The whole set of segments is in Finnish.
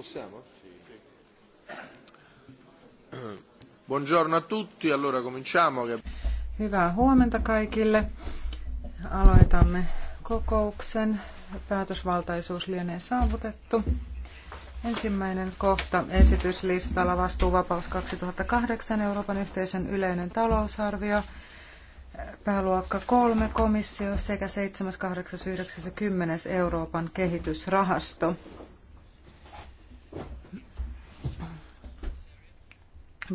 Possiamo? Buongiorno a tutti, allora cominciamo. Hyvää huomenta kaikille. Aloitamme kokouksen. Päätösvaltaisuus lienee saavutettu. Ensimmäinen kohta esityslistalla vastuuvapaus 2008 Euroopan yhteisön yleinen talousarvio pääluokka kolme komissio sekä 7, 8, 9 ja 10 Euroopan kehitysrahasto.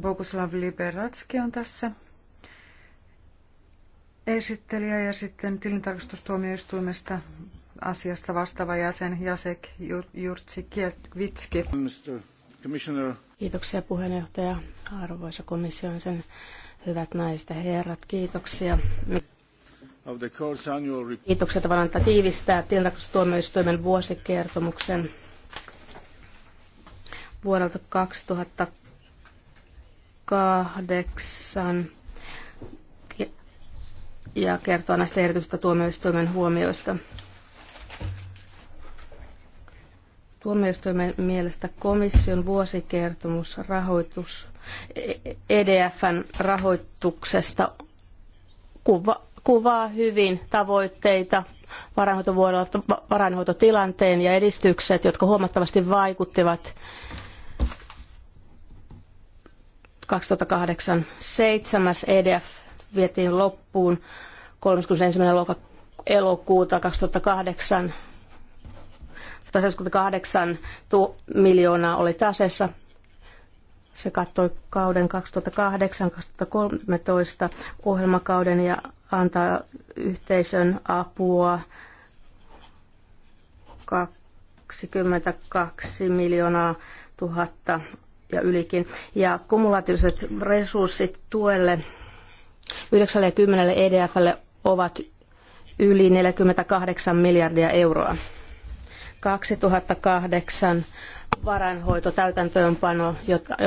Boguslav Liberatski on tässä esittelijä ja sitten tilintarkastustuomioistuimesta asiasta vastaava jäsen Jasek jurtsi Kiitoksia puheenjohtaja, arvoisa komission sen hyvät naiset ja herrat, kiitoksia. Kiitoksia tavallaan, että tiivistää tilintarkastustuomioistuimen vuosikertomuksen vuodelta 2000 kahdeksan ja kertoo näistä erityisistä tuomioistuimen huomioista. Tuomioistuimen mielestä komission vuosikertomus rahoitus EDFn e rahoituksesta kuva, kuvaa hyvin tavoitteita varainhoitovuodella, varainhoitotilanteen ja edistykset, jotka huomattavasti vaikuttivat 2008 7. EDF vietiin loppuun 31. elokuuta 2008. 178 miljoonaa oli tasessa. Se kattoi kauden 2008-2013 ohjelmakauden ja antaa yhteisön apua 22 miljoonaa tuhatta ja ylikin. Ja kumulatiiviset resurssit tuelle 90 EDFlle ovat yli 48 miljardia euroa. 2008 varainhoito täytäntöönpano,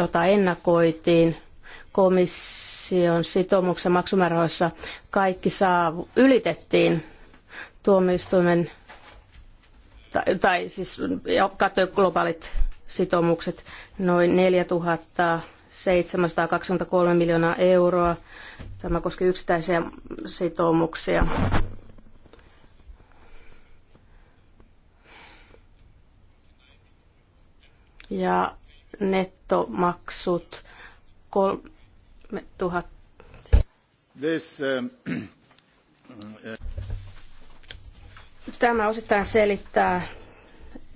jota ennakoitiin komission sitoumuksen maksumäärärahoissa, kaikki saavu, ylitettiin tuomioistuimen tai, tai siis katsoi globaalit sitoumukset noin 4723 miljoonaa euroa. Tämä koski yksittäisiä sitoumuksia. Ja nettomaksut 3000. Um, Tämä osittain selittää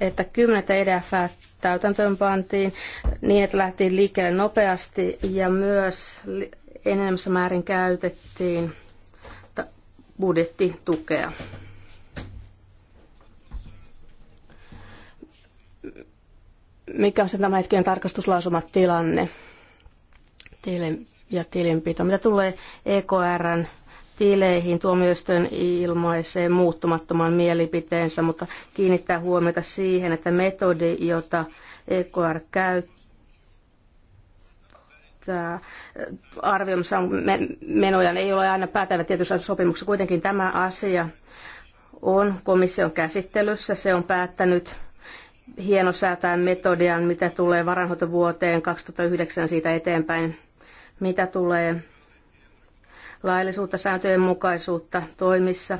että kymmenet EDF täytäntöön pantiin niin, että lähtiin liikkeelle nopeasti ja myös enemmässä määrin käytettiin budjettitukea. Mikä on se tämä hetken tarkastuslausumat tilanne? Tilin ja tilinpito. Mitä tulee EKRn tileihin tuomioistuin ilmaisee muuttumattoman mielipiteensä, mutta kiinnittää huomiota siihen, että metodi, jota EKR käyttää arvioimassa menojaan, ei ole aina päätävä tietyssä sopimuksessa. Kuitenkin tämä asia on komission käsittelyssä. Se on päättänyt hienosäätää metodian, mitä tulee varanhoitovuoteen 2009 siitä eteenpäin, mitä tulee laillisuutta, sääntöjen mukaisuutta toimissa.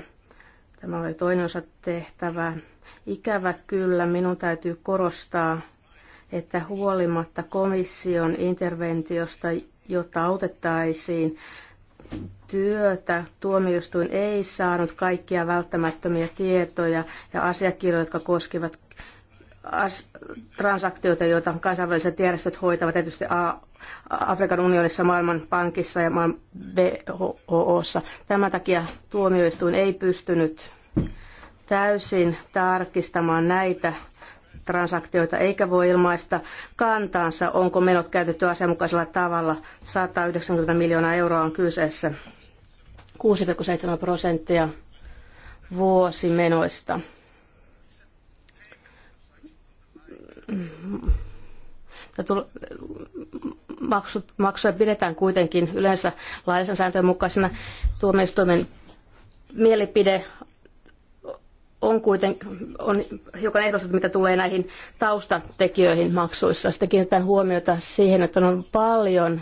Tämä oli toinen osa tehtävää. Ikävä kyllä, minun täytyy korostaa, että huolimatta komission interventiosta, jota autettaisiin työtä, tuomioistuin ei saanut kaikkia välttämättömiä tietoja ja asiakirjoja, jotka koskivat transaktioita, joita kansainväliset järjestöt hoitavat tietysti Afrikan unionissa, maailman pankissa ja maailman WHOssa. Tämän takia tuomioistuin ei pystynyt täysin tarkistamaan näitä transaktioita eikä voi ilmaista kantaansa, onko menot käytetty asianmukaisella tavalla. 190 miljoonaa euroa on kyseessä, 6,7 prosenttia vuosimenoista. Mm. Mm, maksut, maksuja pidetään kuitenkin yleensä laillisen sääntöjen mukaisena. Tuomioistuimen mielipide on kuitenkin on hiukan ehdostettu, mitä tulee näihin taustatekijöihin maksuissa. Sitten kiinnitetään huomiota siihen, että on paljon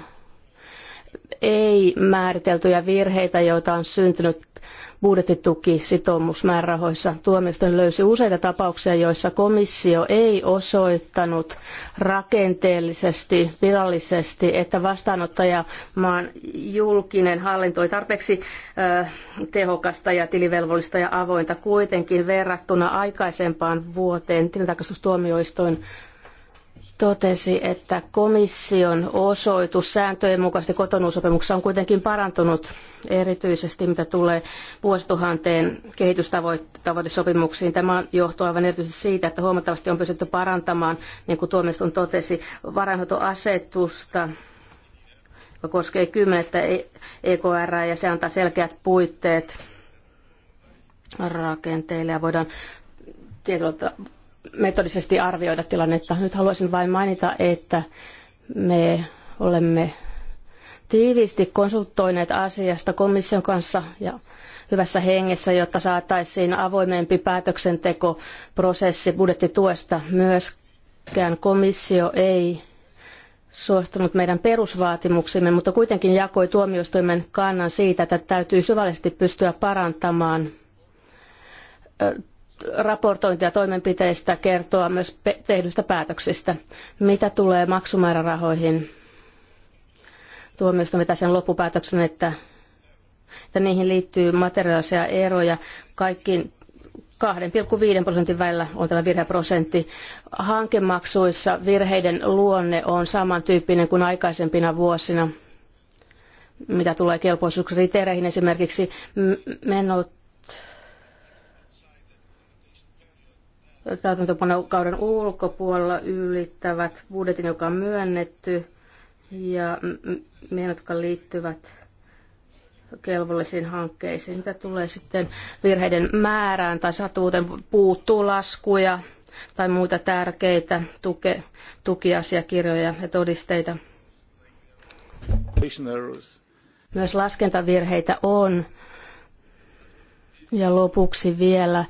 ei-määriteltyjä virheitä, joita on syntynyt budjettituki-sitoumusmäärärahoissa. Tuomioistuin löysi useita tapauksia, joissa komissio ei osoittanut rakenteellisesti, virallisesti, että vastaanottajamaan julkinen hallinto oli tarpeeksi ö, tehokasta ja tilivelvollista ja avointa kuitenkin verrattuna aikaisempaan vuoteen tilintarkastustuomioistuin totesi, että komission osoitus sääntöjen mukaisesti kotonuusopimuksessa on kuitenkin parantunut erityisesti, mitä tulee vuosituhanteen kehitystavoitesopimuksiin. Tämä johtuu aivan erityisesti siitä, että huomattavasti on pystytty parantamaan, niin kuin tuomioistuin totesi, varainhoitoasetusta joka koskee kymmenettä EKR ja se antaa selkeät puitteet rakenteille ja voidaan tietyllä metodisesti arvioida tilannetta. Nyt haluaisin vain mainita, että me olemme tiiviisti konsultoineet asiasta komission kanssa ja hyvässä hengessä, jotta saataisiin avoimempi päätöksentekoprosessi budjettituesta. Myöskään komissio ei suostunut meidän perusvaatimuksimme, mutta kuitenkin jakoi tuomioistuimen kannan siitä, että täytyy syvällisesti pystyä parantamaan raportointia toimenpiteistä, kertoa myös tehdyistä päätöksistä. Mitä tulee maksumäärärahoihin? Tuomioistuin vetää sen loppupäätöksen, että, että niihin liittyy materiaalisia eroja. Kaikkiin 2,5 prosentin välillä on tämä virheprosentti. Hankemaksuissa virheiden luonne on samantyyppinen kuin aikaisempina vuosina, mitä tulee kelpoisuuskriteereihin esimerkiksi menot täytäntöpanokauden ulkopuolella ylittävät budjetin, joka on myönnetty, ja meidän, jotka liittyvät kelvollisiin hankkeisiin. Mitä tulee sitten virheiden määrään tai satuuteen, puuttuu laskuja tai muita tärkeitä tuke, tukiasiakirjoja ja todisteita. Myös laskentavirheitä on. Ja lopuksi vielä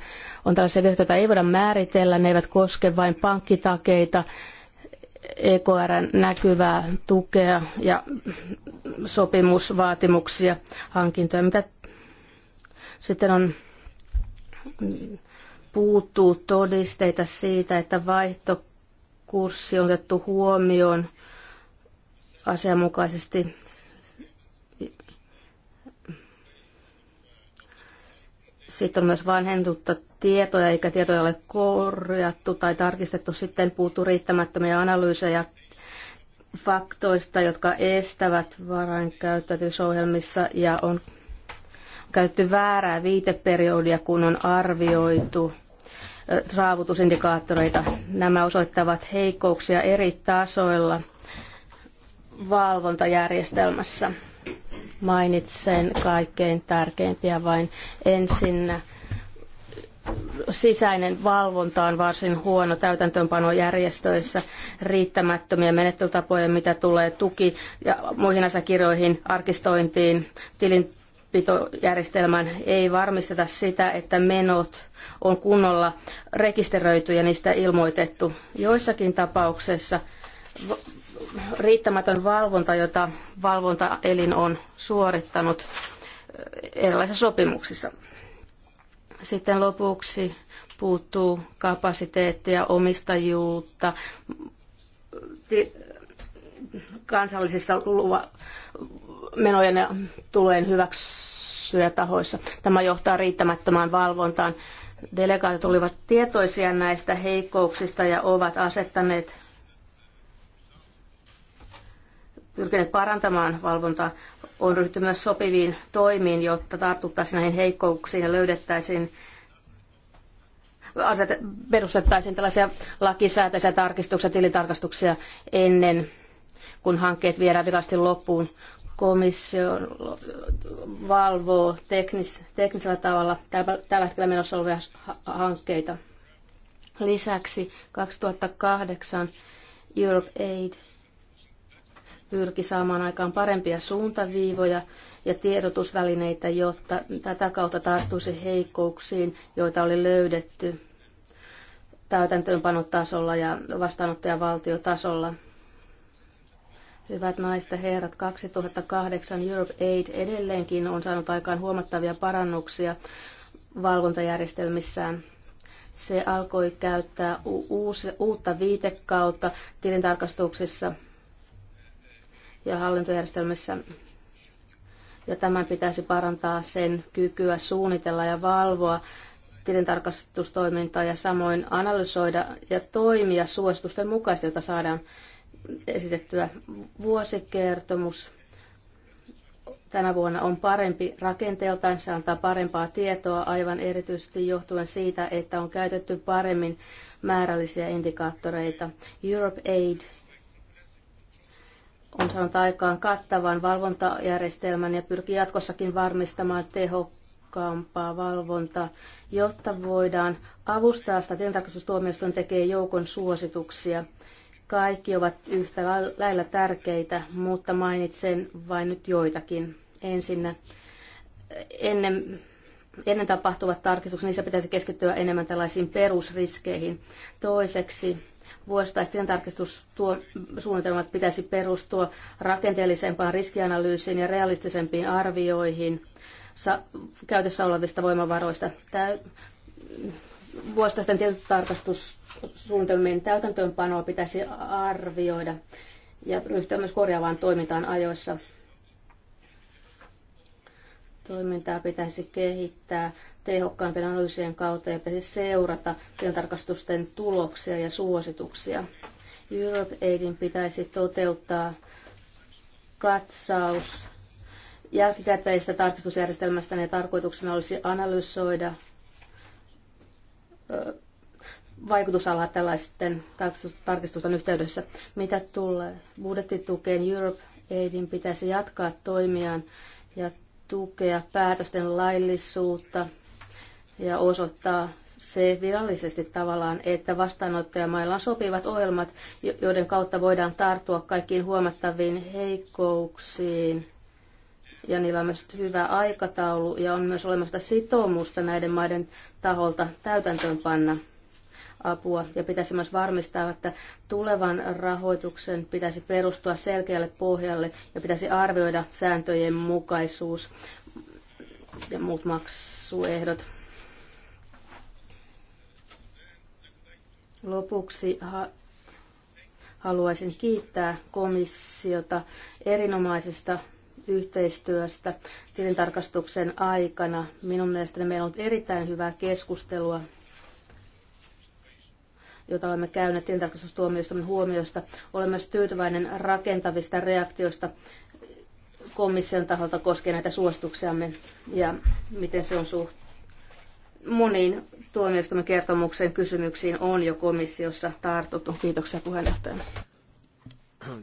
on tällaisia vehtoja, joita ei voida määritellä, ne eivät koske vain pankkitakeita, EKRn näkyvää tukea ja sopimusvaatimuksia, hankintoja, mitä sitten on puuttuu todisteita siitä, että vaihtokurssi on otettu huomioon asianmukaisesti Sitten on myös vanhentutta tietoja, eikä tietoja ole korjattu tai tarkistettu. Sitten puuttuu riittämättömiä analyysejä faktoista, jotka estävät varainkäyttäytymisohjelmissa ja on käytetty väärää viiteperiodia, kun on arvioitu saavutusindikaattoreita. Nämä osoittavat heikkouksia eri tasoilla valvontajärjestelmässä. Mainitsen kaikkein tärkeimpiä vain ensinnä sisäinen valvonta on varsin huono täytäntöönpanojärjestöissä, riittämättömiä menettelytapoja, mitä tulee tuki- ja muihin asiakirjoihin, arkistointiin, tilinpitojärjestelmän ei varmisteta sitä, että menot on kunnolla rekisteröity ja niistä ilmoitettu. Joissakin tapauksissa riittämätön valvonta, jota valvontaelin on suorittanut eh, erilaisissa sopimuksissa. Sitten lopuksi puuttuu kapasiteettia, omistajuutta, kansallisissa luva, menojen ja tulojen hyväksyä tahoissa. Tämä johtaa riittämättömään valvontaan. Delegaatit olivat tietoisia näistä heikkouksista ja ovat asettaneet pyrkineet parantamaan valvontaa, on ryhty myös sopiviin toimiin, jotta tartuttaisiin näihin heikkouksiin ja löydettäisiin aset, perustettaisiin tällaisia lakisääteisiä tarkistuksia, tilitarkastuksia ennen kuin hankkeet viedään virallisesti loppuun. Komissio valvoo teknis, teknisellä tavalla tällä hetkellä menossa olevia hankkeita. Lisäksi 2008 Europe Aid pyrki saamaan aikaan parempia suuntaviivoja ja tiedotusvälineitä, jotta tätä kautta tarttuisi heikkouksiin, joita oli löydetty täytäntöönpanotasolla ja vastaanottajavaltiotasolla. Hyvät naiset ja herrat, 2008 Europe Aid edelleenkin on saanut aikaan huomattavia parannuksia valvontajärjestelmissään. Se alkoi käyttää uutta viitekautta tilintarkastuksissa ja hallintojärjestelmissä. Ja tämän pitäisi parantaa sen kykyä suunnitella ja valvoa tilintarkastustoimintaa ja samoin analysoida ja toimia suositusten mukaisesti, joita saadaan esitettyä vuosikertomus tänä vuonna on parempi rakenteeltaan, se antaa parempaa tietoa aivan erityisesti johtuen siitä, että on käytetty paremmin määrällisiä indikaattoreita. Europe Aid on saanut aikaan kattavan valvontajärjestelmän ja pyrkii jatkossakin varmistamaan tehokkaampaa valvontaa, jotta voidaan avustaa sitä. Tilintarkastustuomioistuin tekee joukon suosituksia. Kaikki ovat yhtä lailla tärkeitä, mutta mainitsen vain nyt joitakin. Ensin ennen ennen tapahtuvat tarkistukset, niissä pitäisi keskittyä enemmän tällaisiin perusriskeihin. Toiseksi Vuosittaisten tarkistussuunnitelmat pitäisi perustua rakenteellisempaan riskianalyysiin ja realistisempiin arvioihin käytössä olevista voimavaroista. vuosittaisten tietotarkastussuunnitelmien täytäntöönpanoa pitäisi arvioida ja ryhtyä myös korjaavaan toimintaan ajoissa. Toimintaa pitäisi kehittää tehokkaampien analyysien kautta ja pitäisi seurata tilintarkastusten tuloksia ja suosituksia. Europe Aidin pitäisi toteuttaa katsaus jälkikäteistä tarkastusjärjestelmästä ja tarkoituksena olisi analysoida vaikutusalaa tällaisten tarkistusten yhteydessä. Mitä tulee budjettitukeen, Europe Aidin pitäisi jatkaa toimiaan ja tukea päätösten laillisuutta ja osoittaa se virallisesti tavallaan, että vastaanottajamailla on sopivat ohjelmat, joiden kautta voidaan tarttua kaikkiin huomattaviin heikkouksiin. Ja niillä on myös hyvä aikataulu ja on myös olemassa sitoumusta näiden maiden taholta täytäntöönpanna apua ja pitäisi myös varmistaa, että tulevan rahoituksen pitäisi perustua selkeälle pohjalle ja pitäisi arvioida sääntöjen mukaisuus ja muut maksuehdot. Lopuksi ha- haluaisin kiittää komissiota erinomaisesta yhteistyöstä tilintarkastuksen aikana. Minun mielestäni meillä on ollut erittäin hyvää keskustelua jota olemme käyneet tilintarkastustuomioistuimen huomiosta. Olen myös tyytyväinen rakentavista reaktioista komission taholta koskien näitä suosituksiamme ja miten se on suht moniin tuomioistuimen kertomuksen kysymyksiin on jo komissiossa tartuttu. Kiitoksia puheenjohtaja.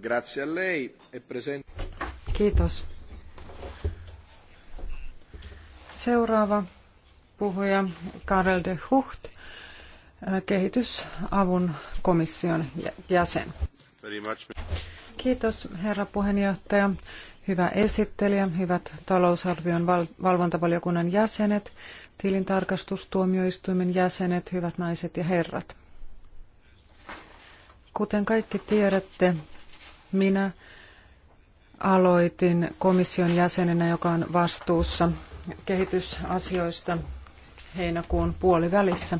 Grazie a lei. E present... Kiitos. Seuraava puhuja Karel de Hucht, kehitysavun komission jäsen. Kiitos herra puheenjohtaja, hyvä esittelijä, hyvät talousarvion valvontavaliokunnan jäsenet, tilintarkastustuomioistuimen jäsenet, hyvät naiset ja herrat. Kuten kaikki tiedätte, minä aloitin komission jäsenenä, joka on vastuussa kehitysasioista heinäkuun puolivälissä.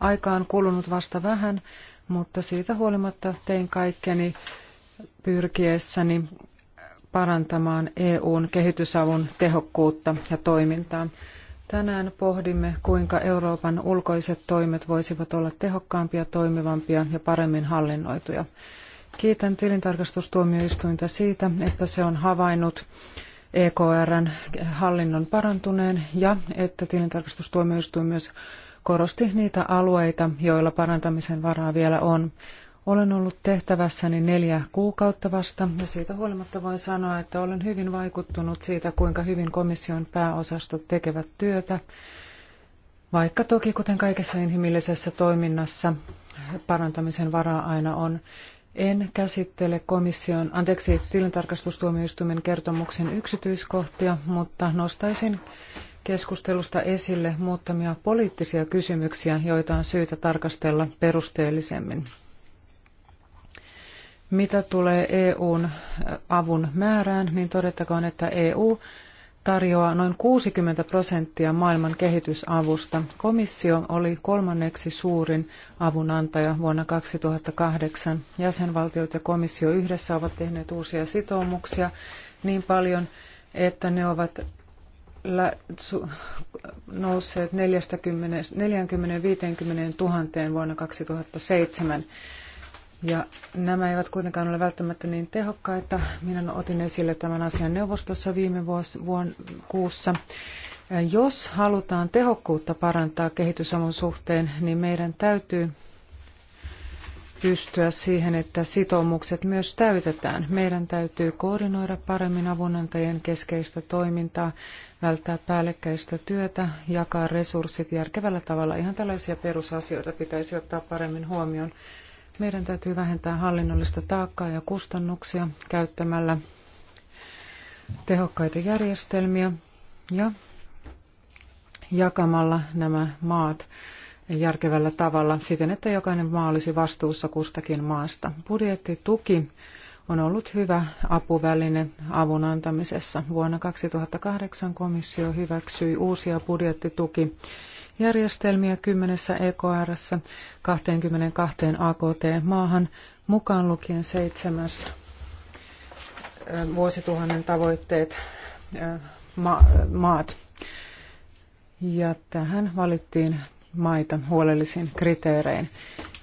Aika on kulunut vasta vähän, mutta siitä huolimatta tein kaikkeni pyrkiessäni parantamaan EUn kehitysavun tehokkuutta ja toimintaa. Tänään pohdimme, kuinka Euroopan ulkoiset toimet voisivat olla tehokkaampia, toimivampia ja paremmin hallinnoituja. Kiitän tilintarkastustuomioistuinta siitä, että se on havainnut EKRn hallinnon parantuneen ja että tilintarkastustuomioistuin myös korosti niitä alueita, joilla parantamisen varaa vielä on. Olen ollut tehtävässäni neljä kuukautta vasta ja siitä huolimatta voin sanoa, että olen hyvin vaikuttunut siitä, kuinka hyvin komission pääosastot tekevät työtä. Vaikka toki, kuten kaikessa inhimillisessä toiminnassa, parantamisen varaa aina on. En käsittele komission, anteeksi, tilintarkastustuomioistuimen kertomuksen yksityiskohtia, mutta nostaisin keskustelusta esille muutamia poliittisia kysymyksiä, joita on syytä tarkastella perusteellisemmin. Mitä tulee EUn avun määrään, niin todettakoon, että EU tarjoaa noin 60 prosenttia maailman kehitysavusta. Komissio oli kolmanneksi suurin avunantaja vuonna 2008. Jäsenvaltiot ja komissio yhdessä ovat tehneet uusia sitoumuksia niin paljon, että ne ovat nousseet 40-50 000 vuonna 2007. Ja nämä eivät kuitenkaan ole välttämättä niin tehokkaita. Minä otin esille tämän asian neuvostossa viime vuosi, vuon kuussa. Jos halutaan tehokkuutta parantaa kehitysavun suhteen, niin meidän täytyy pystyä siihen, että sitoumukset myös täytetään. Meidän täytyy koordinoida paremmin avunantajien keskeistä toimintaa, välttää päällekkäistä työtä, jakaa resurssit järkevällä tavalla. Ihan tällaisia perusasioita pitäisi ottaa paremmin huomioon. Meidän täytyy vähentää hallinnollista taakkaa ja kustannuksia käyttämällä tehokkaita järjestelmiä ja jakamalla nämä maat järkevällä tavalla siten, että jokainen maa olisi vastuussa kustakin maasta. Budjettituki on ollut hyvä apuväline avun antamisessa. Vuonna 2008 komissio hyväksyi uusia budjettituki järjestelmiä kymmenessä EKRssä 22 AKT-maahan, mukaan lukien seitsemäs vuosituhannen tavoitteet ma- maat. Ja tähän valittiin maita huolellisin kriteerein.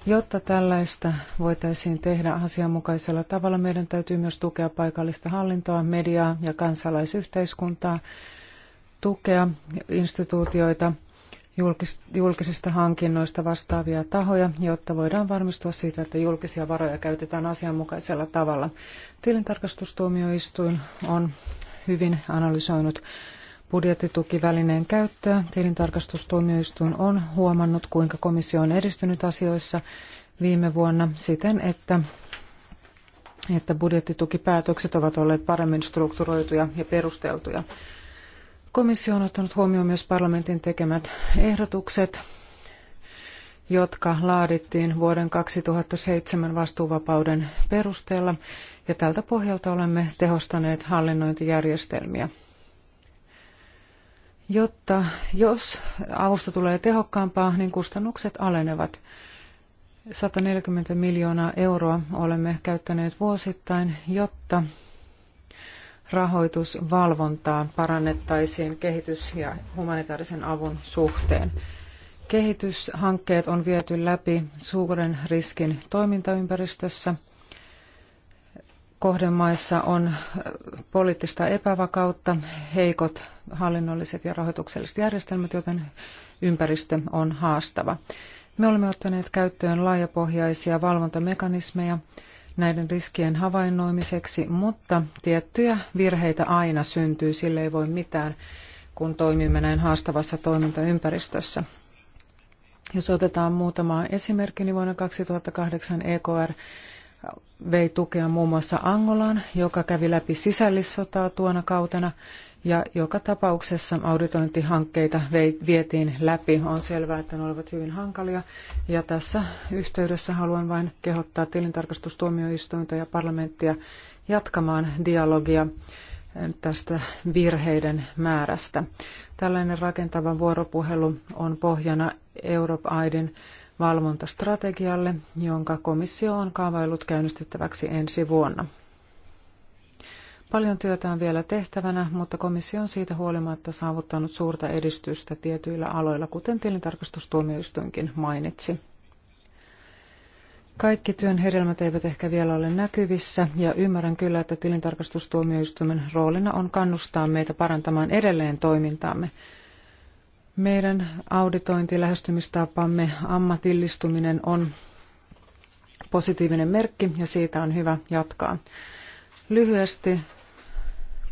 Jotta tällaista voitaisiin tehdä asianmukaisella tavalla, meidän täytyy myös tukea paikallista hallintoa, mediaa ja kansalaisyhteiskuntaa, tukea instituutioita, julkisista hankinnoista vastaavia tahoja, jotta voidaan varmistua siitä, että julkisia varoja käytetään asianmukaisella tavalla. Tilintarkastustuomioistuin on hyvin analysoinut budjettitukivälineen käyttöä. Tilintarkastustuomioistuin on huomannut, kuinka komissio on edistynyt asioissa viime vuonna siten, että että budjettitukipäätökset ovat olleet paremmin strukturoituja ja perusteltuja. Komissio on ottanut huomioon myös parlamentin tekemät ehdotukset, jotka laadittiin vuoden 2007 vastuuvapauden perusteella, ja tältä pohjalta olemme tehostaneet hallinnointijärjestelmiä. Jotta jos avusta tulee tehokkaampaa, niin kustannukset alenevat. 140 miljoonaa euroa olemme käyttäneet vuosittain, jotta rahoitusvalvontaa parannettaisiin kehitys- ja humanitaarisen avun suhteen. Kehityshankkeet on viety läpi suuren riskin toimintaympäristössä. Kohdemaissa on äh, poliittista epävakautta, heikot hallinnolliset ja rahoitukselliset järjestelmät, joten ympäristö on haastava. Me olemme ottaneet käyttöön laajapohjaisia valvontamekanismeja, näiden riskien havainnoimiseksi, mutta tiettyjä virheitä aina syntyy, sille ei voi mitään, kun toimimme näin haastavassa toimintaympäristössä. Jos otetaan muutama esimerkki, niin vuonna 2008 EKR vei tukea muun muassa Angolaan, joka kävi läpi sisällissotaa tuona kautena, ja joka tapauksessa auditointihankkeita vietiin läpi. On selvää, että ne olivat hyvin hankalia. Ja tässä yhteydessä haluan vain kehottaa tilintarkastustuomioistuinta ja parlamenttia jatkamaan dialogia tästä virheiden määrästä. Tällainen rakentava vuoropuhelu on pohjana Europe Aidin valvontastrategialle, jonka komissio on kaavaillut käynnistettäväksi ensi vuonna. Paljon työtä on vielä tehtävänä, mutta komissio on siitä huolimatta saavuttanut suurta edistystä tietyillä aloilla, kuten tilintarkastustuomioistuinkin mainitsi. Kaikki työn hedelmät eivät ehkä vielä ole näkyvissä, ja ymmärrän kyllä, että tilintarkastustuomioistuimen roolina on kannustaa meitä parantamaan edelleen toimintaamme. Meidän auditointilähestymistapamme ammatillistuminen on positiivinen merkki, ja siitä on hyvä jatkaa. Lyhyesti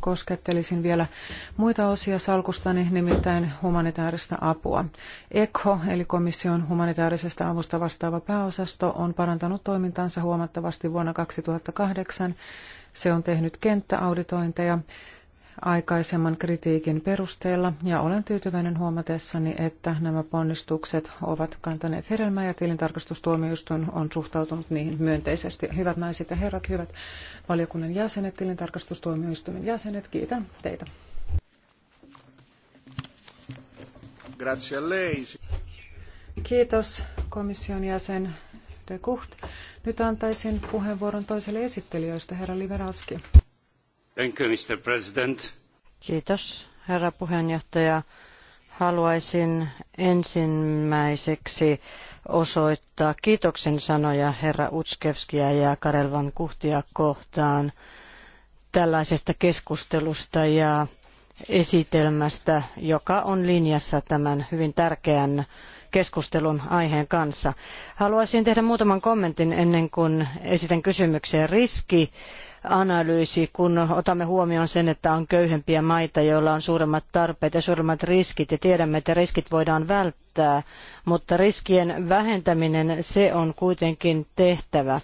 koskettelisin vielä muita osia salkustani, nimittäin humanitaarista apua. ECHO, eli komission humanitaarisesta avusta vastaava pääosasto, on parantanut toimintansa huomattavasti vuonna 2008. Se on tehnyt kenttäauditointeja aikaisemman kritiikin perusteella ja olen tyytyväinen huomatessani, että nämä ponnistukset ovat kantaneet hedelmää ja tilintarkastustuomioistuin on suhtautunut niihin myönteisesti. Hyvät naiset ja herrat, hyvät valiokunnan jäsenet, tilintarkastustuomioistuimen jäsenet, kiitän teitä. Grazie a lei. Kiitos komission jäsen de Gucht. Nyt antaisin puheenvuoron toiselle esittelijöistä, herra Liveraski. Thank you, Mr. President. Kiitos, herra puheenjohtaja. Haluaisin ensimmäiseksi osoittaa kiitoksen sanoja herra Utskevskia ja Karelvan Kuhtia kohtaan tällaisesta keskustelusta ja esitelmästä, joka on linjassa tämän hyvin tärkeän keskustelun aiheen kanssa. Haluaisin tehdä muutaman kommentin ennen kuin esitän kysymykseen Riski analyysi, kun otamme huomioon sen, että on köyhempiä maita, joilla on suuremmat tarpeet ja suuremmat riskit, ja tiedämme, että riskit voidaan välttää, mutta riskien vähentäminen, se on kuitenkin tehtävä.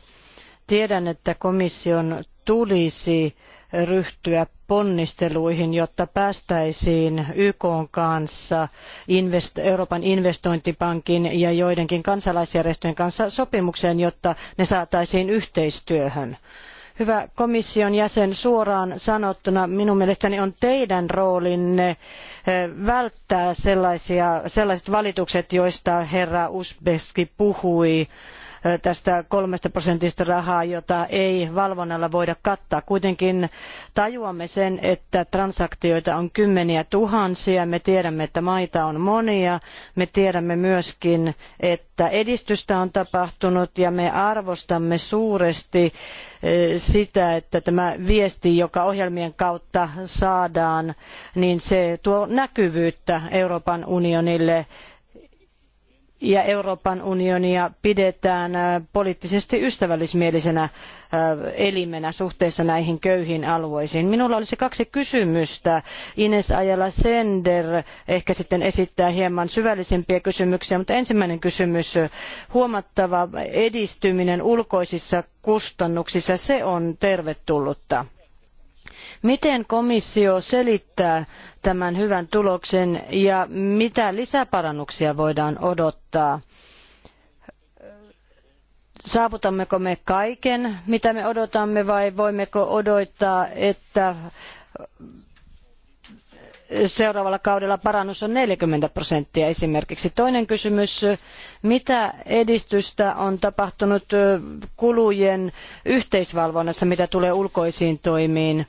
Tiedän, että komission tulisi ryhtyä ponnisteluihin, jotta päästäisiin YK kanssa, Euroopan investointipankin ja joidenkin kansalaisjärjestöjen kanssa sopimukseen, jotta ne saataisiin yhteistyöhön. Hyvä komission jäsen, suoraan sanottuna minun mielestäni on teidän roolinne eh, välttää sellaiset valitukset, joista herra Usbeski puhui tästä kolmesta prosentista rahaa, jota ei valvonnalla voida kattaa. Kuitenkin tajuamme sen, että transaktioita on kymmeniä tuhansia, me tiedämme, että maita on monia, me tiedämme myöskin, että edistystä on tapahtunut ja me arvostamme suuresti sitä, että tämä viesti, joka ohjelmien kautta saadaan, niin se tuo näkyvyyttä Euroopan unionille ja Euroopan unionia pidetään poliittisesti ystävällismielisenä elimenä suhteessa näihin köyhiin alueisiin. Minulla olisi kaksi kysymystä. Ines Ajala Sender ehkä sitten esittää hieman syvällisempiä kysymyksiä, mutta ensimmäinen kysymys. Huomattava edistyminen ulkoisissa kustannuksissa, se on tervetullutta Miten komissio selittää tämän hyvän tuloksen ja mitä lisäparannuksia voidaan odottaa? Saavutammeko me kaiken, mitä me odotamme, vai voimmeko odottaa, että seuraavalla kaudella parannus on 40 prosenttia esimerkiksi. Toinen kysymys, mitä edistystä on tapahtunut kulujen yhteisvalvonnassa, mitä tulee ulkoisiin toimiin?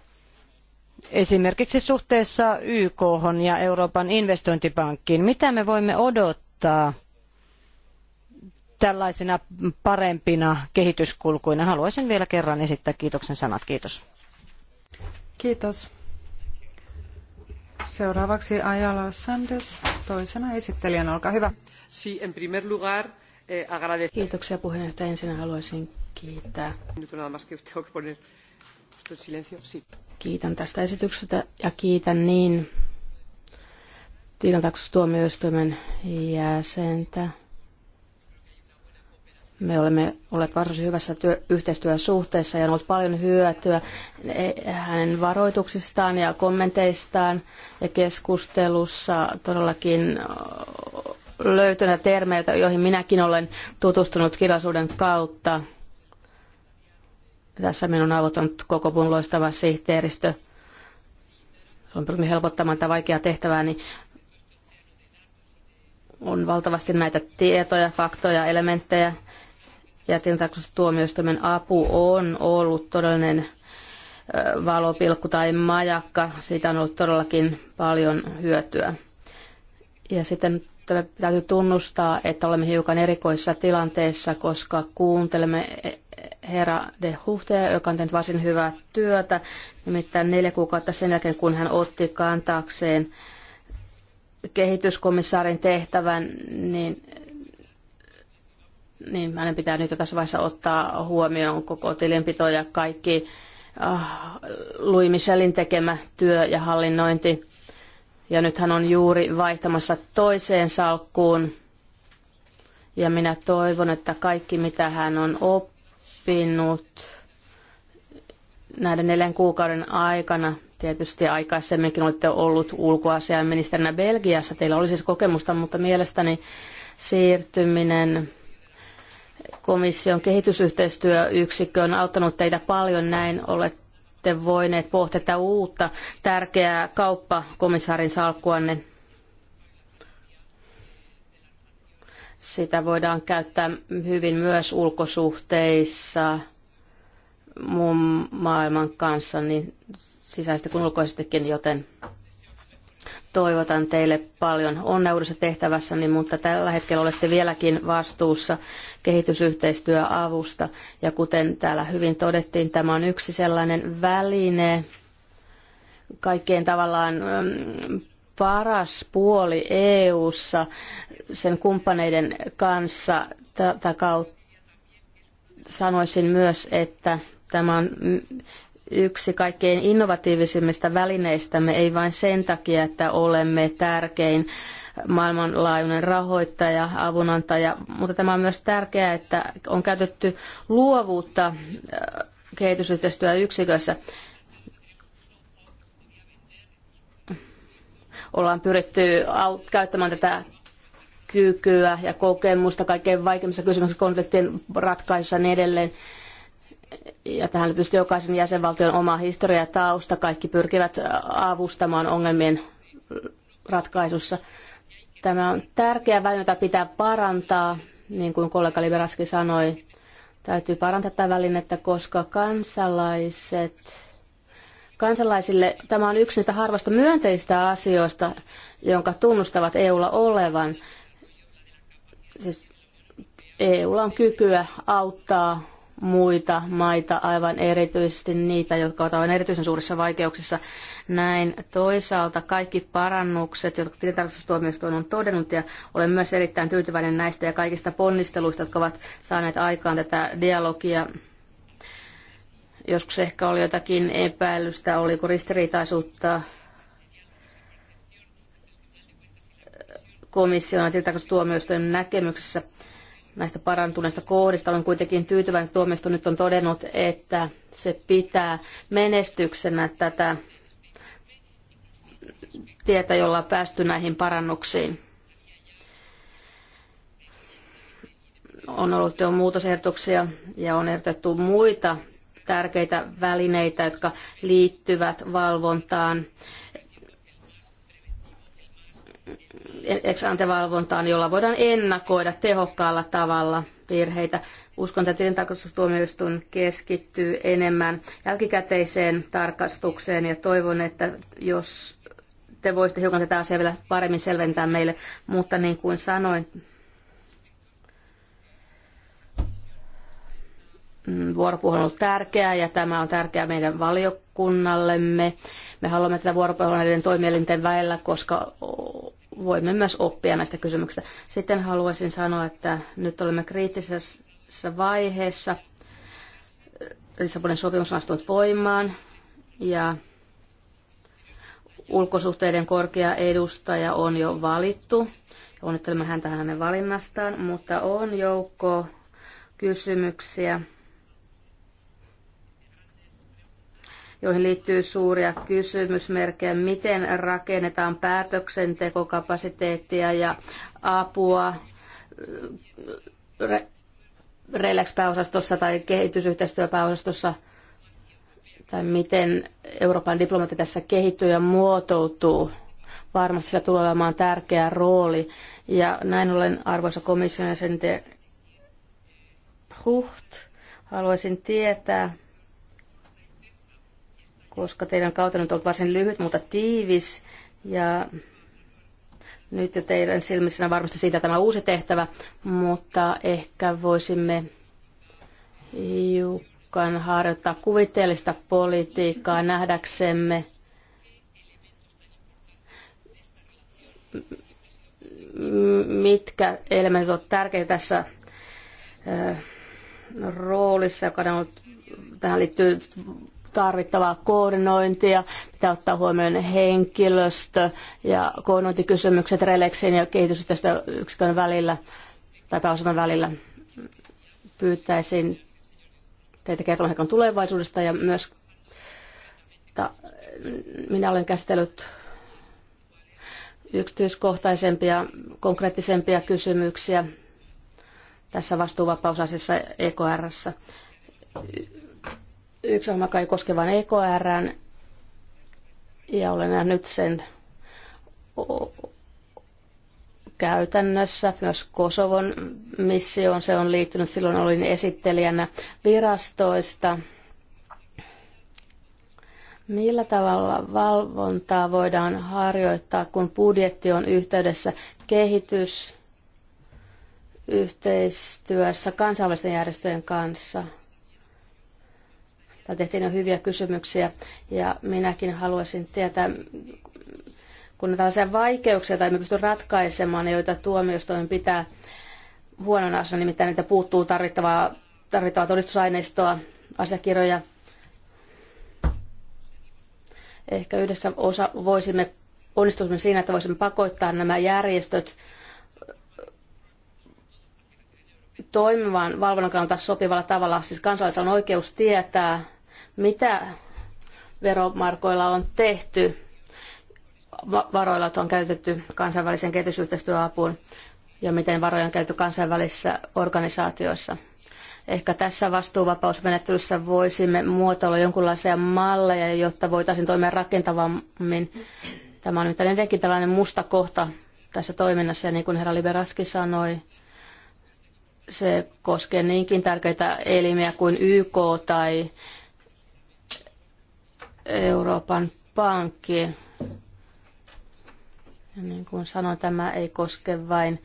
esimerkiksi suhteessa YK ja Euroopan investointipankkiin. Mitä me voimme odottaa tällaisina parempina kehityskulkuina? Haluaisin vielä kerran esittää kiitoksen sanat. Kiitos. Kiitos. Seuraavaksi Ayala Sanders, toisena esittelijänä, olkaa hyvä. Si, en primer lugar, eh, agradez... Kiitoksia puheenjohtaja. Ensin haluaisin kiittää. Kiitän tästä esityksestä ja kiitän niin tilintaksustuomioistuimen jäsentä. Me olemme olleet varsin hyvässä työ, yhteistyösuhteessa ja on ollut paljon hyötyä e- hänen varoituksistaan ja kommenteistaan ja keskustelussa todellakin löytynä termejä, joihin minäkin olen tutustunut kirjallisuuden kautta. Tässä minun on koko mun loistava sihteeristö. Se on pyrkinyt helpottamaan tätä vaikeaa tehtävää, niin on valtavasti näitä tietoja, faktoja, elementtejä. Ja tuomioistuimen apu on ollut todellinen valopilkku tai majakka. Siitä on ollut todellakin paljon hyötyä. Ja sitten täytyy tunnustaa, että olemme hiukan erikoisessa tilanteessa, koska kuuntelemme herra de Huhtea, joka on tehnyt varsin hyvää työtä, nimittäin neljä kuukautta sen jälkeen, kun hän otti kantaakseen kehityskomissaarin tehtävän, niin, niin hänen pitää nyt jo tässä vaiheessa ottaa huomioon koko tilinpito ja kaikki ah, Louis Michelin tekemä työ ja hallinnointi. Ja nyt hän on juuri vaihtamassa toiseen salkkuun. Ja minä toivon, että kaikki mitä hän on oppinut, oppinut näiden neljän kuukauden aikana? Tietysti aikaisemminkin olette ollut ulkoasiainministerinä Belgiassa, teillä oli siis kokemusta, mutta mielestäni siirtyminen komission kehitysyhteistyöyksikkö on auttanut teitä paljon näin olette voineet pohtia uutta tärkeää kauppakomissaarin salkkuanne Sitä voidaan käyttää hyvin myös ulkosuhteissa muun maailman kanssa, niin sisäisesti kuin ulkoisestikin, joten toivotan teille paljon onnea uudessa tehtävässäni, niin, mutta tällä hetkellä olette vieläkin vastuussa kehitysyhteistyöavusta. Ja kuten täällä hyvin todettiin, tämä on yksi sellainen väline kaikkein tavallaan mm, paras puoli EU:ssa sen kumppaneiden kanssa tätä kautta sanoisin myös, että tämä on yksi kaikkein innovatiivisimmista välineistämme, ei vain sen takia, että olemme tärkein maailmanlaajuinen rahoittaja, avunantaja, mutta tämä on myös tärkeää, että on käytetty luovuutta kehitysyhteistyöyksikössä. yksikössä ollaan pyritty käyttämään tätä kykyä ja kokemusta kaikkein vaikeimmissa kysymyksissä, konfliktien ratkaisussa ja niin edelleen. Ja tähän tietysti jokaisen jäsenvaltion oma historia ja tausta. Kaikki pyrkivät avustamaan ongelmien ratkaisussa. Tämä on tärkeä väline, jota pitää parantaa, niin kuin kollega Liberaski sanoi. Täytyy parantaa tätä välinettä, koska kansalaiset Kansalaisille tämä on yksi niistä harvasta myönteistä asioista, jonka tunnustavat EUlla olevan. Siis EUlla on kykyä auttaa muita maita, aivan erityisesti niitä, jotka ovat erityisen suurissa vaikeuksissa. Näin toisaalta kaikki parannukset, jotka tilintarkastustuomioistuin on todennut, ja olen myös erittäin tyytyväinen näistä ja kaikista ponnisteluista, jotka ovat saaneet aikaan tätä dialogia Joskus ehkä oli jotakin epäilystä, oliko ristiriitaisuutta komission ja tuomioistuimen näkemyksessä näistä parantuneista kohdista. Olen kuitenkin tyytyväinen, että tuomioistu nyt on todennut, että se pitää menestyksenä tätä tietä, jolla on päästy näihin parannuksiin. On ollut jo muutosehdotuksia ja on ehdotettu muita tärkeitä välineitä, jotka liittyvät valvontaan, ex-antevalvontaan, jolla voidaan ennakoida tehokkaalla tavalla virheitä. Uskon, että tilintarkastustuomioistuin keskittyy enemmän jälkikäteiseen tarkastukseen ja toivon, että jos te voisitte hiukan tätä asiaa vielä paremmin selventää meille, mutta niin kuin sanoin, Mm, vuoropuhelu on tärkeää ja tämä on tärkeää meidän valiokunnallemme. Me haluamme tätä vuoropuhelua näiden toimielinten väellä, koska voimme myös oppia näistä kysymyksistä. Sitten haluaisin sanoa, että nyt olemme kriittisessä vaiheessa. Lissabonin sopimus on astunut voimaan ja ulkosuhteiden korkea edustaja on jo valittu. Onnittelemme häntä hänen valinnastaan, mutta on joukko kysymyksiä, joihin liittyy suuria kysymysmerkkejä, miten rakennetaan päätöksentekokapasiteettia ja apua RELEX-pääosastossa tai kehitysyhteistyöpääosastossa, tai miten Euroopan diplomatia tässä kehittyy ja muotoutuu. Varmasti se tulee olemaan tärkeä rooli. Ja näin ollen, arvoisa komission jäsen Huht, haluaisin tietää, koska teidän kautta on ollut varsin lyhyt, mutta tiivis ja nyt jo teidän silmissänne varmasti siitä tämä uusi tehtävä, mutta ehkä voisimme hiukan harjoittaa kuvitteellista politiikkaa nähdäksemme, mitkä elementit ovat tärkeitä tässä roolissa, joka on ollut, tähän liittyy tarvittavaa koordinointia, pitää ottaa huomioon henkilöstö ja koordinointikysymykset Relexin ja kehitysyhteistyöyksikön välillä tai pääosan välillä. Pyytäisin teitä kertomaan tulevaisuudesta ja myös ta, minä olen käsitellyt yksityiskohtaisempia, konkreettisempia kysymyksiä tässä vastuuvapausasiassa EKRssä yksi ohjelma, joka ei koske vain EKRn, ja olen nähnyt sen käytännössä. Myös Kosovon missioon se on liittynyt. Silloin olin esittelijänä virastoista. Millä tavalla valvontaa voidaan harjoittaa, kun budjetti on yhteydessä kehitys yhteistyössä kansainvälisten järjestöjen kanssa? Täällä tehtiin jo hyviä kysymyksiä ja minäkin haluaisin tietää, kun on tällaisia vaikeuksia tai me pysty ratkaisemaan, joita tuomioistuimen pitää huonona asiana, nimittäin niitä puuttuu tarvittavaa, tarvittavaa todistusaineistoa, asiakirjoja. Ehkä yhdessä osa voisimme onnistua siinä, että voisimme pakottaa nämä järjestöt toimimaan valvonnan kannalta sopivalla tavalla. Siis kansalaisilla on oikeus tietää, mitä veromarkoilla on tehty, varoilla, on käytetty kansainvälisen kehitysyhteistyöapuun ja miten varoja on käytetty kansainvälisissä organisaatioissa. Ehkä tässä vastuuvapausmenettelyssä voisimme muotoilla jonkinlaisia malleja, jotta voitaisiin toimia rakentavammin. Tämä on nimittäin edelleenkin tällainen musta kohta tässä toiminnassa, ja niin kuin herra Liberaski sanoi, se koskee niinkin tärkeitä elimiä kuin YK tai Euroopan pankki. Ja niin kuin sanoin, tämä ei koske vain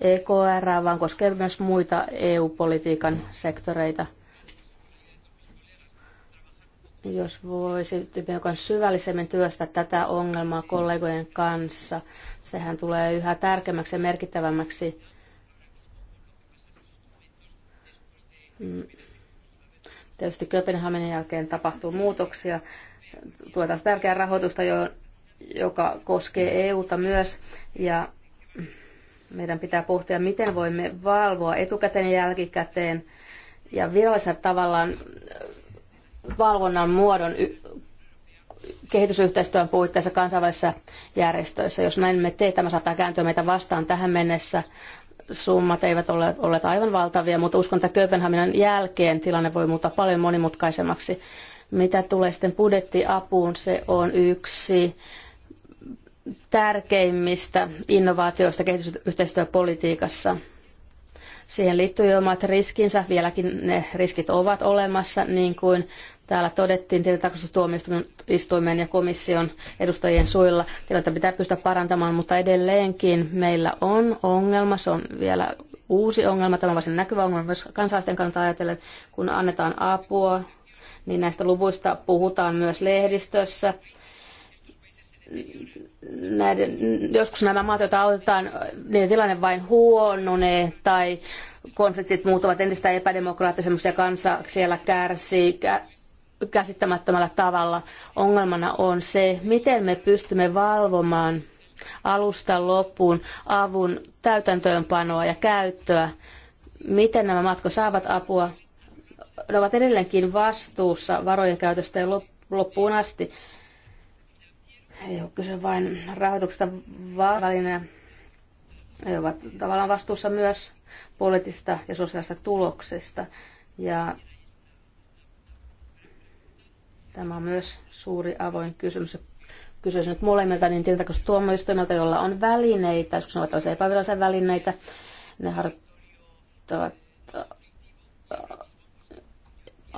EKR, vaan koskee myös muita EU-politiikan sektoreita. Jos voisi hiukan syvällisemmin työstää tätä ongelmaa kollegojen kanssa, sehän tulee yhä tärkeämmäksi ja merkittävämmäksi. Mm. Tietysti Kööpenhaminan jälkeen tapahtuu muutoksia, tuetaan tärkeää rahoitusta, joka koskee EUta myös. Ja meidän pitää pohtia, miten voimme valvoa etukäteen ja jälkikäteen ja virallisen tavallaan valvonnan muodon kehitysyhteistyön puitteissa kansainvälisissä järjestöissä. Jos näin me teemme, tämä saattaa kääntyä meitä vastaan tähän mennessä. Summat eivät ole olleet aivan valtavia, mutta uskon, että Kööpenhaminan jälkeen tilanne voi muuttaa paljon monimutkaisemmaksi. Mitä tulee sitten budjettiapuun, se on yksi tärkeimmistä innovaatioista kehitysyhteistyöpolitiikassa. Siihen liittyy omat riskinsä, vieläkin ne riskit ovat olemassa, niin kuin täällä todettiin tilintarkastustuomioistuimen ja komission edustajien suilla. Tilannetta pitää pystyä parantamaan, mutta edelleenkin meillä on ongelma, se on vielä uusi ongelma, tämä on varsin näkyvä ongelma myös kansalaisten kannalta ajatellen, kun annetaan apua niin näistä luvuista puhutaan myös lehdistössä. Näiden, joskus nämä maat, joita autetaan, niiden tilanne vain huononee tai konfliktit muuttuvat entistä epädemokraattisemmaksi ja kansa siellä kärsii käsittämättömällä tavalla. Ongelmana on se, miten me pystymme valvomaan alusta loppuun avun täytäntöönpanoa ja käyttöä, miten nämä matko saavat apua ne ovat edelleenkin vastuussa varojen käytöstä loppuun asti. Ei ole kyse vain rahoituksesta vaarallinen, Ne ovat tavallaan vastuussa myös poliittisista ja sosiaalista tuloksista. Ja tämä on myös suuri avoin kysymys. Kysyisin nyt molemmilta, niin tietenkin tuomioistuimelta, jolla on välineitä, joskus ne ovat tällaisia epävirallisia välineitä, ne harjoittavat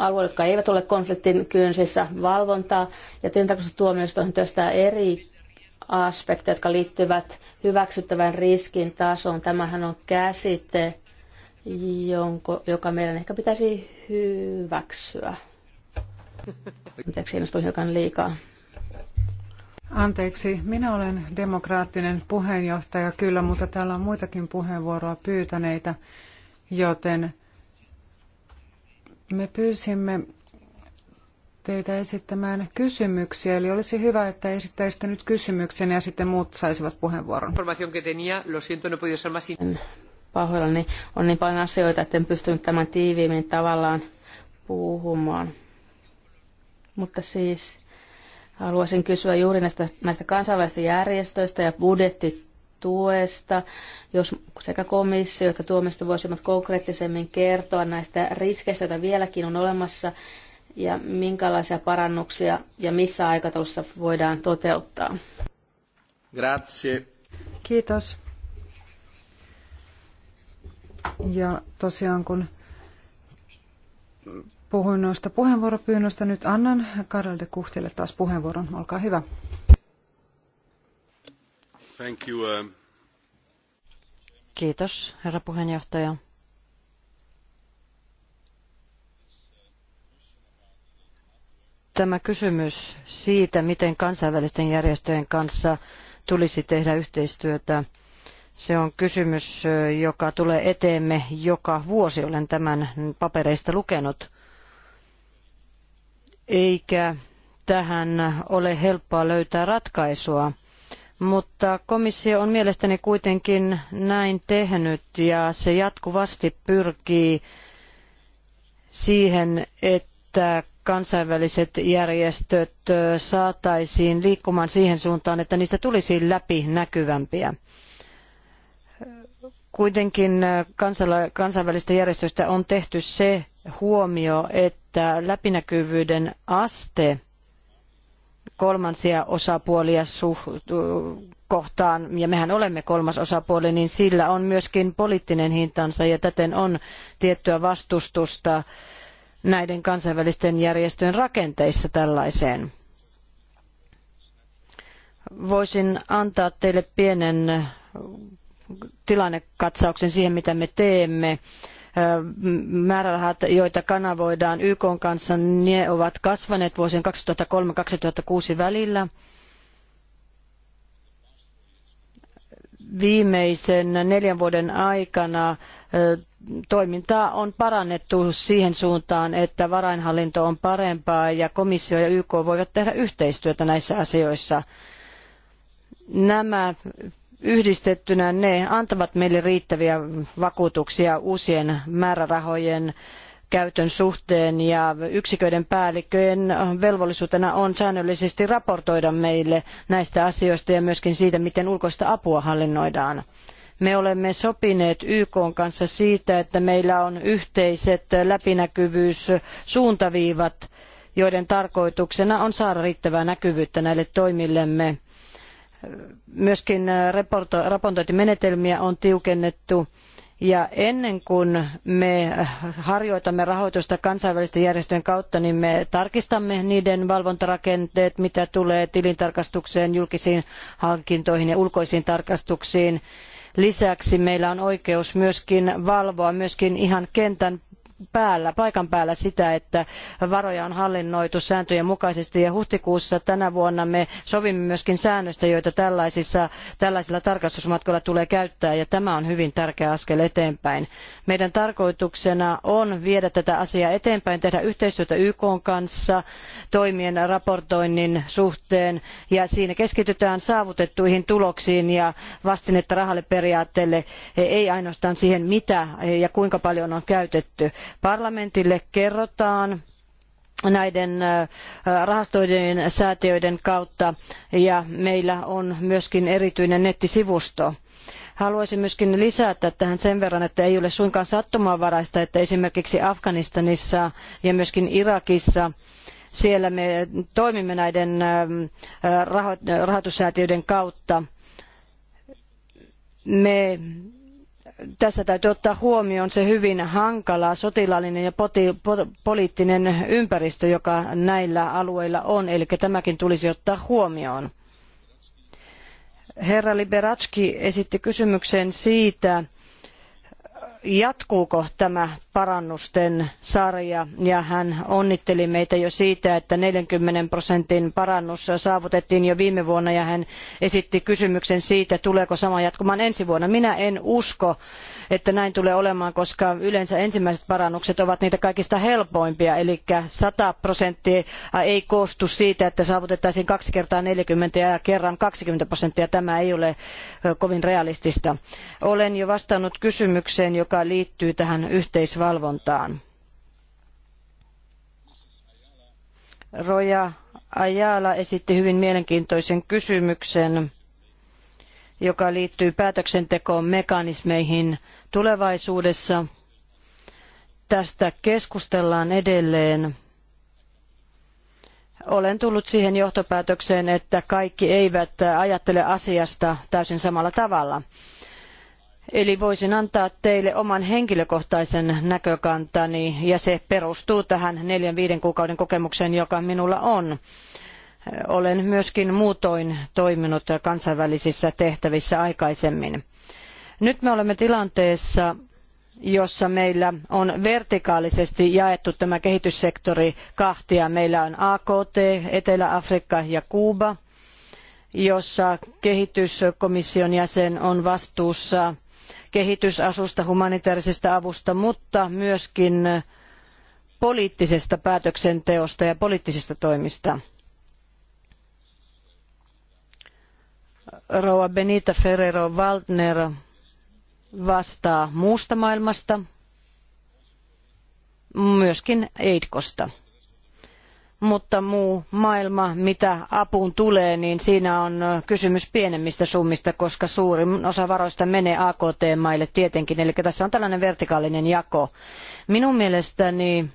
alueilla, jotka eivät ole konfliktin kynsissä valvontaa. Ja tuomioistuin työstää eri aspekteja, jotka liittyvät hyväksyttävän riskin tasoon. Tämähän on käsite, jonko, joka meidän ehkä pitäisi hyväksyä. Anteeksi, innostuin hiukan liikaa. Anteeksi, minä olen demokraattinen puheenjohtaja kyllä, mutta täällä on muitakin puheenvuoroa pyytäneitä, joten me pyysimme teitä esittämään kysymyksiä, eli olisi hyvä, että esittäisitte nyt kysymyksen ja sitten muut saisivat puheenvuoron. No pahoillani on niin paljon asioita, että en pystynyt tämän tiiviimmin tavallaan puhumaan. Mutta siis haluaisin kysyä juuri näistä, näistä kansainvälisistä järjestöistä ja budjettit tuesta, jos sekä komissio että tuomisto voisivat konkreettisemmin kertoa näistä riskeistä, joita vieläkin on olemassa, ja minkälaisia parannuksia ja missä aikataulussa voidaan toteuttaa. Grazie. Kiitos. Ja tosiaan kun puhuin noista puheenvuoropyynnöistä, nyt annan Karel de Kuhtille taas puheenvuoron. Olkaa hyvä. Thank you, um... Kiitos, herra puheenjohtaja. Tämä kysymys siitä, miten kansainvälisten järjestöjen kanssa tulisi tehdä yhteistyötä, se on kysymys, joka tulee eteemme joka vuosi. Olen tämän papereista lukenut. Eikä tähän ole helppoa löytää ratkaisua mutta komissio on mielestäni kuitenkin näin tehnyt ja se jatkuvasti pyrkii siihen, että kansainväliset järjestöt saataisiin liikkumaan siihen suuntaan, että niistä tulisi läpinäkyvämpiä. Kuitenkin kansainvälisistä järjestöistä on tehty se huomio, että läpinäkyvyyden aste – kolmansia osapuolia kohtaan, ja mehän olemme kolmas osapuoli, niin sillä on myöskin poliittinen hintansa ja täten on tiettyä vastustusta näiden kansainvälisten järjestöjen rakenteissa tällaiseen. Voisin antaa teille pienen tilannekatsauksen siihen, mitä me teemme määrärahat, joita kanavoidaan YK kanssa, ne ovat kasvaneet vuosien 2003-2006 välillä. Viimeisen neljän vuoden aikana toimintaa on parannettu siihen suuntaan, että varainhallinto on parempaa ja komissio ja YK voivat tehdä yhteistyötä näissä asioissa nämä yhdistettynä ne antavat meille riittäviä vakuutuksia uusien määrärahojen käytön suhteen ja yksiköiden päällikköjen velvollisuutena on säännöllisesti raportoida meille näistä asioista ja myöskin siitä, miten ulkoista apua hallinnoidaan. Me olemme sopineet YK kanssa siitä, että meillä on yhteiset läpinäkyvyyssuuntaviivat, joiden tarkoituksena on saada riittävää näkyvyyttä näille toimillemme Myöskin äh, raportointimenetelmiä on tiukennettu ja ennen kuin me harjoitamme rahoitusta kansainvälisten järjestöjen kautta, niin me tarkistamme niiden valvontarakenteet, mitä tulee tilintarkastukseen, julkisiin hankintoihin ja ulkoisiin tarkastuksiin. Lisäksi meillä on oikeus myöskin valvoa myöskin ihan kentän päällä, paikan päällä sitä, että varoja on hallinnoitu sääntöjen mukaisesti ja huhtikuussa tänä vuonna me sovimme myöskin säännöistä, joita tällaisissa, tällaisilla tarkastusmatkoilla tulee käyttää ja tämä on hyvin tärkeä askel eteenpäin. Meidän tarkoituksena on viedä tätä asiaa eteenpäin, tehdä yhteistyötä YK kanssa toimien raportoinnin suhteen ja siinä keskitytään saavutettuihin tuloksiin ja vastinetta rahalle periaatteelle, ei ainoastaan siihen mitä ja kuinka paljon on käytetty. Parlamentille kerrotaan näiden rahastoiden säätiöiden kautta ja meillä on myöskin erityinen nettisivusto. Haluaisin myöskin lisätä tähän sen verran, että ei ole suinkaan sattumanvaraista, että esimerkiksi Afganistanissa ja myöskin Irakissa siellä me toimimme näiden rahoitussäätiöiden kautta. Me tässä täytyy ottaa huomioon se hyvin hankala sotilaallinen ja poti, po, poliittinen ympäristö, joka näillä alueilla on, eli tämäkin tulisi ottaa huomioon. Herra Liberatski esitti kysymyksen siitä, jatkuuko tämä parannusten sarja ja hän onnitteli meitä jo siitä, että 40 prosentin parannus saavutettiin jo viime vuonna ja hän esitti kysymyksen siitä, tuleeko sama jatkumaan ensi vuonna. Minä en usko, että näin tulee olemaan, koska yleensä ensimmäiset parannukset ovat niitä kaikista helpoimpia, eli 100 prosenttia ei koostu siitä, että saavutettaisiin kaksi kertaa 40 ja kerran 20 prosenttia. Tämä ei ole kovin realistista. Olen jo vastannut kysymykseen, joka joka liittyy tähän yhteisvalvontaan. Roja Ajala esitti hyvin mielenkiintoisen kysymyksen, joka liittyy päätöksentekoon mekanismeihin tulevaisuudessa. Tästä keskustellaan edelleen. Olen tullut siihen johtopäätökseen, että kaikki eivät ajattele asiasta täysin samalla tavalla. Eli voisin antaa teille oman henkilökohtaisen näkökantani ja se perustuu tähän neljän viiden kuukauden kokemukseen, joka minulla on. Olen myöskin muutoin toiminut kansainvälisissä tehtävissä aikaisemmin. Nyt me olemme tilanteessa, jossa meillä on vertikaalisesti jaettu tämä kehityssektori kahtia. Meillä on AKT, Etelä-Afrikka ja Kuuba, jossa kehityskomission jäsen on vastuussa kehitysasusta, humanitaarisesta avusta, mutta myöskin poliittisesta päätöksenteosta ja poliittisista toimista. Rouva Benita Ferrero Waldner vastaa muusta maailmasta, myöskin Eidkosta mutta muu maailma, mitä apuun tulee, niin siinä on kysymys pienemmistä summista, koska suurin osa varoista menee AKT-maille tietenkin. Eli tässä on tällainen vertikaalinen jako. Minun mielestäni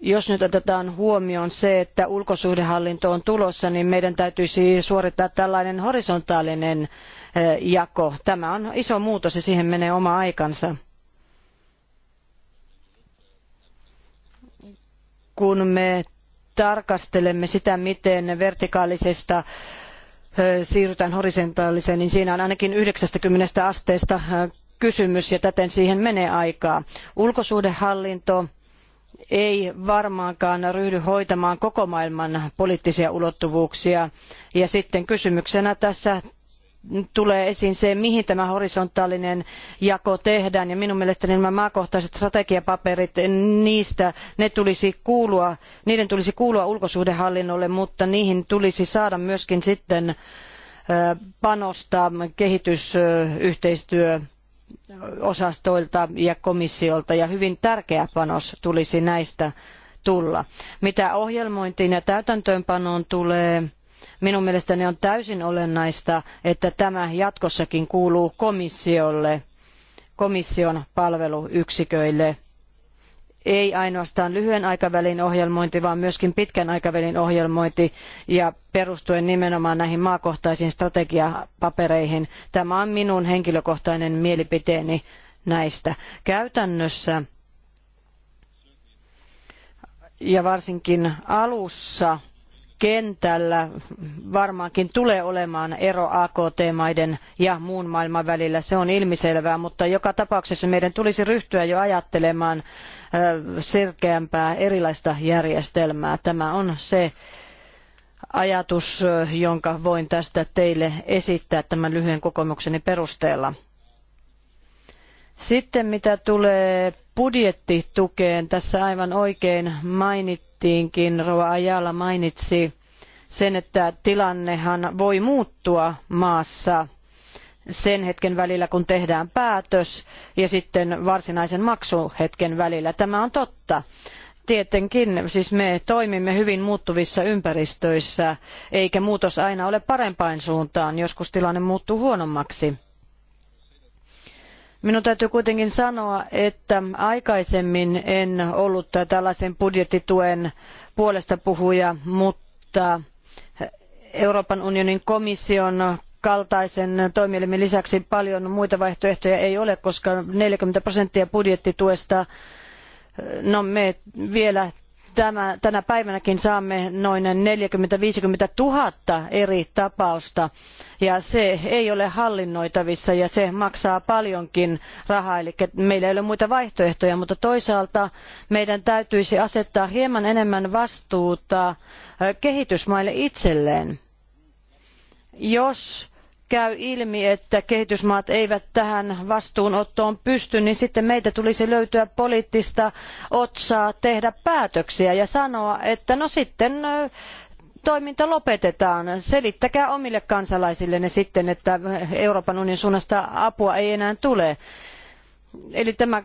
jos nyt otetaan huomioon se, että ulkosuhdehallinto on tulossa, niin meidän täytyisi suorittaa tällainen horisontaalinen jako. Tämä on iso muutos ja siihen menee oma aikansa. kun me tarkastelemme sitä, miten vertikaalisesta siirrytään horisontaaliseen, niin siinä on ainakin 90 asteesta kysymys ja täten siihen menee aikaa. Ulkosuhdehallinto ei varmaankaan ryhdy hoitamaan koko maailman poliittisia ulottuvuuksia. Ja sitten kysymyksenä tässä tulee esiin se, mihin tämä horisontaalinen jako tehdään. Ja minun mielestäni nämä maakohtaiset strategiapaperit, niistä ne tulisi kuulua, niiden tulisi kuulua ulkosuhdehallinnolle, mutta niihin tulisi saada myöskin sitten panostaa kehitysyhteistyö osastoilta ja komissiolta ja hyvin tärkeä panos tulisi näistä tulla. Mitä ohjelmointiin ja täytäntöönpanoon tulee, Minun mielestäni on täysin olennaista, että tämä jatkossakin kuuluu komissiolle, komission palveluyksiköille – ei ainoastaan lyhyen aikavälin ohjelmointi, vaan myöskin pitkän aikavälin ohjelmointi ja perustuen nimenomaan näihin maakohtaisiin strategiapapereihin. Tämä on minun henkilökohtainen mielipiteeni näistä. Käytännössä ja varsinkin alussa kentällä varmaankin tulee olemaan ero AKT-maiden ja muun maailman välillä. Se on ilmiselvää, mutta joka tapauksessa meidän tulisi ryhtyä jo ajattelemaan selkeämpää erilaista järjestelmää. Tämä on se ajatus, jonka voin tästä teille esittää tämän lyhyen kokemukseni perusteella. Sitten mitä tulee budjettitukeen, tässä aivan oikein mainittiin mainittiinkin, Roa Ajala mainitsi sen, että tilannehan voi muuttua maassa sen hetken välillä, kun tehdään päätös ja sitten varsinaisen maksuhetken välillä. Tämä on totta. Tietenkin, siis me toimimme hyvin muuttuvissa ympäristöissä, eikä muutos aina ole parempaan suuntaan. Joskus tilanne muuttuu huonommaksi Minun täytyy kuitenkin sanoa, että aikaisemmin en ollut tällaisen budjettituen puolesta puhuja, mutta Euroopan unionin komission kaltaisen toimielimen lisäksi paljon muita vaihtoehtoja ei ole, koska 40 prosenttia budjettituesta, no me vielä tämä, tänä päivänäkin saamme noin 40-50 000 eri tapausta ja se ei ole hallinnoitavissa ja se maksaa paljonkin rahaa, eli meillä ei ole muita vaihtoehtoja, mutta toisaalta meidän täytyisi asettaa hieman enemmän vastuuta kehitysmaille itselleen. Jos käy ilmi, että kehitysmaat eivät tähän vastuunottoon pysty, niin sitten meitä tulisi löytyä poliittista otsaa tehdä päätöksiä ja sanoa, että no sitten toiminta lopetetaan. Selittäkää omille kansalaisillenne sitten, että Euroopan unionin suunnasta apua ei enää tule. Eli tämä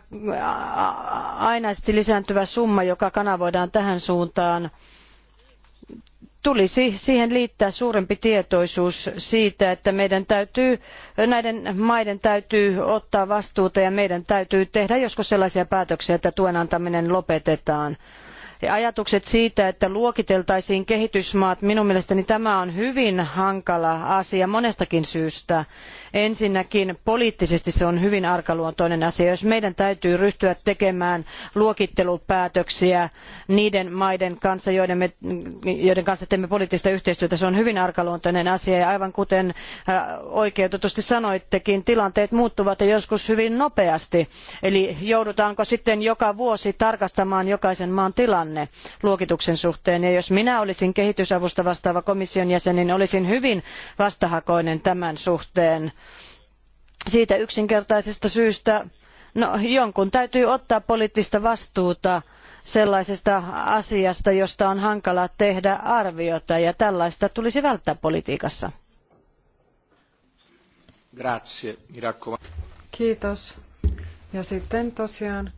ainaisesti lisääntyvä summa, joka kanavoidaan tähän suuntaan, tulisi siihen liittää suurempi tietoisuus siitä, että meidän täytyy, näiden maiden täytyy ottaa vastuuta ja meidän täytyy tehdä joskus sellaisia päätöksiä, että tuen antaminen lopetetaan ajatukset siitä, että luokiteltaisiin kehitysmaat, minun mielestäni tämä on hyvin hankala asia monestakin syystä. Ensinnäkin poliittisesti se on hyvin arkaluontoinen asia. Jos meidän täytyy ryhtyä tekemään luokittelupäätöksiä niiden maiden kanssa, joiden, me, joiden kanssa teemme poliittista yhteistyötä, se on hyvin arkaluontoinen asia. Ja aivan kuten äh, oikeutetusti sanoittekin, tilanteet muuttuvat ja joskus hyvin nopeasti. Eli joudutaanko sitten joka vuosi tarkastamaan jokaisen maan tilannetta? tilanne luokituksen suhteen. Ja jos minä olisin kehitysavusta vastaava komission jäsen, niin olisin hyvin vastahakoinen tämän suhteen. Siitä yksinkertaisesta syystä, no jonkun täytyy ottaa poliittista vastuuta sellaisesta asiasta, josta on hankala tehdä arviota, ja tällaista tulisi välttää politiikassa. Grazie, Kiitos. Ja sitten tosiaan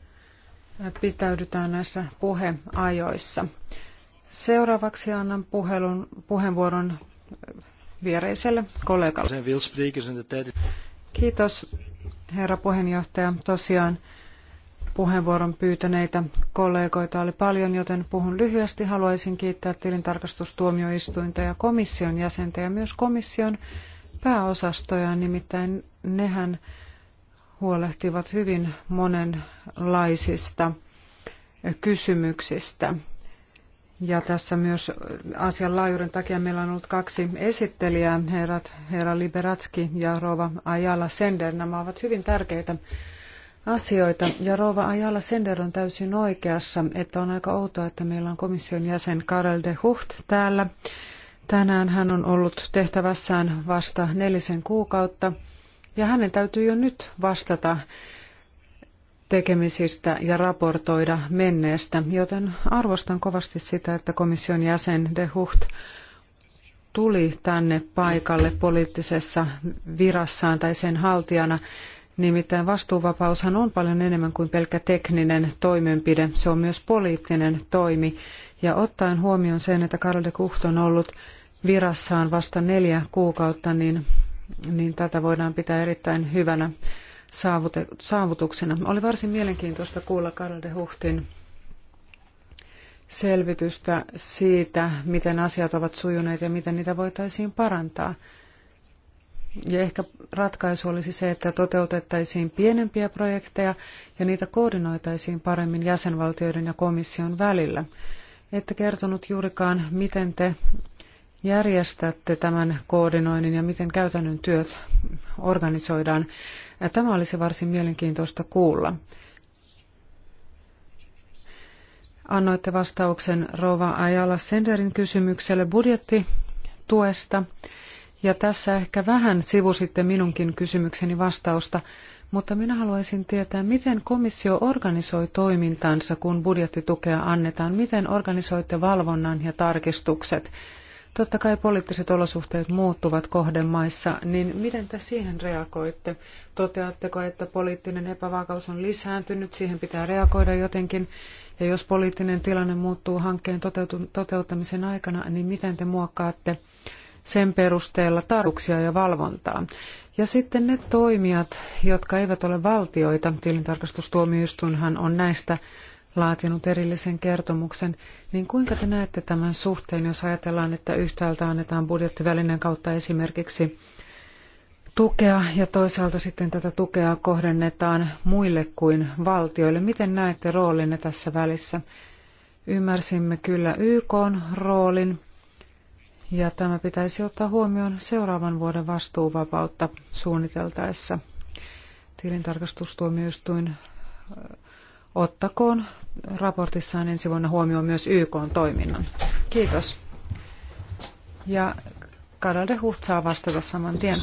pitäydytään näissä puheajoissa. Seuraavaksi annan puhelun, puheenvuoron viereiselle kollegalle. Kiitos herra puheenjohtaja. Tosiaan puheenvuoron pyytäneitä kollegoita oli paljon, joten puhun lyhyesti. Haluaisin kiittää tilintarkastustuomioistuinta ja komission jäsentä ja myös komission pääosastoja, nimittäin nehän huolehtivat hyvin monenlaisista kysymyksistä. Ja tässä myös asian laajuuden takia meillä on ollut kaksi esittelijää, herrat, herra Liberatski ja Rova Ajala Sender. Nämä ovat hyvin tärkeitä asioita. Ja Rova Ajala Sender on täysin oikeassa, että on aika outoa, että meillä on komission jäsen Karel de Hucht täällä. Tänään hän on ollut tehtävässään vasta nelisen kuukautta. Ja hänen täytyy jo nyt vastata tekemisistä ja raportoida menneestä, joten arvostan kovasti sitä, että komission jäsen De Hucht tuli tänne paikalle poliittisessa virassaan tai sen haltijana. Nimittäin vastuuvapaushan on paljon enemmän kuin pelkkä tekninen toimenpide, se on myös poliittinen toimi. Ja ottaen huomioon sen, että Karl de Kucht on ollut virassaan vasta neljä kuukautta, niin niin tätä voidaan pitää erittäin hyvänä saavutuksena. Oli varsin mielenkiintoista kuulla Karl de Huhtin selvitystä siitä, miten asiat ovat sujuneet ja miten niitä voitaisiin parantaa. Ja ehkä ratkaisu olisi se, että toteutettaisiin pienempiä projekteja ja niitä koordinoitaisiin paremmin jäsenvaltioiden ja komission välillä. Ette kertonut juurikaan, miten te järjestätte tämän koordinoinnin ja miten käytännön työt organisoidaan. Tämä olisi varsin mielenkiintoista kuulla. Annoitte vastauksen Rova Ajala Senderin kysymykselle budjettituesta. Ja tässä ehkä vähän sivusitte minunkin kysymykseni vastausta, mutta minä haluaisin tietää, miten komissio organisoi toimintansa, kun budjettitukea annetaan. Miten organisoitte valvonnan ja tarkistukset? Totta kai poliittiset olosuhteet muuttuvat kohdemaissa, niin miten te siihen reagoitte? Toteatteko, että poliittinen epävakaus on lisääntynyt, siihen pitää reagoida jotenkin, ja jos poliittinen tilanne muuttuu hankkeen toteuttamisen aikana, niin miten te muokkaatte sen perusteella tarkuksia ja valvontaa? Ja sitten ne toimijat, jotka eivät ole valtioita, tilintarkastustuomioistuinhan on näistä laatinut erillisen kertomuksen, niin kuinka te näette tämän suhteen, jos ajatellaan, että yhtäältä annetaan budjettivälinen kautta esimerkiksi tukea ja toisaalta sitten tätä tukea kohdennetaan muille kuin valtioille. Miten näette roolinne tässä välissä? Ymmärsimme kyllä YK roolin ja tämä pitäisi ottaa huomioon seuraavan vuoden vastuuvapautta suunniteltaessa. Tilintarkastustuomioistuin ottakoon raportissaan ensi vuonna huomioon myös YK toiminnan. Kiitos. Ja Karel de saa vastata saman tien.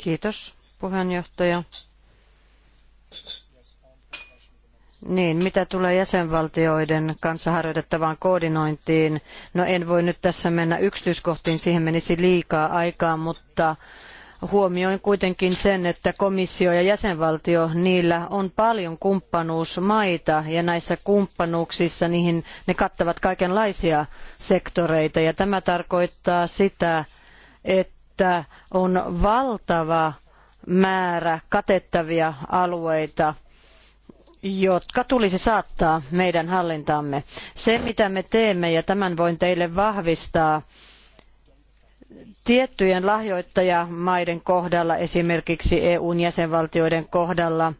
Kiitos, puheenjohtaja. Niin, mitä tulee jäsenvaltioiden kanssa harjoitettavaan koordinointiin, no en voi nyt tässä mennä yksityiskohtiin, siihen menisi liikaa aikaa, mutta Huomioin kuitenkin sen, että komissio ja jäsenvaltio, niillä on paljon kumppanuusmaita ja näissä kumppanuuksissa niihin ne kattavat kaikenlaisia sektoreita ja tämä tarkoittaa sitä, että on valtava määrä katettavia alueita – jotka tulisi saattaa meidän hallintaamme. Se, mitä me teemme, ja tämän voin teille vahvistaa, tiettyjen lahjoittajamaiden kohdalla, esimerkiksi EUn jäsenvaltioiden kohdalla,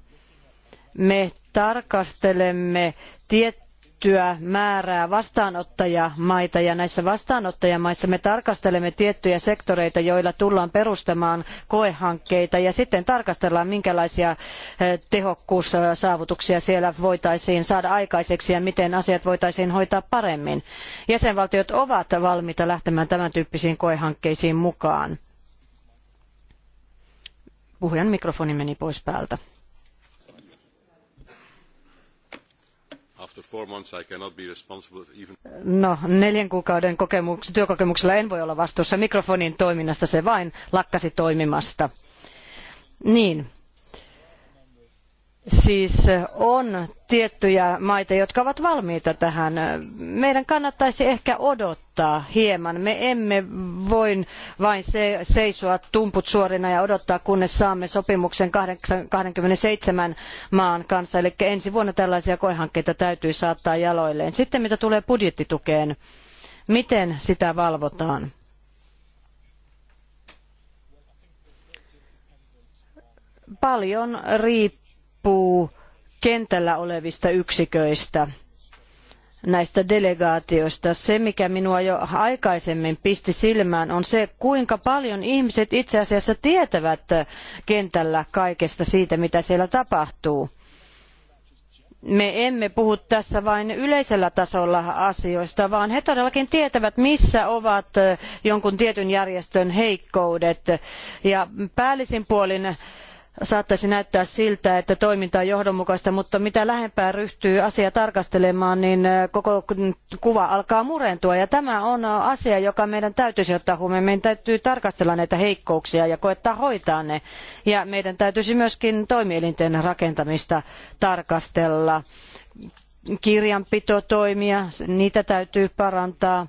me tarkastelemme tiettyjä tiettyä määrää vastaanottajamaita ja näissä vastaanottajamaissa me tarkastelemme tiettyjä sektoreita, joilla tullaan perustamaan koehankkeita ja sitten tarkastellaan, minkälaisia eh, tehokkuussaavutuksia siellä voitaisiin saada aikaiseksi ja miten asiat voitaisiin hoitaa paremmin. Jäsenvaltiot ovat valmiita lähtemään tämän tyyppisiin koehankkeisiin mukaan. Puhujan mikrofoni meni pois päältä. No, neljän kuukauden kokemuks- työkokemuksella en voi olla vastuussa mikrofonin toiminnasta, se vain lakkasi toimimasta. Niin, siis eh, on tiettyjä maita, jotka ovat valmiita tähän. Meidän kannattaisi ehkä odottaa hieman. Me emme voi vain seisoa tumput suorina ja odottaa, kunnes saamme sopimuksen 27 maan kanssa. Eli ensi vuonna tällaisia koehankkeita täytyy saattaa jaloilleen. Sitten mitä tulee budjettitukeen, miten sitä valvotaan? Paljon riippuu riippuu kentällä olevista yksiköistä näistä delegaatioista. Se, mikä minua jo aikaisemmin pisti silmään, on se, kuinka paljon ihmiset itse asiassa tietävät kentällä kaikesta siitä, mitä siellä tapahtuu. Me emme puhu tässä vain yleisellä tasolla asioista, vaan he todellakin tietävät, missä ovat jonkun tietyn järjestön heikkoudet. Ja päällisin puolin saattaisi näyttää siltä, että toiminta on johdonmukaista, mutta mitä lähempää ryhtyy asiaa tarkastelemaan, niin koko kuva alkaa murentua. Ja tämä on asia, joka meidän täytyisi ottaa huomioon. Meidän täytyy tarkastella näitä heikkouksia ja koettaa hoitaa ne. Ja meidän täytyisi myöskin toimielinten rakentamista tarkastella. Kirjanpitotoimia, niitä täytyy parantaa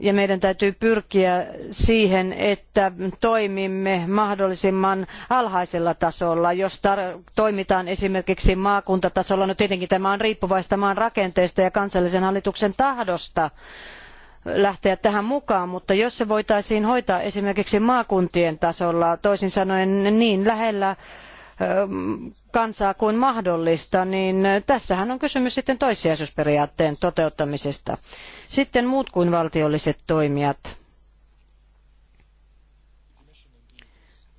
ja meidän täytyy pyrkiä siihen, että toimimme mahdollisimman alhaisella tasolla. Jos toimitaan esimerkiksi maakuntatasolla, no tietenkin tämä on riippuvaista maan rakenteesta ja kansallisen hallituksen tahdosta lähteä tähän mukaan, mutta jos se voitaisiin hoitaa esimerkiksi maakuntien tasolla, toisin sanoen niin lähellä Ähm, kansaa kuin mahdollista, niin äh, tässähän on kysymys sitten toissijaisuusperiaatteen toteuttamisesta. Sitten muut kuin valtiolliset toimijat.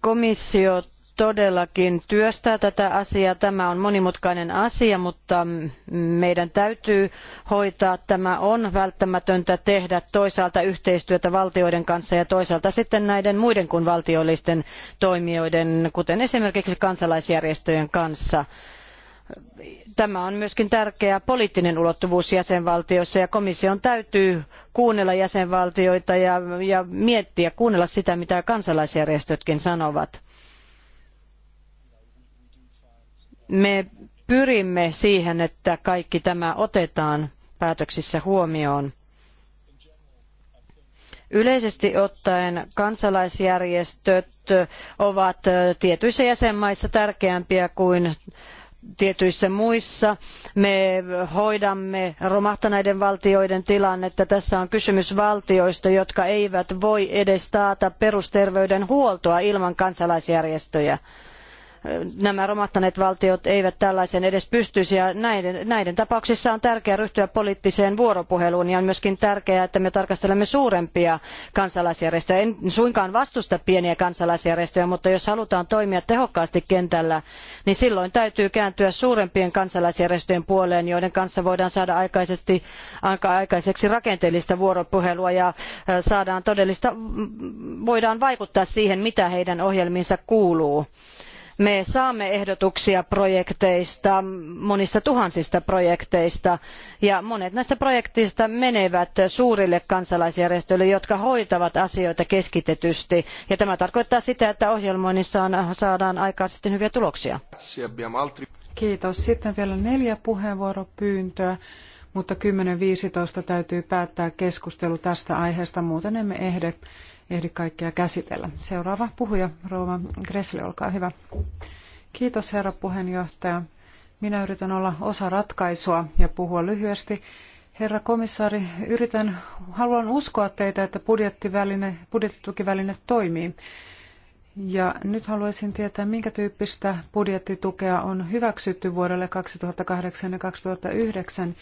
Komissiot todellakin työstää tätä asiaa. Tämä on monimutkainen asia, mutta meidän täytyy hoitaa. Tämä on välttämätöntä tehdä toisaalta yhteistyötä valtioiden kanssa ja toisaalta sitten näiden muiden kuin valtiollisten toimijoiden, kuten esimerkiksi kansalaisjärjestöjen kanssa. Tämä on myöskin tärkeä poliittinen ulottuvuus jäsenvaltioissa ja komission täytyy kuunnella jäsenvaltioita ja, ja miettiä, kuunnella sitä, mitä kansalaisjärjestötkin sanovat Me pyrimme siihen, että kaikki tämä otetaan päätöksissä huomioon. Yleisesti ottaen kansalaisjärjestöt ovat tietyissä jäsenmaissa tärkeämpiä kuin tietyissä muissa. Me hoidamme romahtaneiden valtioiden tilannetta. Tässä on kysymys valtioista, jotka eivät voi edes taata perusterveydenhuoltoa ilman kansalaisjärjestöjä nämä romahtaneet valtiot eivät tällaisen edes pystyisi. Ja näiden, näiden tapauksissa on tärkeää ryhtyä poliittiseen vuoropuheluun ja on myöskin tärkeää, että me tarkastelemme suurempia kansalaisjärjestöjä. En suinkaan vastusta pieniä kansalaisjärjestöjä, mutta jos halutaan toimia tehokkaasti kentällä, niin silloin täytyy kääntyä suurempien kansalaisjärjestöjen puoleen, joiden kanssa voidaan saada aikaisesti, aikaiseksi rakenteellista vuoropuhelua ja saadaan todellista, voidaan vaikuttaa siihen, mitä heidän ohjelmiinsa kuuluu. Me saamme ehdotuksia projekteista, monista tuhansista projekteista, ja monet näistä projekteista menevät suurille kansalaisjärjestöille, jotka hoitavat asioita keskitetysti. Ja tämä tarkoittaa sitä, että ohjelmoinnissa saadaan aikaan sitten hyviä tuloksia. Kiitos. Sitten vielä neljä puheenvuoropyyntöä mutta 10.15 täytyy päättää keskustelu tästä aiheesta, muuten emme ehde ehdi kaikkea käsitellä. Seuraava puhuja, Rooma Gressle, olkaa hyvä. Kiitos herra puheenjohtaja. Minä yritän olla osa ratkaisua ja puhua lyhyesti. Herra komissaari, yritän, haluan uskoa teitä, että budjettiväline, budjettitukiväline toimii. Ja nyt haluaisin tietää, minkä tyyppistä budjettitukea on hyväksytty vuodelle 2008 ja 2009.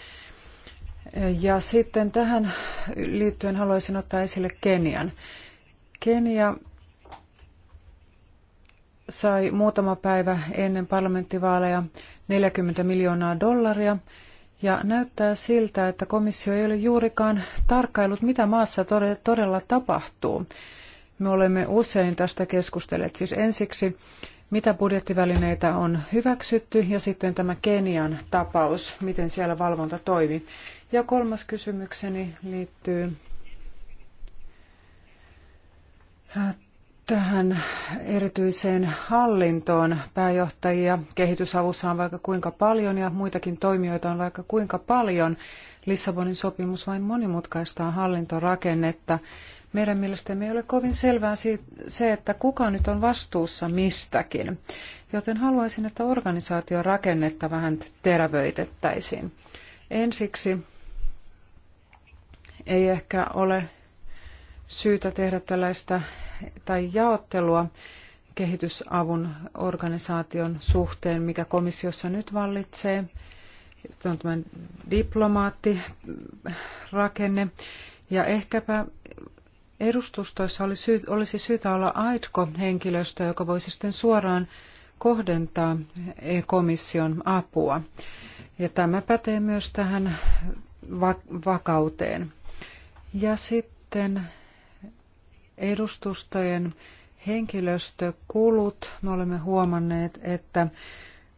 Ja sitten tähän liittyen haluaisin ottaa esille Kenian. Kenia sai muutama päivä ennen parlamenttivaaleja 40 miljoonaa dollaria ja näyttää siltä, että komissio ei ole juurikaan tarkkaillut, mitä maassa todella tapahtuu. Me olemme usein tästä keskustelleet. Siis ensiksi, mitä budjettivälineitä on hyväksytty ja sitten tämä Kenian tapaus, miten siellä valvonta toimi. Ja kolmas kysymykseni liittyy tähän erityiseen hallintoon. Pääjohtajia kehitysavussa on vaikka kuinka paljon ja muitakin toimijoita on vaikka kuinka paljon. Lissabonin sopimus vain monimutkaistaa hallintorakennetta. Meidän mielestämme ei ole kovin selvää se, että kuka nyt on vastuussa mistäkin. Joten haluaisin, että organisaation rakennetta vähän terävöitettäisiin. Ensiksi ei ehkä ole syytä tehdä tällaista tai jaottelua kehitysavun organisaation suhteen, mikä komissiossa nyt vallitsee. Se on tämä diplomaattirakenne. Ja ehkäpä edustustoissa oli syy, olisi syytä olla AIDCO-henkilöstö, joka voisi sitten suoraan kohdentaa komission apua. Ja tämä pätee myös tähän vakauteen. Ja sitten edustustojen henkilöstökulut. Me olemme huomanneet, että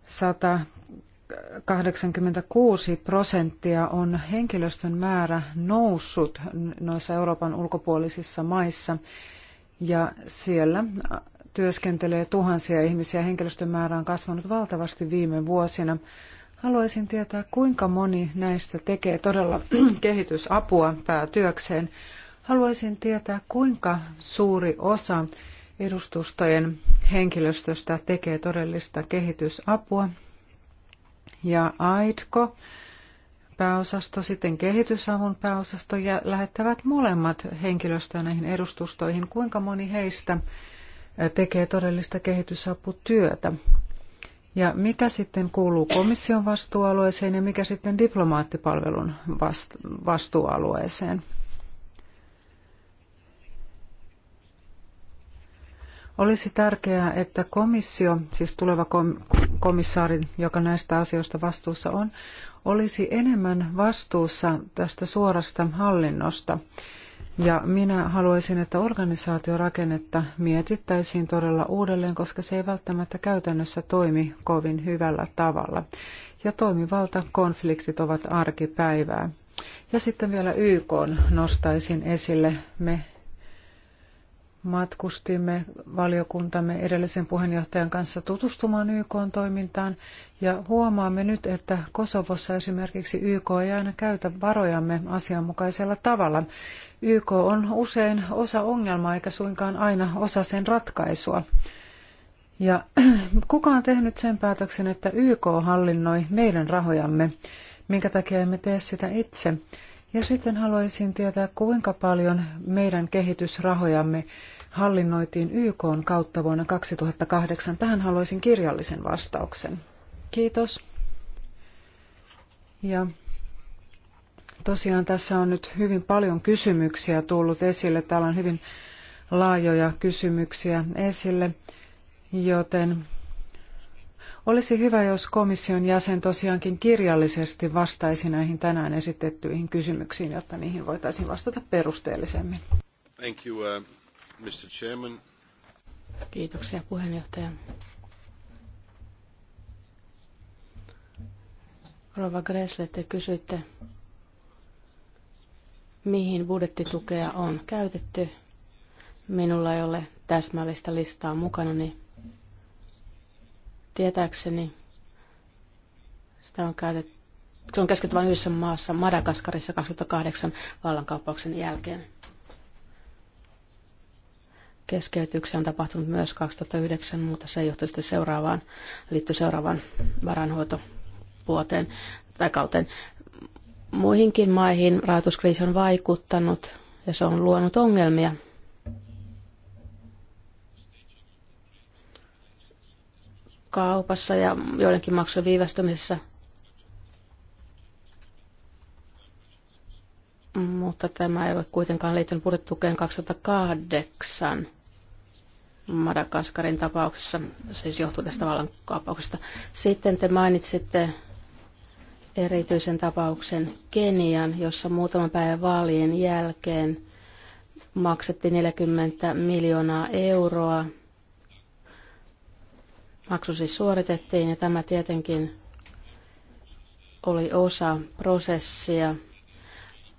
186 prosenttia on henkilöstön määrä noussut noissa Euroopan ulkopuolisissa maissa. Ja siellä työskentelee tuhansia ihmisiä. Henkilöstön määrä on kasvanut valtavasti viime vuosina. Haluaisin tietää, kuinka moni näistä tekee todella kehitysapua päätyökseen. Haluaisin tietää, kuinka suuri osa edustustojen henkilöstöstä tekee todellista kehitysapua. Ja AIDKO, pääosasto, sitten kehitysavun pääosasto ja lähettävät molemmat henkilöstöä näihin edustustoihin. Kuinka moni heistä tekee todellista kehitysaputyötä? Ja mikä sitten kuuluu komission vastuualueeseen ja mikä sitten diplomaattipalvelun vastuualueeseen? Olisi tärkeää, että komissio, siis tuleva komissaari, joka näistä asioista vastuussa on, olisi enemmän vastuussa tästä suorasta hallinnosta. Ja minä haluaisin, että organisaatiorakennetta mietittäisiin todella uudelleen, koska se ei välttämättä käytännössä toimi kovin hyvällä tavalla. Ja toimivaltakonfliktit ovat arkipäivää. Ja sitten vielä YK nostaisin esille. Me matkustimme valiokuntamme edellisen puheenjohtajan kanssa tutustumaan YK toimintaan ja huomaamme nyt, että Kosovossa esimerkiksi YK ei aina käytä varojamme asianmukaisella tavalla. YK on usein osa ongelmaa eikä suinkaan aina osa sen ratkaisua. Ja kuka on tehnyt sen päätöksen, että YK hallinnoi meidän rahojamme, minkä takia emme tee sitä itse? Ja sitten haluaisin tietää, kuinka paljon meidän kehitysrahojamme hallinnoitiin YK kautta vuonna 2008? Tähän haluaisin kirjallisen vastauksen. Kiitos. Ja tosiaan tässä on nyt hyvin paljon kysymyksiä tullut esille. Täällä on hyvin laajoja kysymyksiä esille, joten olisi hyvä, jos komission jäsen tosiaankin kirjallisesti vastaisi näihin tänään esitettyihin kysymyksiin, jotta niihin voitaisiin vastata perusteellisemmin. Thank you, uh, Mr. Chairman. Kiitoksia puheenjohtaja. Rova Gressle, te kysyitte, mihin budjettitukea on käytetty. Minulla ei ole täsmällistä listaa mukana, niin tietääkseni sitä on käytetty. Se on keskitytty vain yhdessä maassa, Madagaskarissa 2008 vallankaappauksen jälkeen keskeytyksiä on tapahtunut myös 2009, mutta se johtui sitten seuraavaan, liittyi seuraavaan varanhoitovuoteen tai kauteen. Muihinkin maihin rahoituskriisi on vaikuttanut ja se on luonut ongelmia. kaupassa ja joidenkin maksujen viivästymisessä. Mutta tämä ei ole kuitenkaan liittynyt budjettitukeen 2008 Madagaskarin tapauksessa, siis johtuu tästä vallankaappauksesta. Sitten te mainitsitte erityisen tapauksen Kenian, jossa muutaman päivän vaalien jälkeen maksettiin 40 miljoonaa euroa. Maksu siis suoritettiin ja tämä tietenkin oli osa prosessia.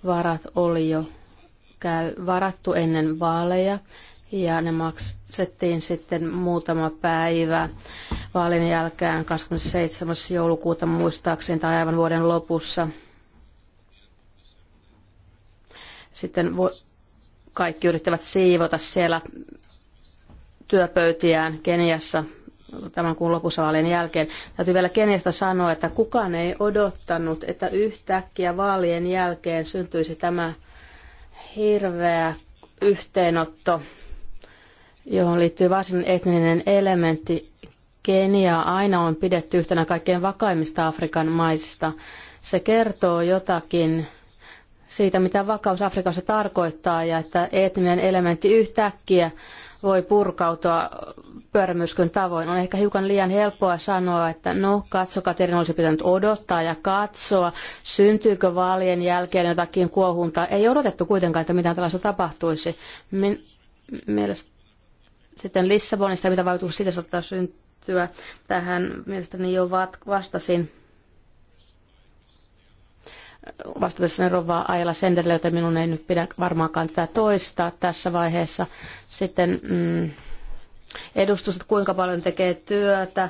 Varat oli jo varattu ennen vaaleja ja ne maksettiin sitten muutama päivä vaalin jälkeen 27. joulukuuta muistaakseni tai aivan vuoden lopussa. Sitten kaikki yrittävät siivota siellä työpöytiään Keniassa tämän kuun lopussa vaalien jälkeen. Täytyy vielä Keniasta sanoa, että kukaan ei odottanut, että yhtäkkiä vaalien jälkeen syntyisi tämä hirveä yhteenotto johon liittyy varsin etninen elementti. Kenia aina on pidetty yhtenä kaikkein vakaimmista Afrikan maista. Se kertoo jotakin siitä, mitä vakaus Afrikassa tarkoittaa ja että etninen elementti yhtäkkiä voi purkautua pyörämyskyn tavoin. On ehkä hiukan liian helppoa sanoa, että no katsokaa, teidän olisi pitänyt odottaa ja katsoa, syntyykö vaalien jälkeen jotakin kuohuntaa. Ei odotettu kuitenkaan, että mitään tällaista tapahtuisi. Min- mielestä sitten Lissabonista, mitä vaikutuksia siitä saattaa syntyä. Tähän mielestäni jo vastasin vastatessani Rova Aila Senderille, joten minun ei nyt pidä varmaankaan tätä toistaa tässä vaiheessa. Sitten mm, että kuinka paljon tekee työtä.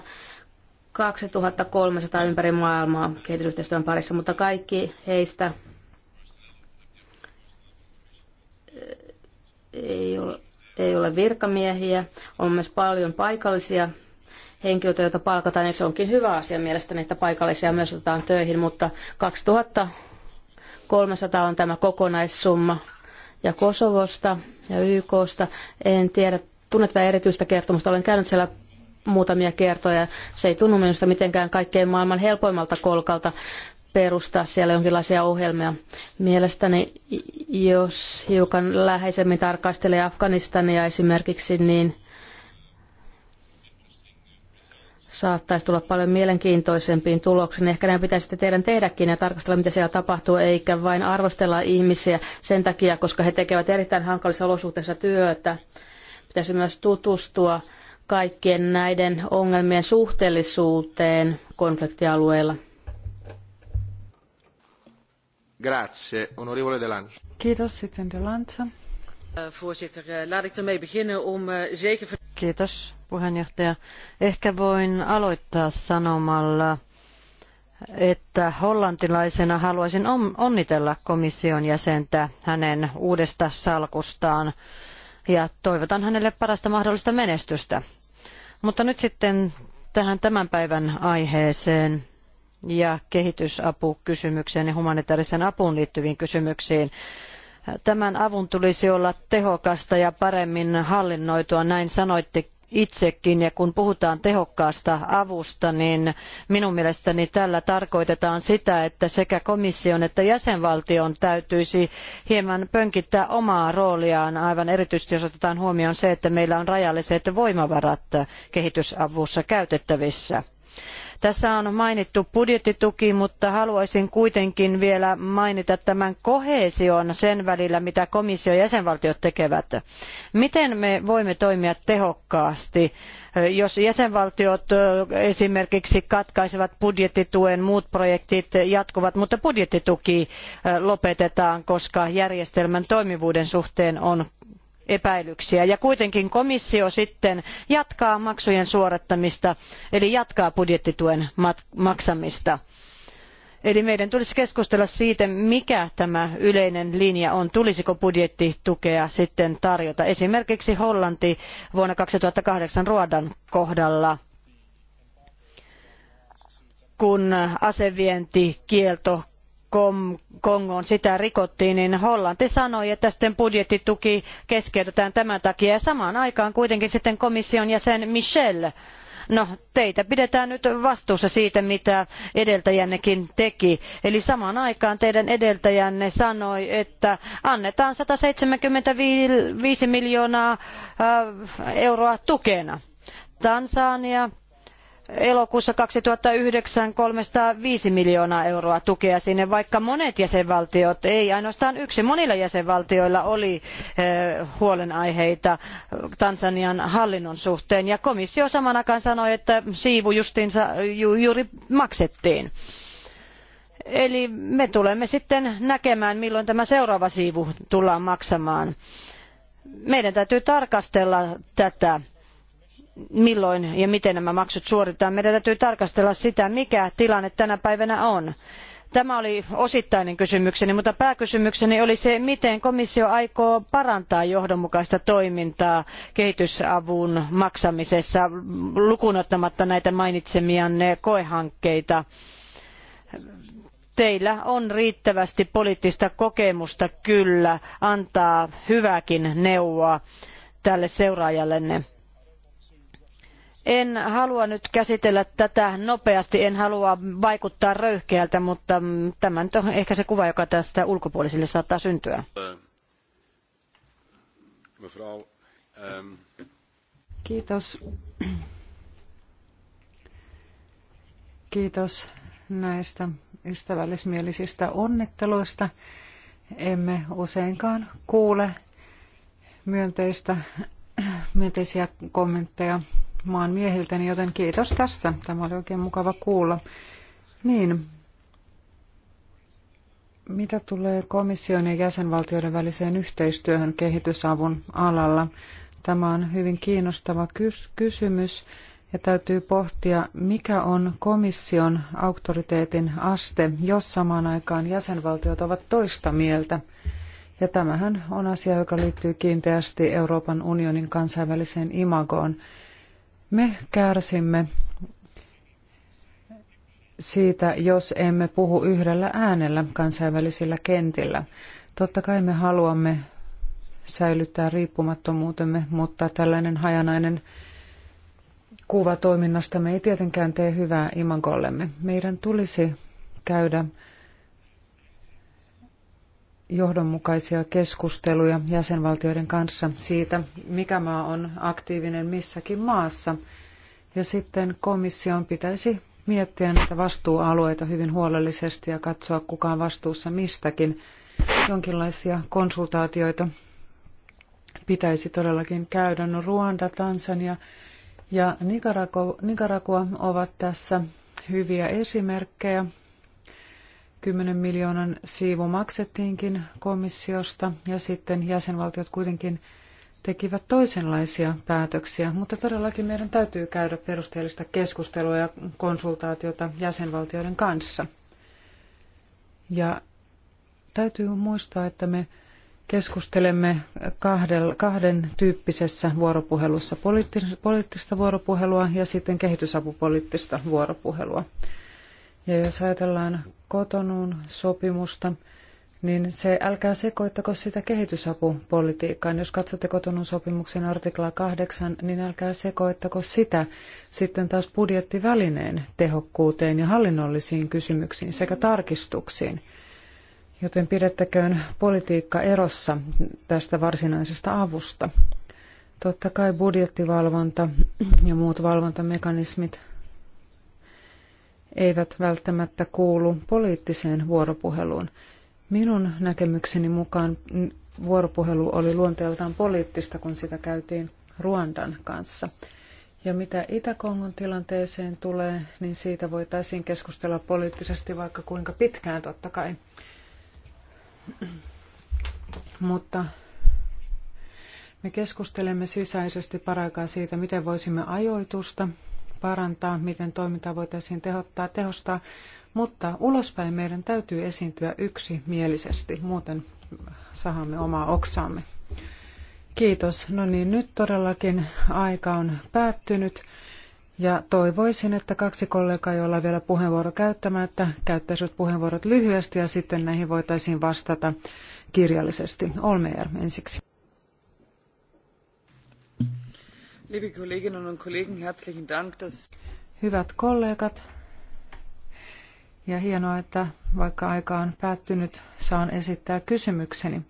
2300 ympäri maailmaa kehitysyhteistyön parissa, mutta kaikki heistä eh, ei ole ei ole virkamiehiä, on myös paljon paikallisia henkilöitä, joita palkataan, niin se onkin hyvä asia mielestäni, että paikallisia myös otetaan töihin, mutta 2300 on tämä kokonaissumma. Ja Kosovosta ja YKsta, en tiedä, tunne tätä erityistä kertomusta, olen käynyt siellä muutamia kertoja. Se ei tunnu minusta mitenkään kaikkein maailman helpoimmalta kolkalta perustaa siellä jonkinlaisia ohjelmia. Mielestäni, jos hiukan läheisemmin tarkastelee Afganistania esimerkiksi, niin saattaisi tulla paljon mielenkiintoisempiin tuloksiin. Ehkä näin pitäisi sitten teidän tehdäkin ja tarkastella, mitä siellä tapahtuu, eikä vain arvostella ihmisiä sen takia, koska he tekevät erittäin hankalissa olosuhteissa työtä. Pitäisi myös tutustua kaikkien näiden ongelmien suhteellisuuteen konfliktialueilla. Grazie, onorevole Delange. Kiitos, sitten Delange. Eh, voorzitter, eh, laat ik ermee beginnen om eh, zeker... Kiitos, puheenjohtaja. Ehkä voin aloittaa sanomalla, että hollantilaisena haluaisin onnitella komission jäsentä hänen uudesta salkustaan ja toivotan hänelle parasta mahdollista menestystä. Mutta nyt sitten tähän tämän päivän aiheeseen ja kehitysapukysymykseen ja humanitaariseen apuun liittyviin kysymyksiin. Tämän avun tulisi olla tehokasta ja paremmin hallinnoitua, näin sanoitte itsekin. Ja kun puhutaan tehokkaasta avusta, niin minun mielestäni tällä tarkoitetaan sitä, että sekä komission että jäsenvaltion täytyisi hieman pönkittää omaa rooliaan, aivan erityisesti jos otetaan huomioon se, että meillä on rajalliset voimavarat kehitysavussa käytettävissä tässä on mainittu budjettituki, mutta haluaisin kuitenkin vielä mainita tämän kohesion sen välillä, mitä komissio ja jäsenvaltiot tekevät. Miten me voimme toimia tehokkaasti? jos jäsenvaltiot esimerkiksi katkaisevat budjettituen, muut projektit jatkuvat, mutta budjettituki lopetetaan, koska järjestelmän toimivuuden suhteen on epäilyksiä. Ja kuitenkin komissio sitten jatkaa maksujen suorittamista, eli jatkaa budjettituen maksamista. Eli meidän tulisi keskustella siitä, mikä tämä yleinen linja on, tulisiko budjettitukea sitten tarjota. Esimerkiksi Hollanti vuonna 2008 Ruodan kohdalla kun asevientikielto Kongoon sitä rikottiin, niin Hollanti sanoi, että sitten budjettituki keskeytetään tämän takia. Ja samaan aikaan kuitenkin sitten komission jäsen Michel No, teitä pidetään nyt vastuussa siitä, mitä edeltäjännekin teki. Eli samaan aikaan teidän edeltäjänne sanoi, että annetaan 175 miljoonaa äh, euroa tukena. Tansania elokuussa 2009 305 miljoonaa euroa tukea sinne, vaikka monet jäsenvaltiot, ei ainoastaan yksi, monilla jäsenvaltioilla oli eh, huolenaiheita eh, Tansanian hallinnon suhteen. Ja komissio saman aikaan sanoi, että siivu justiinsa juuri maksettiin. Eli me tulemme sitten näkemään, milloin tämä seuraava siivu tullaan maksamaan. Meidän täytyy tarkastella tätä milloin ja miten nämä maksut suoritetaan. Meidän täytyy tarkastella sitä, mikä tilanne tänä päivänä on. Tämä oli osittainen kysymykseni, mutta pääkysymykseni oli se, miten komissio aikoo parantaa johdonmukaista toimintaa kehitysavun maksamisessa, lukunottamatta näitä mainitsemianne koehankkeita teillä on riittävästi poliittista kokemusta kyllä antaa hyvääkin neuvoa tälle seuraajallenne. En halua nyt käsitellä tätä nopeasti, en halua vaikuttaa röyhkeältä, mutta tämä nyt on ehkä se kuva, joka tästä ulkopuolisille saattaa syntyä. Kiitos. Kiitos näistä ystävällismielisistä onnitteluista. Emme useinkaan kuule myönteistä, myönteisiä kommentteja maan miehiltäni, joten kiitos tästä. Tämä oli oikein mukava kuulla. Niin, mitä tulee komission ja jäsenvaltioiden väliseen yhteistyöhön kehitysavun alalla? Tämä on hyvin kiinnostava kysymys ja täytyy pohtia, mikä on komission auktoriteetin aste, jos samaan aikaan jäsenvaltiot ovat toista mieltä. Ja tämähän on asia, joka liittyy kiinteästi Euroopan unionin kansainväliseen imagoon. Me kärsimme siitä, jos emme puhu yhdellä äänellä kansainvälisillä kentillä. Totta kai me haluamme säilyttää riippumattomuutemme, mutta tällainen hajanainen kuva toiminnastamme ei tietenkään tee hyvää imagollemme. Meidän tulisi käydä johdonmukaisia keskusteluja jäsenvaltioiden kanssa siitä, mikä maa on aktiivinen missäkin maassa. Ja sitten komission pitäisi miettiä näitä vastuualueita hyvin huolellisesti ja katsoa, kuka on vastuussa mistäkin. Jonkinlaisia konsultaatioita pitäisi todellakin käydä. No Ruanda, Tansania ja Nicaragua ovat tässä hyviä esimerkkejä 10 miljoonan siivu maksettiinkin komissiosta ja sitten jäsenvaltiot kuitenkin tekivät toisenlaisia päätöksiä, mutta todellakin meidän täytyy käydä perusteellista keskustelua ja konsultaatiota jäsenvaltioiden kanssa. Ja täytyy muistaa, että me keskustelemme kahden, kahden tyyppisessä vuoropuhelussa, poliittista vuoropuhelua ja sitten kehitysapupoliittista vuoropuhelua. Ja jos ajatellaan kotonuun sopimusta, niin se älkää sekoittako sitä kehitysapupolitiikkaan. Jos katsotte kotonun sopimuksen artiklaa 8, niin älkää sekoittako sitä sitten taas budjettivälineen tehokkuuteen ja hallinnollisiin kysymyksiin sekä tarkistuksiin. Joten pidettäköön politiikka erossa tästä varsinaisesta avusta. Totta kai budjettivalvonta ja muut valvontamekanismit eivät välttämättä kuulu poliittiseen vuoropuheluun. Minun näkemykseni mukaan vuoropuhelu oli luonteeltaan poliittista, kun sitä käytiin Ruandan kanssa. Ja mitä Itä-Kongon tilanteeseen tulee, niin siitä voitaisiin keskustella poliittisesti vaikka kuinka pitkään totta kai. Mutta me keskustelemme sisäisesti paraikaa siitä, miten voisimme ajoitusta parantaa, miten toimintaa voitaisiin tehottaa, tehostaa, mutta ulospäin meidän täytyy esiintyä yksimielisesti, muuten sahamme omaa oksaamme. Kiitos. No niin, nyt todellakin aika on päättynyt. Ja toivoisin, että kaksi kollegaa, joilla on vielä puheenvuoro käyttämättä, käyttäisivät puheenvuorot lyhyesti ja sitten näihin voitaisiin vastata kirjallisesti. Olmeer ensiksi. Hyvät kollegat, ja hienoa, että vaikka aika on päättynyt, saan esittää kysymykseni.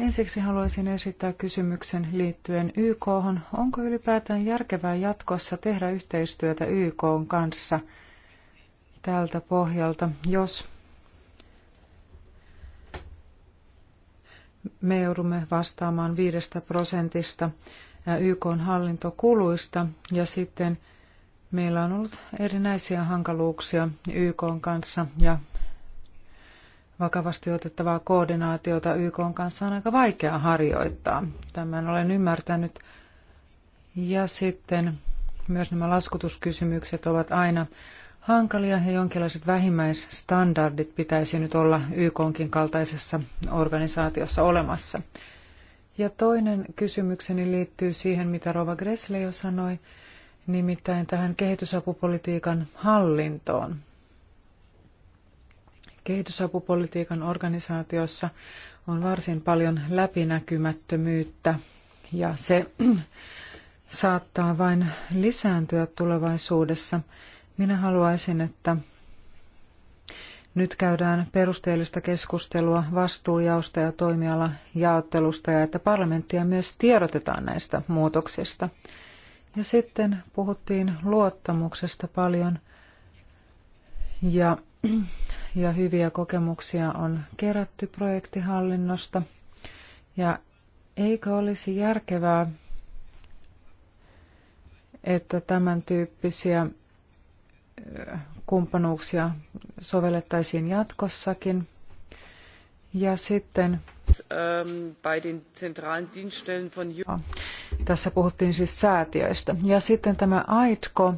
Ensiksi haluaisin esittää kysymyksen liittyen YK. -hon. Onko ylipäätään järkevää jatkossa tehdä yhteistyötä YK kanssa tältä pohjalta, jos me joudumme vastaamaan viidestä prosentista YK hallintokuluista ja sitten meillä on ollut erinäisiä hankaluuksia YK kanssa ja vakavasti otettavaa koordinaatiota YK kanssa on aika vaikea harjoittaa. Tämän olen ymmärtänyt. Ja sitten myös nämä laskutuskysymykset ovat aina hankalia ja jonkinlaiset vähimmäisstandardit pitäisi nyt olla YKkin kaltaisessa organisaatiossa olemassa. Ja toinen kysymykseni liittyy siihen, mitä Rova Gressle jo sanoi, nimittäin tähän kehitysapupolitiikan hallintoon. Kehitysapupolitiikan organisaatiossa on varsin paljon läpinäkymättömyyttä ja se saattaa vain lisääntyä tulevaisuudessa. Minä haluaisin, että nyt käydään perusteellista keskustelua vastuujaosta ja toimialajaottelusta ja että parlamenttia myös tiedotetaan näistä muutoksista. Ja sitten puhuttiin luottamuksesta paljon ja, ja hyviä kokemuksia on kerätty projektihallinnosta. Ja eikö olisi järkevää, että tämän tyyppisiä kumppanuuksia sovellettaisiin jatkossakin. Ja sitten ähm, ah, tässä puhuttiin siis säätiöistä. Ja sitten tämä AIDCO,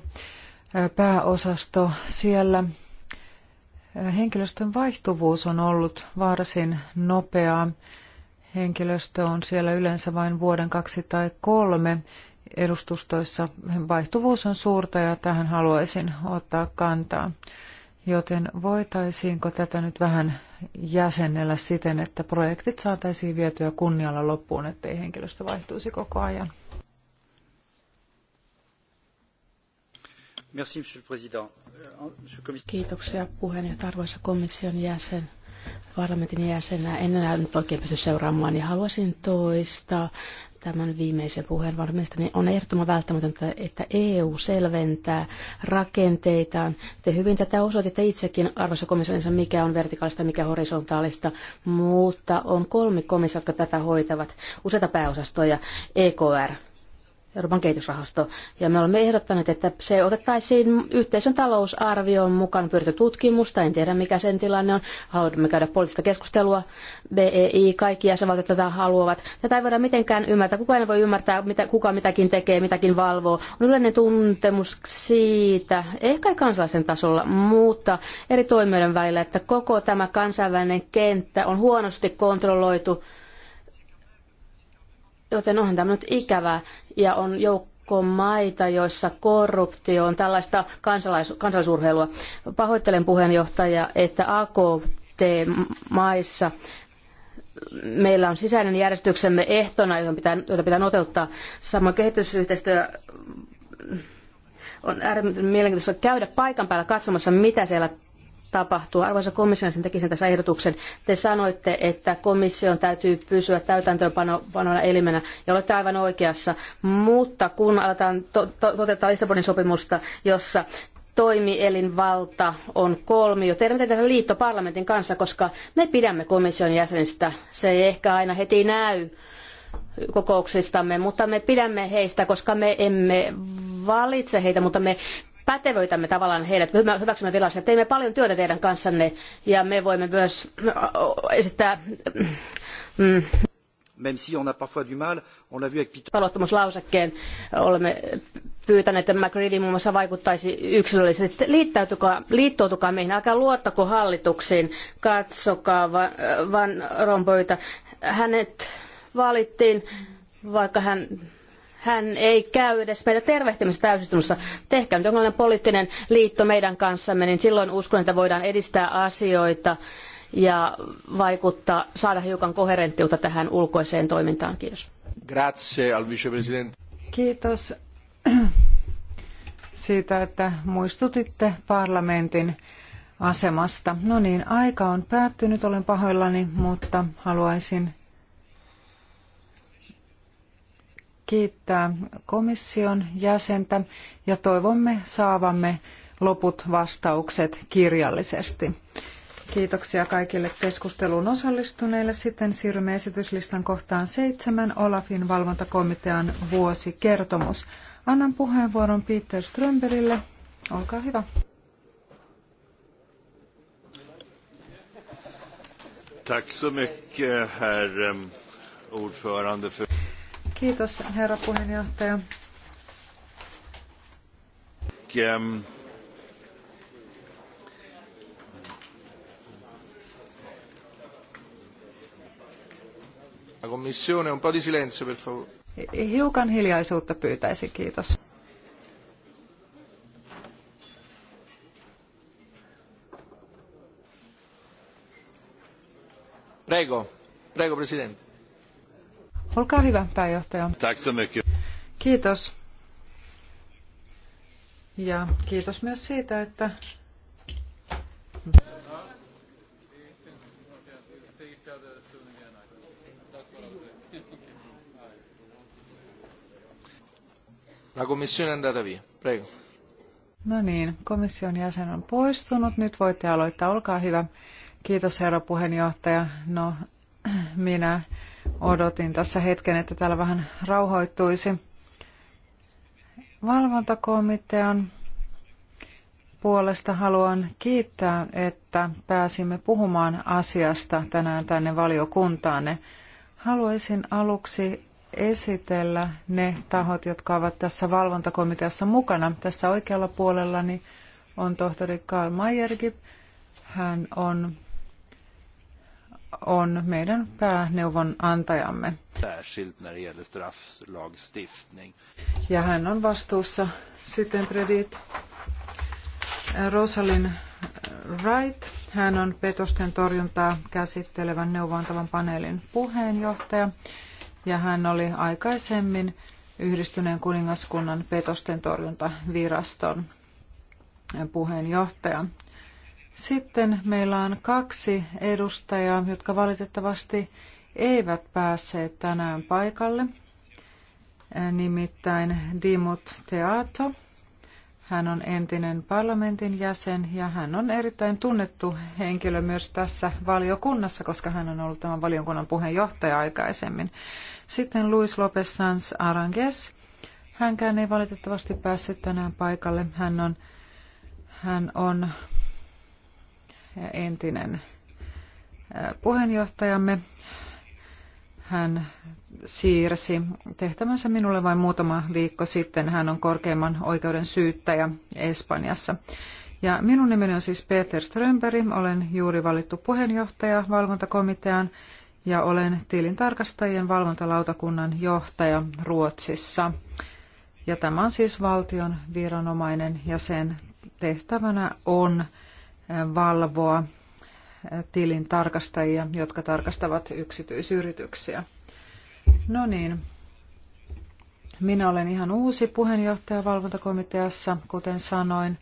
äh, pääosasto siellä. Äh, henkilöstön vaihtuvuus on ollut varsin nopeaa. Henkilöstö on siellä yleensä vain vuoden kaksi tai kolme edustustoissa vaihtuvuus on suurta ja tähän haluaisin ottaa kantaa. Joten voitaisiinko tätä nyt vähän jäsennellä siten, että projektit saataisiin vietyä kunnialla loppuun, ettei henkilöstö vaihtuisi koko ajan? Euh, Kiitoksia puheenjohtaja, arvoisa komission jäsen parlamentin jäsenä. En enää nyt oikein pysty seuraamaan, niin haluaisin toista tämän viimeisen puheen varmista, Niin on ehdottoman välttämätöntä, että EU selventää rakenteitaan. Te hyvin tätä osoititte itsekin, arvoisa komissaarissa, mikä on vertikaalista, mikä horisontaalista, mutta on kolme komissaria, jotka tätä hoitavat, useita pääosastoja, EKR, Euroopan kehitysrahasto. Ja me olemme ehdottaneet, että se otettaisiin yhteisön talousarvioon mukaan pyritty tutkimusta. En tiedä, mikä sen tilanne on. Haluamme käydä poliittista keskustelua. BEI, kaikki jäsenvaltiot tätä haluavat. Tätä ei voida mitenkään ymmärtää. Kukaan ei voi ymmärtää, mitä, kuka mitäkin tekee, mitäkin valvoo. On yleinen tuntemus siitä, ehkä kansalaisen tasolla, mutta eri toimijoiden välillä, että koko tämä kansainvälinen kenttä on huonosti kontrolloitu Joten onhan tämä nyt ikävää ja on joukko maita, joissa korruptio on tällaista kansalais- kansallisurheilua. Pahoittelen puheenjohtaja, että AKT-maissa meillä on sisäinen järjestyksemme ehtona, jota pitää, jota pitää noteuttaa. Samoin kehitysyhteistyö on äärimmäisen mielenkiintoista käydä paikan päällä katsomassa, mitä siellä tapahtuu. Arvoisa komissio, sen tekisin tässä ehdotuksen. Te sanoitte, että komission täytyy pysyä täytäntöönpanona elimenä, ja olette aivan oikeassa. Mutta kun aletaan to- to- toteuttaa Lissabonin sopimusta, jossa toimielinvalta on kolmio. Teidän pitää tehdä liitto parlamentin kanssa, koska me pidämme komission jäsenistä. Se ei ehkä aina heti näy kokouksistamme, mutta me pidämme heistä, koska me emme valitse heitä, mutta me pätevöitämme tavallaan heidät, hyväksymme virallisesti. Teemme paljon työtä teidän kanssanne ja me voimme myös esittää mm, mm, même si on a parfois du mal, on l'a vu avec Peter. olemme pyytäneet, että McReady muun muassa vaikuttaisi yksilöllisesti. Liittäytykää, liittoutukaa meihin, älkää luottako hallituksiin, katsokaa Van, van Rompuyta. Hänet valittiin, vaikka hän hän ei käy edes meitä tervehtimässä täysistunnossa. Tehkää nyt jonkinlainen poliittinen liitto meidän kanssamme, niin silloin uskon, että voidaan edistää asioita ja vaikuttaa, saada hiukan koherenttiutta tähän ulkoiseen toimintaan. Kiitos. Grazie al vicepresidente. Kiitos siitä, että muistutitte parlamentin asemasta. No niin, aika on päättynyt, olen pahoillani, mutta haluaisin kiittää komission jäsentä ja toivomme saavamme loput vastaukset kirjallisesti. Kiitoksia kaikille keskusteluun osallistuneille. Sitten siirrymme esityslistan kohtaan seitsemän Olafin valvontakomitean vuosikertomus. Annan puheenvuoron Peter Strömberille. Olkaa hyvä. Tack så mycket, herr eh, ordförande. För... Kiitos, herra puheenjohtaja. Um, Commissione, un po' di silenzio, per favore. Hiukan hiljaisuutta pyytäisi kiitos. Prego, prego, presidente. Olkaa hyvä, pääjohtaja. Kiitos. Ja kiitos myös siitä, että La commissione è andata via. Prego. No niin, komission jäsen on poistunut. Nyt voitte aloittaa. Olkaa hyvä. Kiitos herra puheenjohtaja. No, minä odotin tässä hetken, että täällä vähän rauhoittuisi. Valvontakomitean puolesta haluan kiittää, että pääsimme puhumaan asiasta tänään tänne valiokuntaanne. Haluaisin aluksi esitellä ne tahot, jotka ovat tässä valvontakomiteassa mukana. Tässä oikealla puolellani on tohtori Karl Mayergi. Hän on on meidän pääneuvonantajamme. Ja hän on vastuussa sitten predit Rosalind Wright. Hän on petosten torjuntaa käsittelevän neuvontavan paneelin puheenjohtaja ja hän oli aikaisemmin Yhdistyneen kuningaskunnan petosten torjuntaviraston puheenjohtaja. Sitten meillä on kaksi edustajaa, jotka valitettavasti eivät päässeet tänään paikalle. Nimittäin Dimut Teato. Hän on entinen parlamentin jäsen ja hän on erittäin tunnettu henkilö myös tässä valiokunnassa, koska hän on ollut tämän valiokunnan puheenjohtaja aikaisemmin. Sitten Luis Lopez Sanz Aranges. Hänkään ei valitettavasti päässyt tänään paikalle. Hän on, hän on entinen puheenjohtajamme. Hän siirsi tehtävänsä minulle vain muutama viikko sitten. Hän on korkeimman oikeuden syyttäjä Espanjassa. Ja minun nimeni on siis Peter Strömberg. Olen juuri valittu puheenjohtaja valvontakomiteaan ja olen tilintarkastajien valvontalautakunnan johtaja Ruotsissa. Ja tämä on siis valtion viranomainen ja sen tehtävänä on valvoa tilin tarkastajia, jotka tarkastavat yksityisyrityksiä. No niin, minä olen ihan uusi puheenjohtaja valvontakomiteassa, kuten sanoin,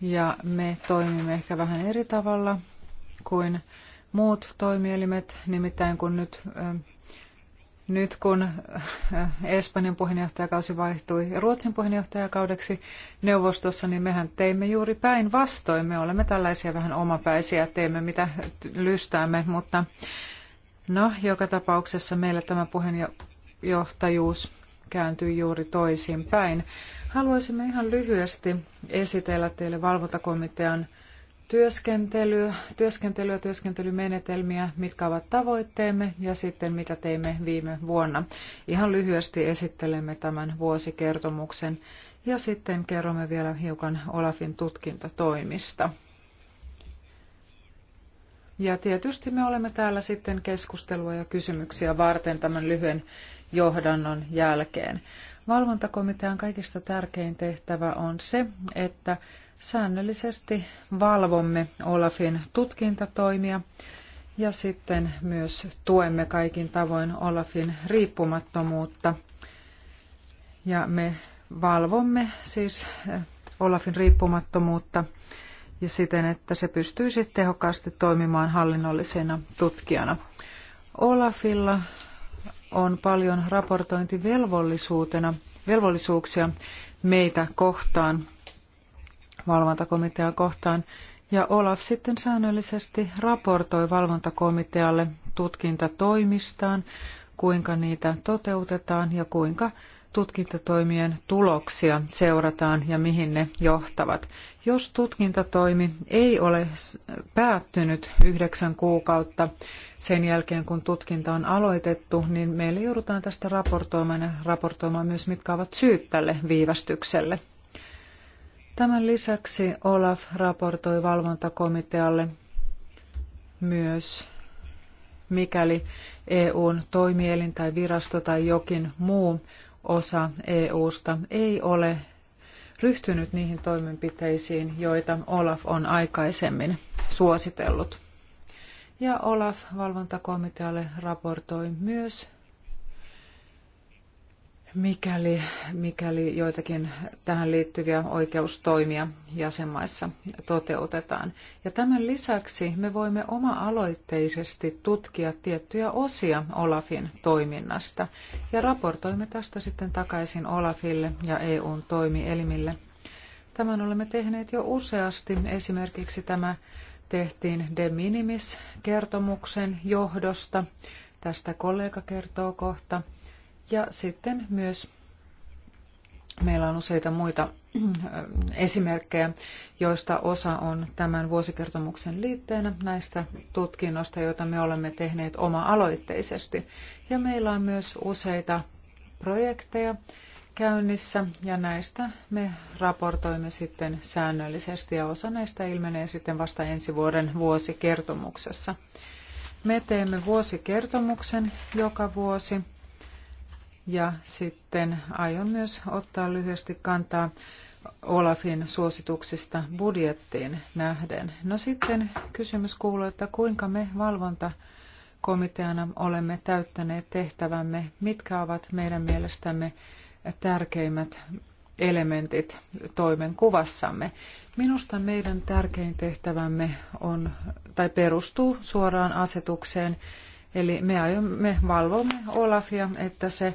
ja me toimimme ehkä vähän eri tavalla kuin muut toimielimet, nimittäin kun nyt nyt kun Espanjan puheenjohtajakausi vaihtui Ruotsin puheenjohtajakaudeksi neuvostossa, niin mehän teimme juuri päinvastoin. Me olemme tällaisia vähän omapäisiä, teemme mitä lystäämme, mutta no, joka tapauksessa meillä tämä puheenjohtajuus kääntyy juuri toisinpäin. Haluaisimme ihan lyhyesti esitellä teille valvontakomitean työskentely, työskentelyä, työskentelymenetelmiä, mitkä ovat tavoitteemme ja sitten mitä teimme viime vuonna. Ihan lyhyesti esittelemme tämän vuosikertomuksen ja sitten kerromme vielä hiukan Olafin tutkintatoimista. Ja tietysti me olemme täällä sitten keskustelua ja kysymyksiä varten tämän lyhyen johdannon jälkeen. Valvontakomitean kaikista tärkein tehtävä on se, että Säännöllisesti valvomme Olafin tutkintatoimia ja sitten myös tuemme kaikin tavoin Olafin riippumattomuutta. Ja me valvomme siis eh, Olafin riippumattomuutta ja siten, että se pystyisi tehokkaasti toimimaan hallinnollisena tutkijana. Olafilla on paljon raportointivelvollisuutena velvollisuuksia meitä kohtaan valvontakomitean kohtaan, ja Olaf sitten säännöllisesti raportoi valvontakomitealle tutkintatoimistaan, kuinka niitä toteutetaan ja kuinka tutkintatoimien tuloksia seurataan ja mihin ne johtavat. Jos tutkintatoimi ei ole päättynyt yhdeksän kuukautta sen jälkeen, kun tutkinta on aloitettu, niin meille joudutaan tästä raportoimaan ja raportoimaan myös, mitkä ovat syyt tälle viivästykselle. Tämän lisäksi Olaf raportoi valvontakomitealle myös, mikäli EUn toimielin tai virasto tai jokin muu osa EUsta ei ole ryhtynyt niihin toimenpiteisiin, joita Olaf on aikaisemmin suositellut. Ja Olaf valvontakomitealle raportoi myös mikäli, mikäli joitakin tähän liittyviä oikeustoimia jäsenmaissa toteutetaan. Ja tämän lisäksi me voimme oma-aloitteisesti tutkia tiettyjä osia Olafin toiminnasta ja raportoimme tästä sitten takaisin Olafille ja EUn toimielimille. Tämän olemme tehneet jo useasti. Esimerkiksi tämä tehtiin de minimis kertomuksen johdosta. Tästä kollega kertoo kohta. Ja sitten myös meillä on useita muita äh, esimerkkejä, joista osa on tämän vuosikertomuksen liitteenä näistä tutkinnoista, joita me olemme tehneet oma-aloitteisesti. Ja meillä on myös useita projekteja käynnissä ja näistä me raportoimme sitten säännöllisesti ja osa näistä ilmenee sitten vasta ensi vuoden vuosikertomuksessa. Me teemme vuosikertomuksen joka vuosi ja sitten aion myös ottaa lyhyesti kantaa Olafin suosituksista budjettiin nähden. No sitten kysymys kuuluu, että kuinka me valvontakomiteana olemme täyttäneet tehtävämme, mitkä ovat meidän mielestämme tärkeimmät elementit toimenkuvassamme. Minusta meidän tärkein tehtävämme on, tai perustuu suoraan asetukseen, eli me, aiomme, me valvomme Olafia, että se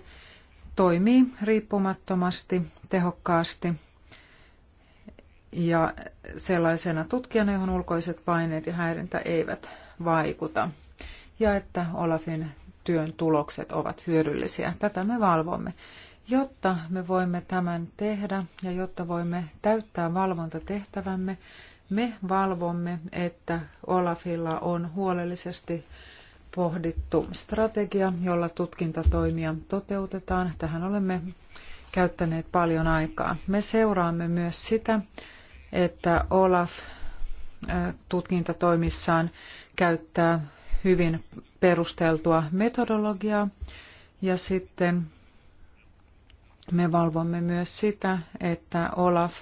toimii riippumattomasti, tehokkaasti ja sellaisena tutkijana, johon ulkoiset paineet ja häirintä eivät vaikuta. Ja että Olafin työn tulokset ovat hyödyllisiä. Tätä me valvomme. Jotta me voimme tämän tehdä ja jotta voimme täyttää valvontatehtävämme, me valvomme, että Olafilla on huolellisesti pohdittu strategia, jolla tutkintatoimia toteutetaan. Tähän olemme käyttäneet paljon aikaa. Me seuraamme myös sitä, että Olaf tutkintatoimissaan käyttää hyvin perusteltua metodologiaa ja sitten me valvomme myös sitä, että Olaf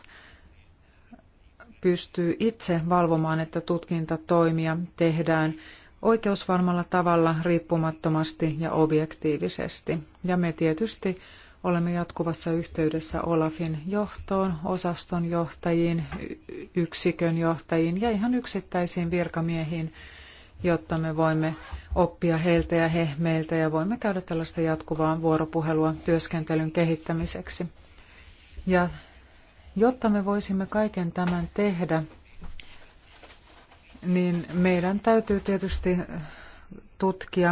pystyy itse valvomaan, että tutkintatoimia tehdään oikeusvarmalla tavalla, riippumattomasti ja objektiivisesti. Ja me tietysti olemme jatkuvassa yhteydessä Olafin johtoon, osaston johtajiin, yksikön johtajiin ja ihan yksittäisiin virkamiehiin, jotta me voimme oppia heiltä ja he meiltä ja voimme käydä tällaista jatkuvaa vuoropuhelua työskentelyn kehittämiseksi. Ja jotta me voisimme kaiken tämän tehdä, niin meidän täytyy tietysti tutkia,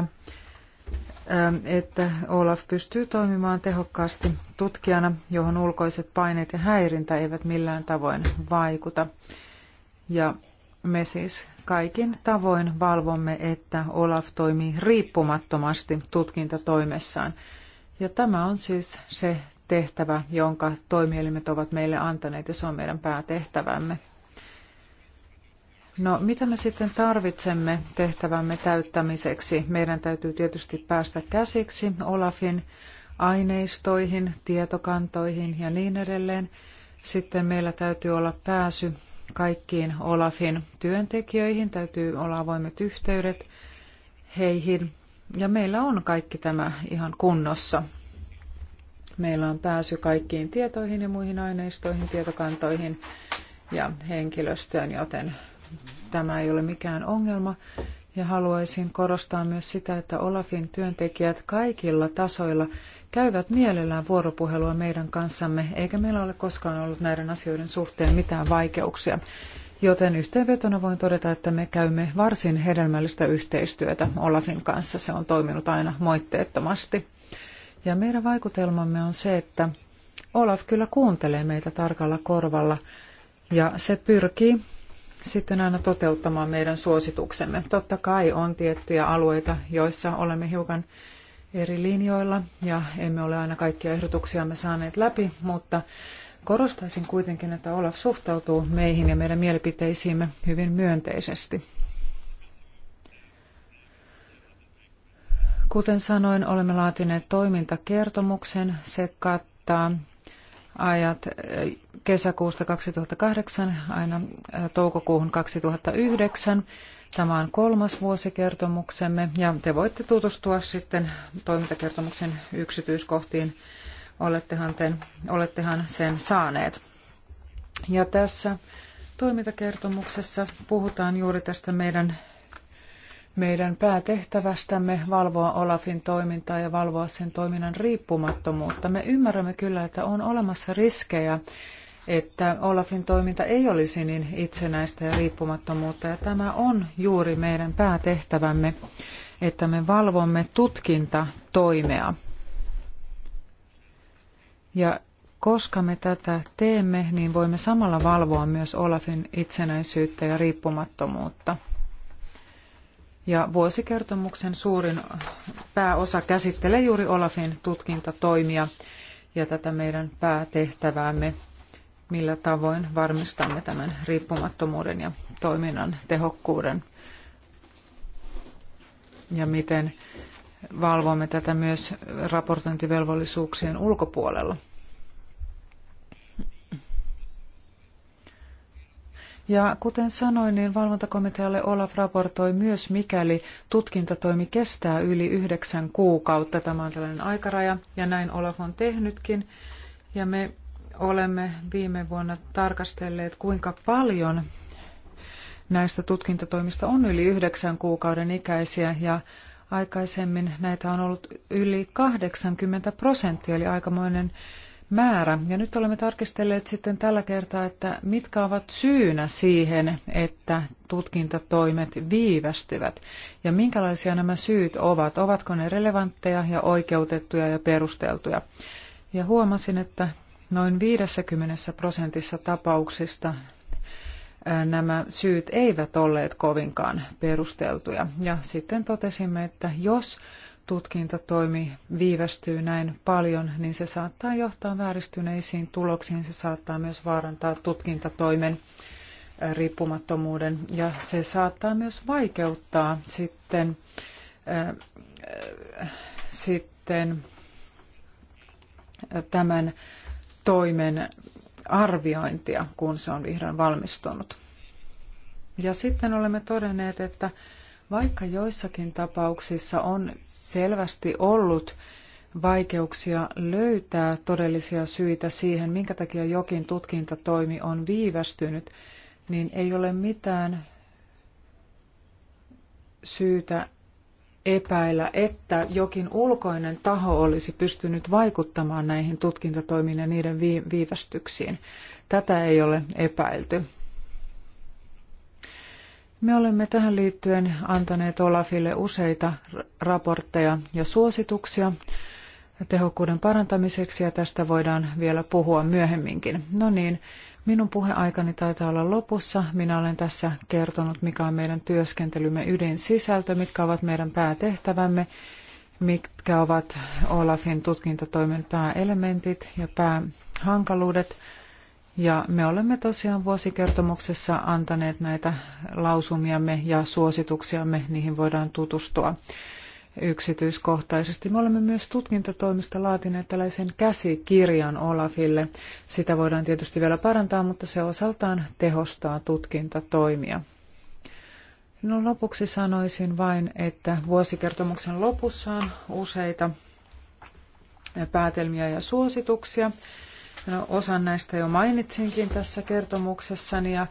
ähm, että Olaf pystyy toimimaan tehokkaasti tutkijana, johon ulkoiset paineet ja häirintä eivät millään tavoin vaikuta. Ja me siis kaikin tavoin valvomme, että Olaf toimii riippumattomasti tutkintatoimessaan. Ja tämä on siis se tehtävä, jonka toimielimet ovat meille antaneet ja se on meidän päätehtävämme. No mitä me sitten tarvitsemme tehtävämme täyttämiseksi? Meidän täytyy tietysti päästä käsiksi Olafin aineistoihin, tietokantoihin ja niin edelleen. Sitten meillä täytyy olla pääsy kaikkiin Olafin työntekijöihin, täytyy olla avoimet yhteydet heihin. Ja meillä on kaikki tämä ihan kunnossa. Meillä on pääsy kaikkiin tietoihin ja muihin aineistoihin, tietokantoihin ja henkilöstöön, joten Tämä ei ole mikään ongelma. Ja haluaisin korostaa myös sitä, että Olafin työntekijät kaikilla tasoilla käyvät mielellään vuoropuhelua meidän kanssamme, eikä meillä ole koskaan ollut näiden asioiden suhteen mitään vaikeuksia. Joten yhteenvetona voin todeta, että me käymme varsin hedelmällistä yhteistyötä Olafin kanssa. Se on toiminut aina moitteettomasti. Ja meidän vaikutelmamme on se, että Olaf kyllä kuuntelee meitä tarkalla korvalla ja se pyrkii sitten aina toteuttamaan meidän suosituksemme. Totta kai on tiettyjä alueita, joissa olemme hiukan eri linjoilla ja emme ole aina kaikkia ehdotuksiamme saaneet läpi, mutta korostaisin kuitenkin, että Olaf suhtautuu meihin ja meidän mielipiteisiimme hyvin myönteisesti. Kuten sanoin, olemme laatineet toimintakertomuksen. Se kattaa ajat kesäkuusta 2008 aina toukokuuhun 2009. Tämä on kolmas vuosikertomuksemme ja te voitte tutustua sitten toimintakertomuksen yksityiskohtiin. Olettehan, te, olettehan sen saaneet. Ja tässä toimintakertomuksessa puhutaan juuri tästä meidän meidän päätehtävästämme valvoa Olafin toimintaa ja valvoa sen toiminnan riippumattomuutta. Me ymmärrämme kyllä, että on olemassa riskejä, että Olafin toiminta ei olisi niin itsenäistä ja riippumattomuutta. Ja tämä on juuri meidän päätehtävämme, että me valvomme tutkintatoimea. Ja koska me tätä teemme, niin voimme samalla valvoa myös Olafin itsenäisyyttä ja riippumattomuutta. Ja vuosikertomuksen suurin pääosa käsittelee juuri Olafin tutkintatoimia ja tätä meidän päätehtäväämme, millä tavoin varmistamme tämän riippumattomuuden ja toiminnan tehokkuuden. Ja miten valvomme tätä myös raportointivelvollisuuksien ulkopuolella. Ja kuten sanoin, niin valvontakomitealle Olaf raportoi myös, mikäli tutkintatoimi kestää yli yhdeksän kuukautta. Tämä on tällainen aikaraja, ja näin Olaf on tehnytkin. Ja me olemme viime vuonna tarkastelleet, kuinka paljon näistä tutkintatoimista on yli yhdeksän kuukauden ikäisiä, ja aikaisemmin näitä on ollut yli 80 prosenttia, eli aikamoinen määrä. Ja nyt olemme tarkistelleet sitten tällä kertaa, että mitkä ovat syynä siihen, että tutkintatoimet viivästyvät ja minkälaisia nämä syyt ovat. Ovatko ne relevantteja ja oikeutettuja ja perusteltuja? Ja huomasin, että noin 50 prosentissa tapauksista nämä syyt eivät olleet kovinkaan perusteltuja. Ja sitten totesimme, että jos tutkintatoimi viivästyy näin paljon, niin se saattaa johtaa vääristyneisiin tuloksiin. Se saattaa myös vaarantaa tutkintatoimen äh, riippumattomuuden ja se saattaa myös vaikeuttaa sitten, äh, äh, sitten tämän toimen arviointia, kun se on vihdoin valmistunut. Ja sitten olemme todenneet, että vaikka joissakin tapauksissa on selvästi ollut vaikeuksia löytää todellisia syitä siihen, minkä takia jokin tutkintatoimi on viivästynyt, niin ei ole mitään syytä epäillä, että jokin ulkoinen taho olisi pystynyt vaikuttamaan näihin tutkintatoimiin ja niiden viivästyksiin. Tätä ei ole epäilty. Me olemme tähän liittyen antaneet Olafille useita raportteja ja suosituksia tehokkuuden parantamiseksi ja tästä voidaan vielä puhua myöhemminkin. No niin, minun puheaikani taitaa olla lopussa. Minä olen tässä kertonut, mikä on meidän työskentelymme ydin sisältö, mitkä ovat meidän päätehtävämme, mitkä ovat Olafin tutkintatoimen pääelementit ja päähankaluudet – ja me olemme tosiaan vuosikertomuksessa antaneet näitä lausumiamme ja suosituksiamme, niihin voidaan tutustua yksityiskohtaisesti. Me olemme myös tutkintatoimista laatineet tällaisen käsikirjan Olafille. Sitä voidaan tietysti vielä parantaa, mutta se osaltaan tehostaa tutkintatoimia. No lopuksi sanoisin vain, että vuosikertomuksen lopussa on useita päätelmiä ja suosituksia. No, osan näistä jo mainitsinkin tässä kertomuksessani ja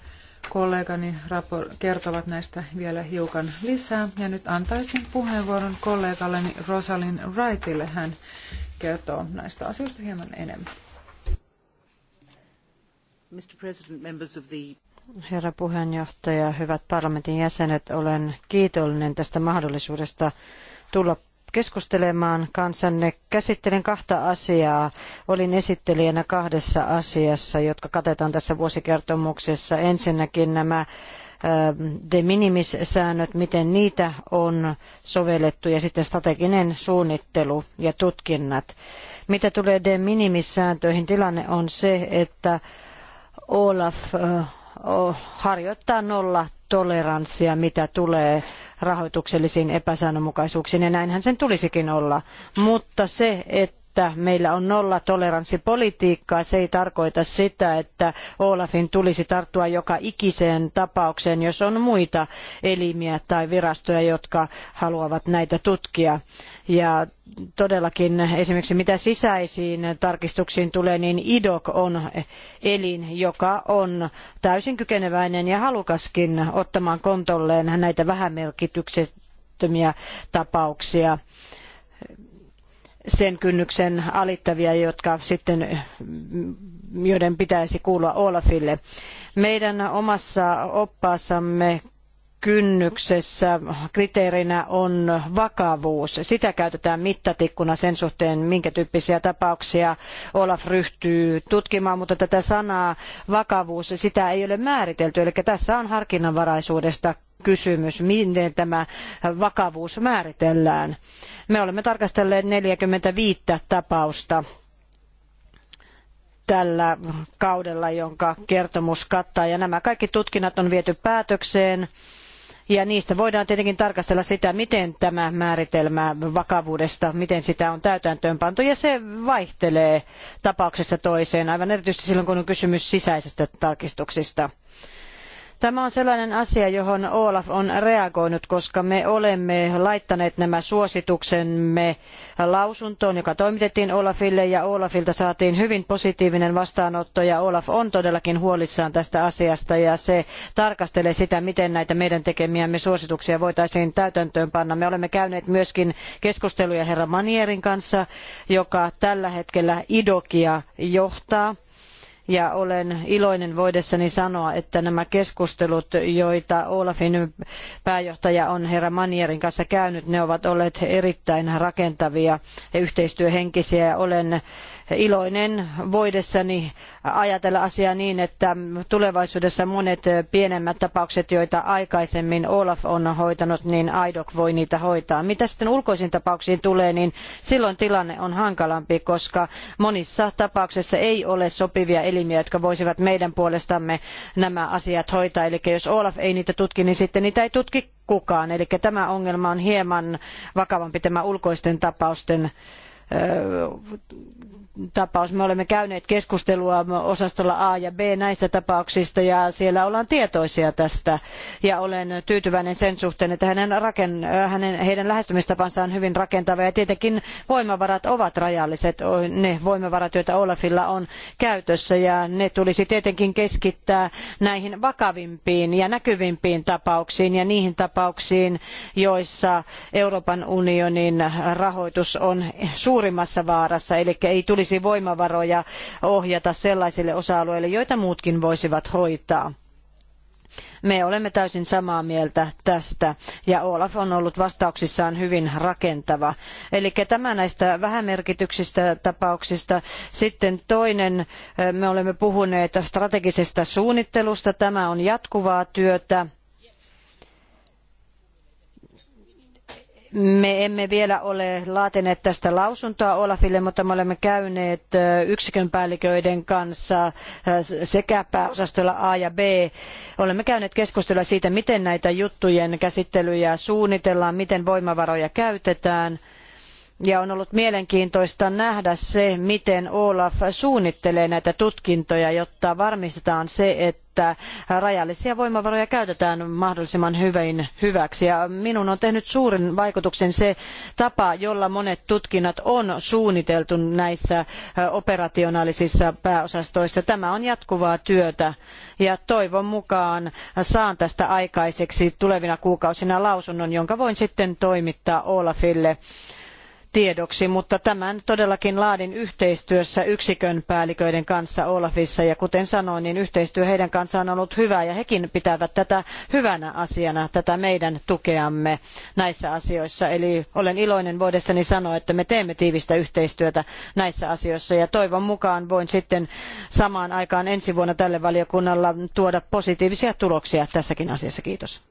kollegani rapor- kertovat näistä vielä hiukan lisää. Ja nyt antaisin puheenvuoron kollegalleni Rosalind Wrightille. Hän kertoo näistä asioista hieman enemmän. Mr. President, members of the Herra puheenjohtaja, hyvät parlamentin jäsenet, olen kiitollinen tästä mahdollisuudesta tulla keskustelemaan kanssanne. Käsittelen kahta asiaa. Olin esittelijänä kahdessa asiassa, jotka katetaan tässä vuosikertomuksessa. Ensinnäkin nämä ähm, de minimis-säännöt, miten niitä on sovellettu ja sitten strateginen suunnittelu ja tutkinnat. Mitä tulee de minimis-sääntöihin, tilanne on se, että Olaf äh, harjoittaa nolla toleranssia, mitä tulee rahoituksellisiin epäsäännönmukaisuuksiin, ja näinhän sen tulisikin olla. Mutta se, että että meillä on nolla toleranssipolitiikkaa, se ei tarkoita sitä, että Olafin tulisi tarttua joka ikiseen tapaukseen, jos on muita elimiä tai virastoja, jotka haluavat näitä tutkia. Ja todellakin esimerkiksi mitä sisäisiin tarkistuksiin tulee, niin IDOC on elin, joka on täysin kykeneväinen ja halukaskin ottamaan kontolleen näitä vähämerkityksettömiä tapauksia sen kynnyksen alittavia, jotka sitten, joiden pitäisi kuulua Olafille. Meidän omassa oppaassamme kynnyksessä kriteerinä on vakavuus. Sitä käytetään mittatikkuna sen suhteen, minkä tyyppisiä tapauksia Olaf ryhtyy tutkimaan, mutta tätä sanaa vakavuus, sitä ei ole määritelty. Eli tässä on harkinnanvaraisuudesta kysymys, miten tämä vakavuus määritellään. Me olemme tarkastelleet 45 tapausta tällä kaudella, jonka kertomus kattaa. Ja nämä kaikki tutkinnat on viety päätökseen. Ja niistä voidaan tietenkin tarkastella sitä, miten tämä määritelmä vakavuudesta, miten sitä on täytäntöönpantu. Ja se vaihtelee tapauksesta toiseen, aivan erityisesti silloin, kun on kysymys sisäisistä tarkistuksista. Tämä on sellainen asia, johon Olaf on reagoinut, koska me olemme laittaneet nämä suosituksemme lausuntoon, joka toimitettiin Olafille ja Olafilta saatiin hyvin positiivinen vastaanotto ja Olaf on todellakin huolissaan tästä asiasta ja se tarkastelee sitä, miten näitä meidän tekemiämme suosituksia voitaisiin täytäntöön panna. Me olemme käyneet myöskin keskusteluja herra Manierin kanssa, joka tällä hetkellä Idokia johtaa ja olen iloinen voidessani sanoa, että nämä keskustelut, joita Olafin pääjohtaja on herra Manierin kanssa käynyt, ne ovat olleet erittäin rakentavia ja yhteistyöhenkisiä ja olen iloinen voidessani ajatella asiaa niin, että tulevaisuudessa monet pienemmät tapaukset, joita aikaisemmin Olaf on hoitanut, niin Aidok voi niitä hoitaa. Mitä sitten ulkoisiin tapauksiin tulee, niin silloin tilanne on hankalampi, koska monissa tapauksissa ei ole sopivia elimiä, jotka voisivat meidän puolestamme nämä asiat hoitaa. Eli jos Olaf ei niitä tutki, niin sitten niitä ei tutki kukaan. Eli tämä ongelma on hieman vakavampi tämä ulkoisten tapausten tapaus. Me olemme käyneet keskustelua osastolla A ja B näistä tapauksista ja siellä ollaan tietoisia tästä. Ja olen tyytyväinen sen suhteen, että hänen, raken, hänen heidän lähestymistapansa on hyvin rakentava ja tietenkin voimavarat ovat rajalliset, ne voimavarat, joita Olafilla on käytössä ja ne tulisi tietenkin keskittää näihin vakavimpiin ja näkyvimpiin tapauksiin ja niihin tapauksiin, joissa Euroopan unionin rahoitus on suurimmassa vaarassa, eli ei tulisi tulisi voimavaroja ohjata sellaisille osa-alueille, joita muutkin voisivat hoitaa. Me olemme täysin samaa mieltä tästä ja Olaf on ollut vastauksissaan hyvin rakentava. Eli tämä näistä vähämerkityksistä tapauksista. Sitten toinen, me olemme puhuneet strategisesta suunnittelusta. Tämä on jatkuvaa työtä me emme vielä ole laatineet tästä lausuntoa Olafille, mutta me olemme käyneet yksikön päälliköiden kanssa sekä pääosastolla A ja B. Olemme käyneet keskustelua siitä, miten näitä juttujen käsittelyjä suunnitellaan, miten voimavaroja käytetään ja on ollut mielenkiintoista nähdä se, miten Olaf suunnittelee näitä tutkintoja, jotta varmistetaan se, että rajallisia voimavaroja käytetään mahdollisimman hyvin hyväksi. Ja minun on tehnyt suuren vaikutuksen se tapa, jolla monet tutkinnat on suunniteltu näissä operationaalisissa pääosastoissa. Tämä on jatkuvaa työtä ja toivon mukaan saan tästä aikaiseksi tulevina kuukausina lausunnon, jonka voin sitten toimittaa Olafille tiedoksi, mutta tämän todellakin laadin yhteistyössä yksikön päälliköiden kanssa Olafissa ja kuten sanoin, niin yhteistyö heidän kanssaan on ollut hyvää ja hekin pitävät tätä hyvänä asiana, tätä meidän tukeamme näissä asioissa. Eli olen iloinen voidessani sanoa, että me teemme tiivistä yhteistyötä näissä asioissa ja toivon mukaan voin sitten samaan aikaan ensi vuonna tälle valiokunnalle valiokunnalla tuoda positiivisia tuloksia tässäkin asiassa. Kiitos.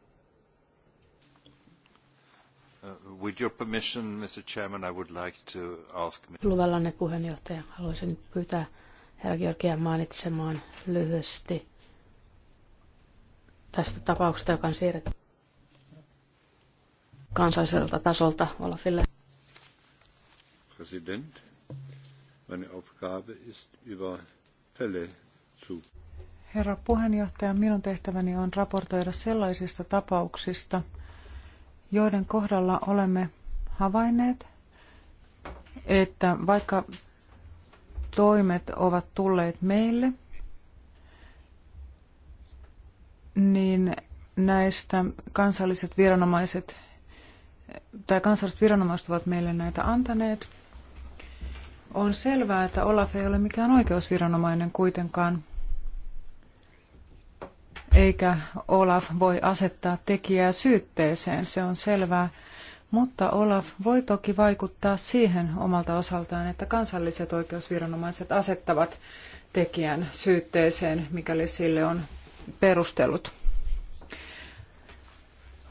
With your permission, Mr. Chairman, I would like to ask... Luvallanne puheenjohtaja, haluaisin pyytää herra Georgia mainitsemaan lyhyesti tästä tapauksesta, joka on siirretty kansalliselta tasolta Olafille. President, meine Aufgabe ist über Fälle zu... Herra puheenjohtaja, minun tehtäväni on raportoida sellaisista tapauksista, joiden kohdalla olemme havainneet, että vaikka toimet ovat tulleet meille, niin näistä kansalliset viranomaiset tai kansalliset viranomaiset ovat meille näitä antaneet. On selvää, että Olaf ei ole mikään oikeusviranomainen kuitenkaan, eikä Olaf voi asettaa tekijää syytteeseen, se on selvää. Mutta Olaf voi toki vaikuttaa siihen omalta osaltaan, että kansalliset oikeusviranomaiset asettavat tekijän syytteeseen, mikäli sille on perustelut.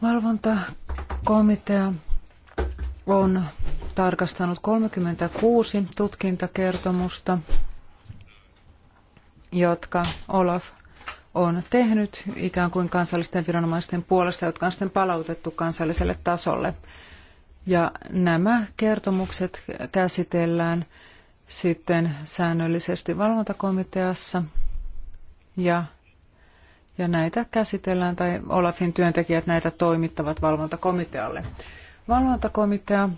Valvontakomitea on tarkastanut 36 tutkintakertomusta, jotka Olaf on tehnyt ikään kuin kansallisten viranomaisten puolesta, jotka on sitten palautettu kansalliselle tasolle. Ja nämä kertomukset käsitellään sitten säännöllisesti valvontakomiteassa ja, ja näitä käsitellään tai Olafin työntekijät näitä toimittavat valvontakomitealle. Valvontakomitea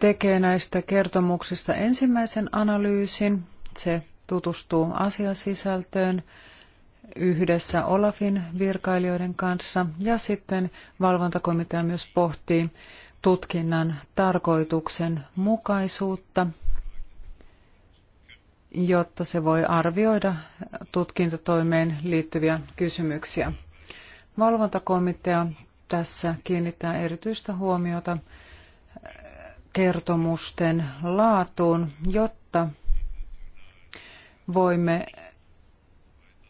tekee näistä kertomuksista ensimmäisen analyysin itse tutustuu asiasisältöön yhdessä Olafin virkailijoiden kanssa ja sitten valvontakomitea myös pohtii tutkinnan tarkoituksen mukaisuutta, jotta se voi arvioida tutkintotoimeen liittyviä kysymyksiä. Valvontakomitea tässä kiinnittää erityistä huomiota kertomusten laatuun, jotta voimme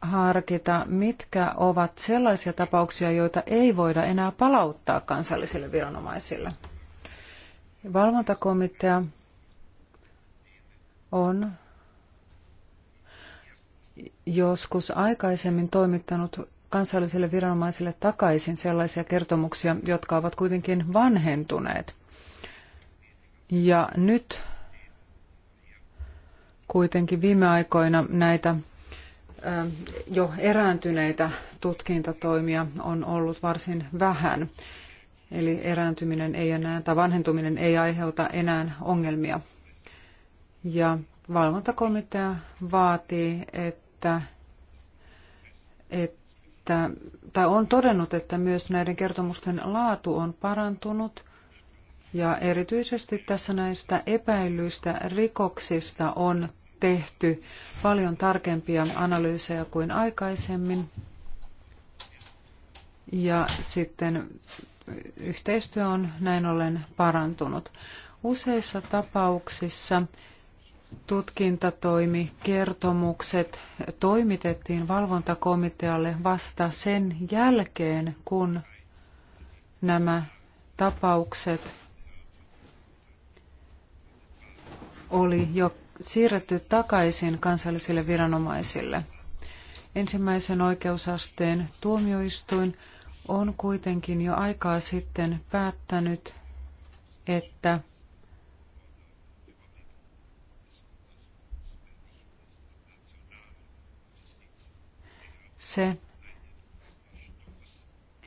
harkita, mitkä ovat sellaisia tapauksia, joita ei voida enää palauttaa kansallisille viranomaisille. Valvontakomitea on joskus aikaisemmin toimittanut kansallisille viranomaisille takaisin sellaisia kertomuksia, jotka ovat kuitenkin vanhentuneet. Ja nyt kuitenkin viime aikoina näitä jo erääntyneitä tutkintatoimia on ollut varsin vähän. Eli erääntyminen ei enää, tai vanhentuminen ei aiheuta enää ongelmia. Ja valvontakomitea vaatii, että, että, tai on todennut, että myös näiden kertomusten laatu on parantunut – ja erityisesti tässä näistä epäilyistä rikoksista on tehty paljon tarkempia analyysejä kuin aikaisemmin. Ja sitten yhteistyö on näin ollen parantunut. Useissa tapauksissa tutkintatoimi kertomukset toimitettiin valvontakomitealle vasta sen jälkeen, kun nämä tapaukset oli jo siirretty takaisin kansallisille viranomaisille. Ensimmäisen oikeusasteen tuomioistuin on kuitenkin jo aikaa sitten päättänyt, että se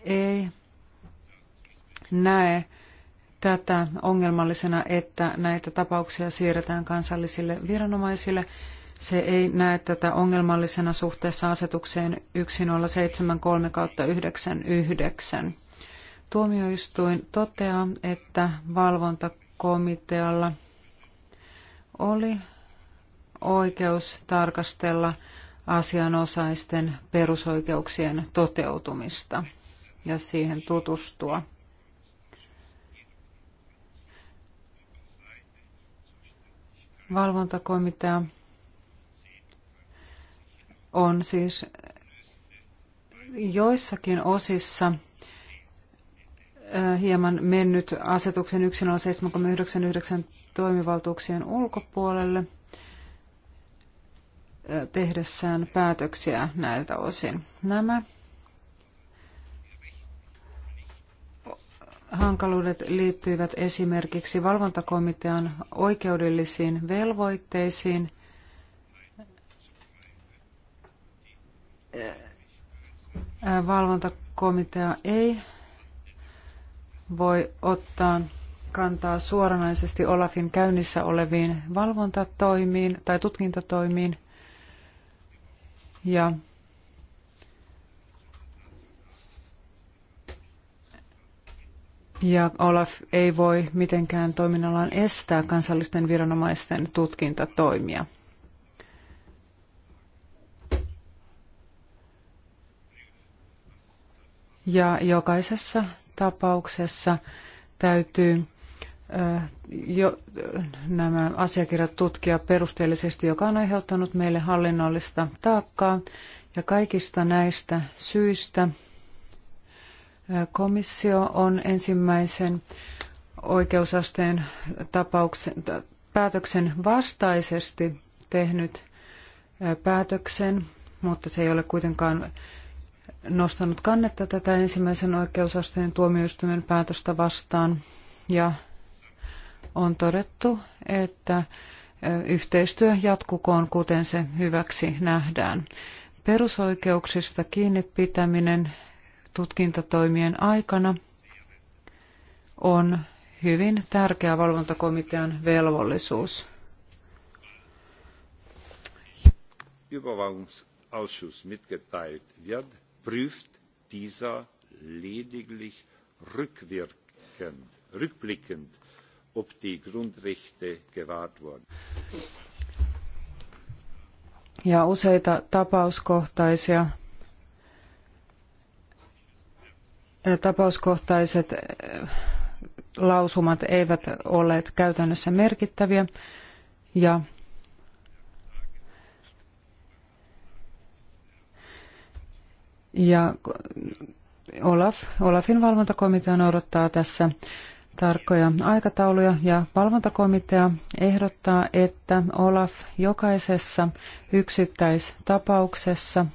ei näe tätä ongelmallisena, että näitä tapauksia siirretään kansallisille viranomaisille. Se ei näe tätä ongelmallisena suhteessa asetukseen 1073 99. Tuomioistuin toteaa, että valvontakomitealla oli oikeus tarkastella asianosaisten perusoikeuksien toteutumista ja siihen tutustua. Valvontakomitea on siis joissakin osissa äh, hieman mennyt asetuksen 1079 toimivaltuuksien ulkopuolelle äh, tehdessään päätöksiä näiltä osin. Nämä hankaluudet liittyivät esimerkiksi valvontakomitean oikeudellisiin velvoitteisiin. Valvontakomitea ei voi ottaa kantaa suoranaisesti Olafin käynnissä oleviin valvontatoimiin tai tutkintatoimiin. Ja Ja Olaf ei voi mitenkään toiminnallaan estää kansallisten viranomaisten tutkintatoimia. Ja jokaisessa tapauksessa täytyy jo nämä asiakirjat tutkia perusteellisesti, joka on aiheuttanut meille hallinnollista taakkaa. Ja kaikista näistä syistä Komissio on ensimmäisen oikeusasteen tapauksen, päätöksen vastaisesti tehnyt päätöksen, mutta se ei ole kuitenkaan nostanut kannetta tätä ensimmäisen oikeusasteen tuomioistuimen päätöstä vastaan. Ja on todettu, että yhteistyö jatkukoon, kuten se hyväksi nähdään. Perusoikeuksista kiinni pitäminen tutkintatoimien aikana on hyvin tärkeä valvontakomitean velvollisuus. Überwachungsausschuss mitgeteilt wird, prüft dieser lediglich rückwirkend, rückblickend, ob die Grundrechte gewahrt wurden. Ja useita tapauskohtaisia tapauskohtaiset lausumat eivät olleet käytännössä merkittäviä ja Ja Olaf, Olafin valvontakomitea noudattaa tässä tarkkoja aikatauluja ja valvontakomitea ehdottaa, että Olaf jokaisessa yksittäistapauksessa –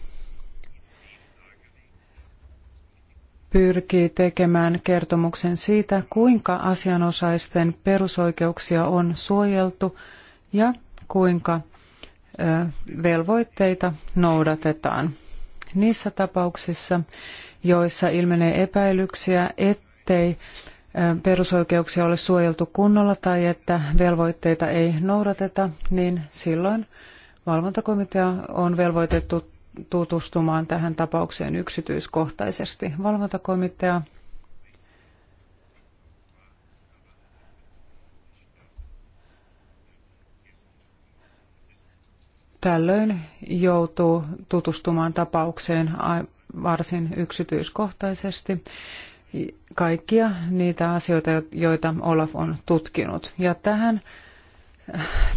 pyrkii tekemään kertomuksen siitä, kuinka asianosaisten perusoikeuksia on suojeltu ja kuinka velvoitteita noudatetaan. Niissä tapauksissa, joissa ilmenee epäilyksiä, ettei perusoikeuksia ole suojeltu kunnolla tai että velvoitteita ei noudateta, niin silloin valvontakomitea on velvoitettu tutustumaan tähän tapaukseen yksityiskohtaisesti. Valvontakomitea tällöin joutuu tutustumaan tapaukseen varsin yksityiskohtaisesti kaikkia niitä asioita, joita Olaf on tutkinut. Ja tähän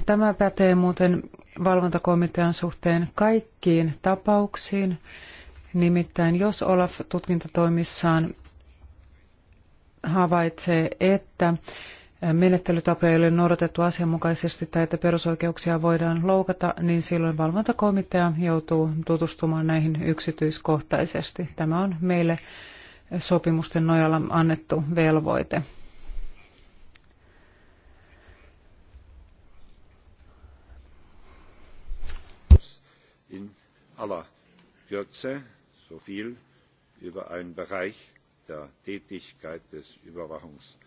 tämä pätee muuten valvontakomitean suhteen kaikkiin tapauksiin. Nimittäin jos Olaf tutkintatoimissaan havaitsee, että menettelytapoja ei ole noudatettu asianmukaisesti tai että perusoikeuksia voidaan loukata, niin silloin valvontakomitea joutuu tutustumaan näihin yksityiskohtaisesti. Tämä on meille sopimusten nojalla annettu velvoite. aller Kürze, so viel über einen Bereich der Tätigkeit des Überwachungs.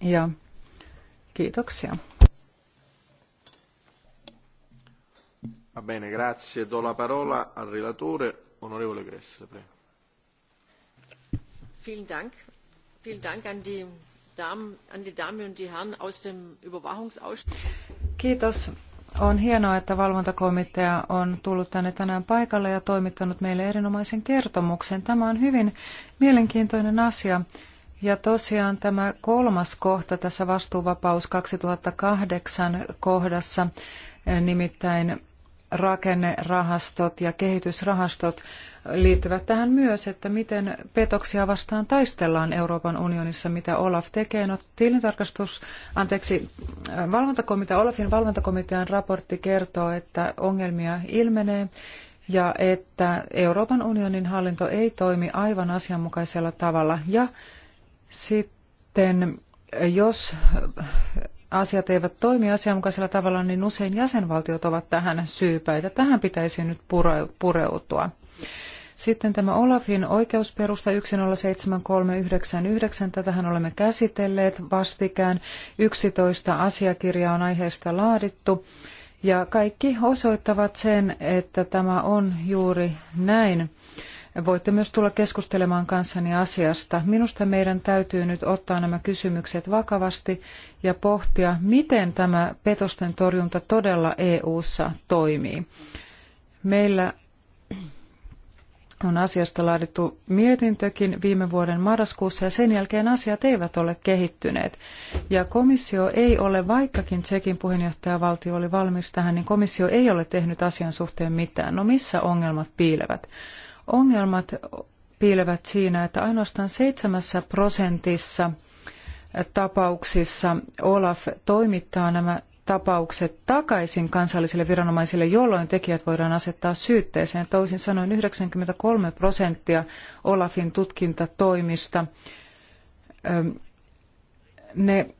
Ja, kiitoksia. Va bene, grazie. Do la parola al relatore, onorevole Gressle. Prego. Vielen Dank. Vielen Dank an die Damen, an die Damen und die Herren aus dem Überwachungsausschuss. Kiitos on hienoa, että valvontakomitea on tullut tänne tänään paikalle ja toimittanut meille erinomaisen kertomuksen. Tämä on hyvin mielenkiintoinen asia. Ja tosiaan tämä kolmas kohta tässä vastuuvapaus 2008 kohdassa, nimittäin rakennerahastot ja kehitysrahastot liittyvät tähän myös, että miten petoksia vastaan taistellaan Euroopan unionissa, mitä Olaf tekee. No, tilintarkastus, anteeksi, valvontakomitea, Olafin valvontakomitean raportti kertoo, että ongelmia ilmenee ja että Euroopan unionin hallinto ei toimi aivan asianmukaisella tavalla. Ja sitten jos asiat eivät toimi asianmukaisella tavalla, niin usein jäsenvaltiot ovat tähän syypäitä. Tähän pitäisi nyt pureutua. Sitten tämä Olafin oikeusperusta 107399, tätähän olemme käsitelleet vastikään. 11 asiakirjaa on aiheesta laadittu. Ja kaikki osoittavat sen, että tämä on juuri näin. Voitte myös tulla keskustelemaan kanssani asiasta. Minusta meidän täytyy nyt ottaa nämä kysymykset vakavasti ja pohtia, miten tämä petosten torjunta todella EU:ssa toimii. Meillä on asiasta laadittu mietintökin viime vuoden marraskuussa ja sen jälkeen asiat eivät ole kehittyneet. Ja komissio ei ole, vaikkakin Tsekin puheenjohtajavaltio oli valmis tähän, niin komissio ei ole tehnyt asian suhteen mitään. No missä ongelmat piilevät? Ongelmat piilevät siinä, että ainoastaan seitsemässä prosentissa tapauksissa Olaf toimittaa nämä tapaukset takaisin kansallisille viranomaisille, jolloin tekijät voidaan asettaa syytteeseen. Toisin sanoen 93 prosenttia Olafin tutkintatoimista, ähm, ne,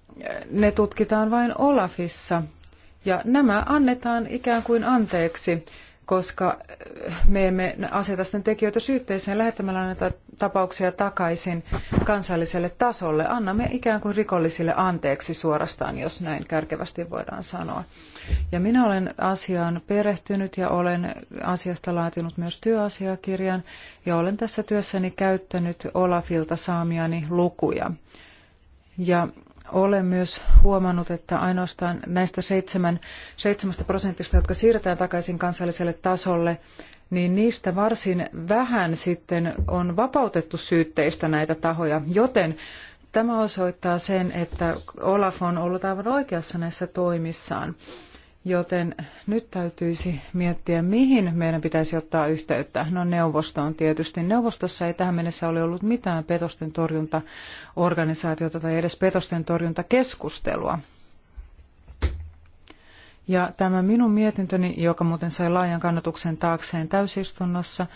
ne tutkitaan vain Olafissa. Ja nämä annetaan ikään kuin anteeksi koska äh, me emme aseta sen tekijöitä syytteeseen lähettämällä näitä tapauksia takaisin kansalliselle tasolle. Annamme ikään kuin rikollisille anteeksi suorastaan, jos näin kärkevästi voidaan sanoa. Ja minä olen asiaan perehtynyt ja olen asiasta laatinut myös työasiakirjan ja olen tässä työssäni käyttänyt Olafilta saamiani lukuja. Ja olen myös huomannut, että ainoastaan näistä seitsemästä prosentista, jotka siirretään takaisin kansalliselle tasolle, niin niistä varsin vähän sitten on vapautettu syytteistä näitä tahoja, joten tämä osoittaa sen, että Olaf on ollut aivan oikeassa näissä toimissaan. Joten nyt täytyisi miettiä, mihin meidän pitäisi ottaa yhteyttä. No neuvostoon tietysti. Neuvostossa ei tähän mennessä ole ollut mitään petosten torjuntaorganisaatiota tai edes petosten torjuntakeskustelua. Ja tämä minun mietintöni, joka muuten sai laajan kannatuksen taakseen täysistunnossa,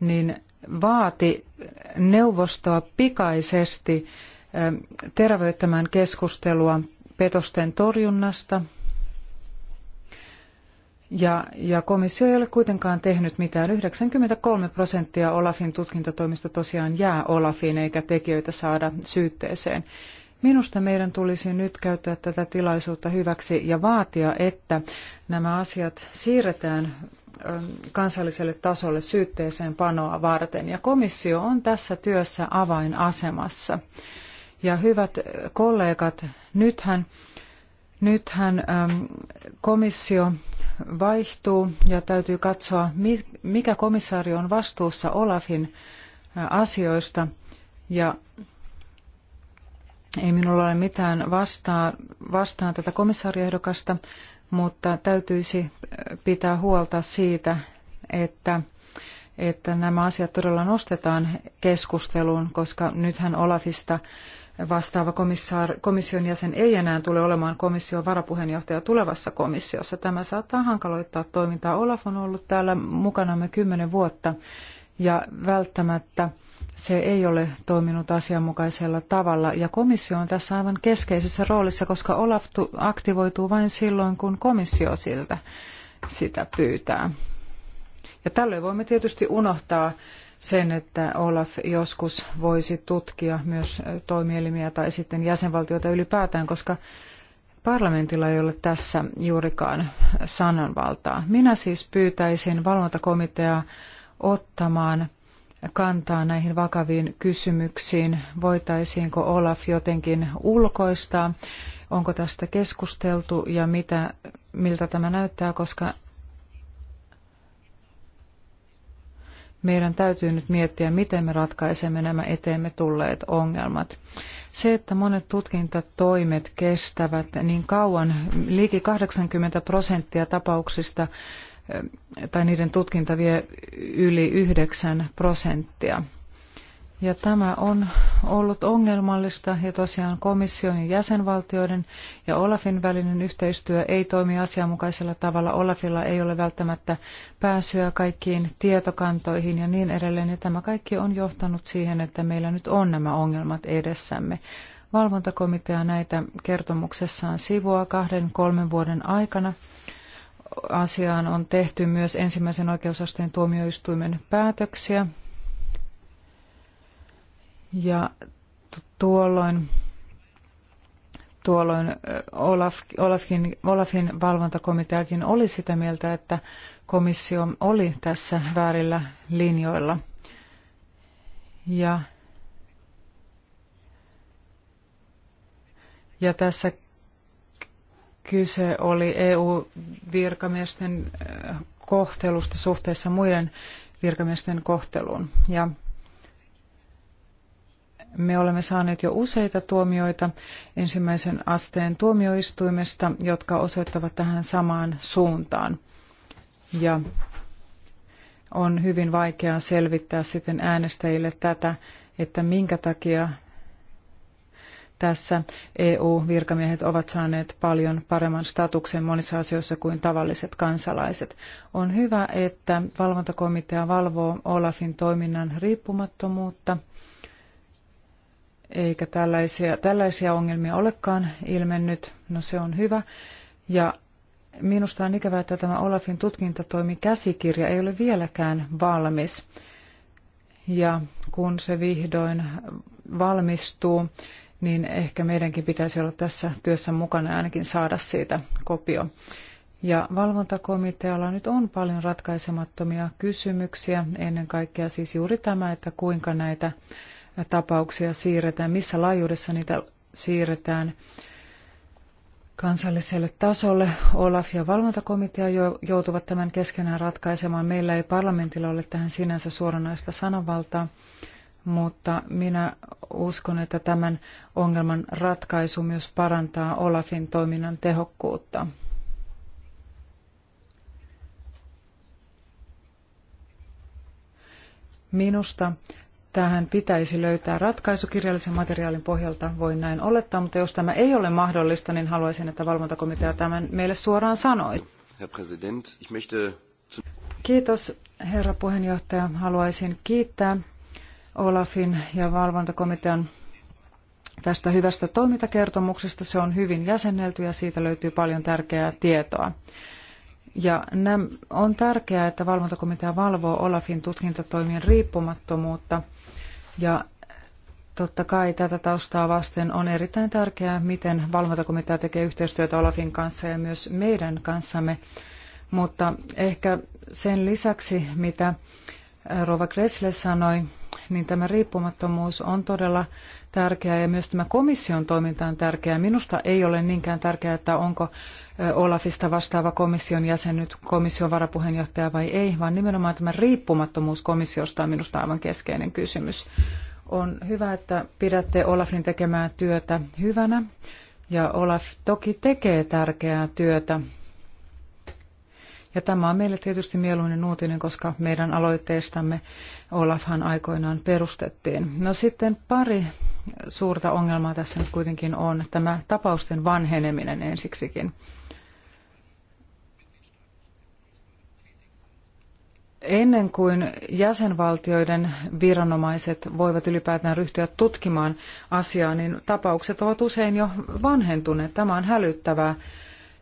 niin vaati neuvostoa pikaisesti eh, terävöittämään keskustelua petosten torjunnasta – ja, ja komissio ei ole kuitenkaan tehnyt mitään. 93 prosenttia Olafin tutkintatoimista tosiaan jää Olafiin eikä tekijöitä saada syytteeseen. Minusta meidän tulisi nyt käyttää tätä tilaisuutta hyväksi ja vaatia, että nämä asiat siirretään ähm, kansalliselle tasolle syytteeseen panoa varten. Ja komissio on tässä työssä avainasemassa. Ja hyvät kollegat, nythän, nythän ähm, komissio vaihtuu ja täytyy katsoa, mikä komissaari on vastuussa Olafin asioista. Ja ei minulla ole mitään vastaan, vastaan tätä komissaariehdokasta, mutta täytyisi pitää huolta siitä, että, että nämä asiat todella nostetaan keskusteluun, koska nythän Olafista vastaava komissaar, komission jäsen ei enää tule olemaan komission varapuheenjohtaja tulevassa komissiossa. Tämä saattaa hankaloittaa toimintaa. Olaf on ollut täällä mukanamme kymmenen vuotta ja välttämättä se ei ole toiminut asianmukaisella tavalla ja komissio on tässä aivan keskeisessä roolissa, koska Olaf aktivoituu vain silloin, kun komissio siltä sitä pyytää. Ja tällöin voimme tietysti unohtaa sen, että Olaf joskus voisi tutkia myös toimielimiä tai sitten jäsenvaltioita ylipäätään, koska parlamentilla ei ole tässä juurikaan sananvaltaa. Minä siis pyytäisin valvontakomiteaa ottamaan kantaa näihin vakaviin kysymyksiin. Voitaisiinko Olaf jotenkin ulkoistaa? Onko tästä keskusteltu ja mitä, miltä tämä näyttää, koska meidän täytyy nyt miettiä, miten me ratkaisemme nämä eteemme tulleet ongelmat. Se, että monet tutkintatoimet kestävät niin kauan, liiki 80 prosenttia tapauksista tai niiden tutkinta vie yli 9 prosenttia. Ja tämä on ollut ongelmallista ja tosiaan komission ja jäsenvaltioiden ja Olafin välinen yhteistyö ei toimi asianmukaisella tavalla. Olafilla ei ole välttämättä pääsyä kaikkiin tietokantoihin ja niin edelleen. Ja tämä kaikki on johtanut siihen, että meillä nyt on nämä ongelmat edessämme. Valvontakomitea näitä kertomuksessaan sivua kahden kolmen vuoden aikana asiaan on tehty myös ensimmäisen oikeusasteen tuomioistuimen päätöksiä ja tuolloin, tuolloin Olaf, Olafin, Olafin valvontakomiteakin oli sitä mieltä, että komissio oli tässä väärillä linjoilla. Ja, ja tässä kyse oli EU-virkamiesten kohtelusta suhteessa muiden virkamiesten kohteluun. Ja me olemme saaneet jo useita tuomioita ensimmäisen asteen tuomioistuimesta, jotka osoittavat tähän samaan suuntaan. Ja on hyvin vaikeaa selvittää sitten äänestäjille tätä, että minkä takia tässä EU-virkamiehet ovat saaneet paljon paremman statuksen monissa asioissa kuin tavalliset kansalaiset. On hyvä, että valvontakomitea valvoo Olafin toiminnan riippumattomuutta – eikä tällaisia, tällaisia ongelmia olekaan ilmennyt. No se on hyvä. Ja minusta on ikävää, että tämä Olafin tutkintatoimi käsikirja ei ole vieläkään valmis. Ja kun se vihdoin valmistuu, niin ehkä meidänkin pitäisi olla tässä työssä mukana ja ainakin saada siitä kopio. Ja valvontakomitealla nyt on paljon ratkaisemattomia kysymyksiä, ennen kaikkea siis juuri tämä, että kuinka näitä tapauksia siirretään, missä laajuudessa niitä siirretään kansalliselle tasolle. Olaf ja valvontakomitea joutuvat tämän keskenään ratkaisemaan. Meillä ei parlamentilla ole tähän sinänsä suoranaista sananvaltaa, mutta minä uskon, että tämän ongelman ratkaisu myös parantaa Olafin toiminnan tehokkuutta. Minusta Tähän pitäisi löytää ratkaisu kirjallisen materiaalin pohjalta, voin näin olettaa, mutta jos tämä ei ole mahdollista, niin haluaisin, että valvontakomitea tämän meille suoraan sanoisi. Kiitos, herra puheenjohtaja. Haluaisin kiittää Olafin ja valvontakomitean tästä hyvästä toimintakertomuksesta. Se on hyvin jäsennelty ja siitä löytyy paljon tärkeää tietoa. Ja on tärkeää, että valvontakomitea valvoo Olafin tutkintatoimien riippumattomuutta – ja totta kai tätä taustaa vasten on erittäin tärkeää, miten valvontakomitea tekee yhteistyötä Olafin kanssa ja myös meidän kanssamme. Mutta ehkä sen lisäksi, mitä Rova Kressle sanoi, niin tämä riippumattomuus on todella tärkeää ja myös tämä komission toiminta on tärkeää. Minusta ei ole niinkään tärkeää, että onko Olafista vastaava komission jäsen nyt komission varapuheenjohtaja vai ei, vaan nimenomaan tämä riippumattomuus komissiosta on minusta aivan keskeinen kysymys. On hyvä, että pidätte Olafin tekemää työtä hyvänä ja Olaf toki tekee tärkeää työtä. Ja tämä on meille tietysti mieluinen uutinen, koska meidän aloitteestamme Olafhan aikoinaan perustettiin. No sitten pari suurta ongelmaa tässä nyt kuitenkin on tämä tapausten vanheneminen ensiksikin. Ennen kuin jäsenvaltioiden viranomaiset voivat ylipäätään ryhtyä tutkimaan asiaa, niin tapaukset ovat usein jo vanhentuneet. Tämä on hälyttävää.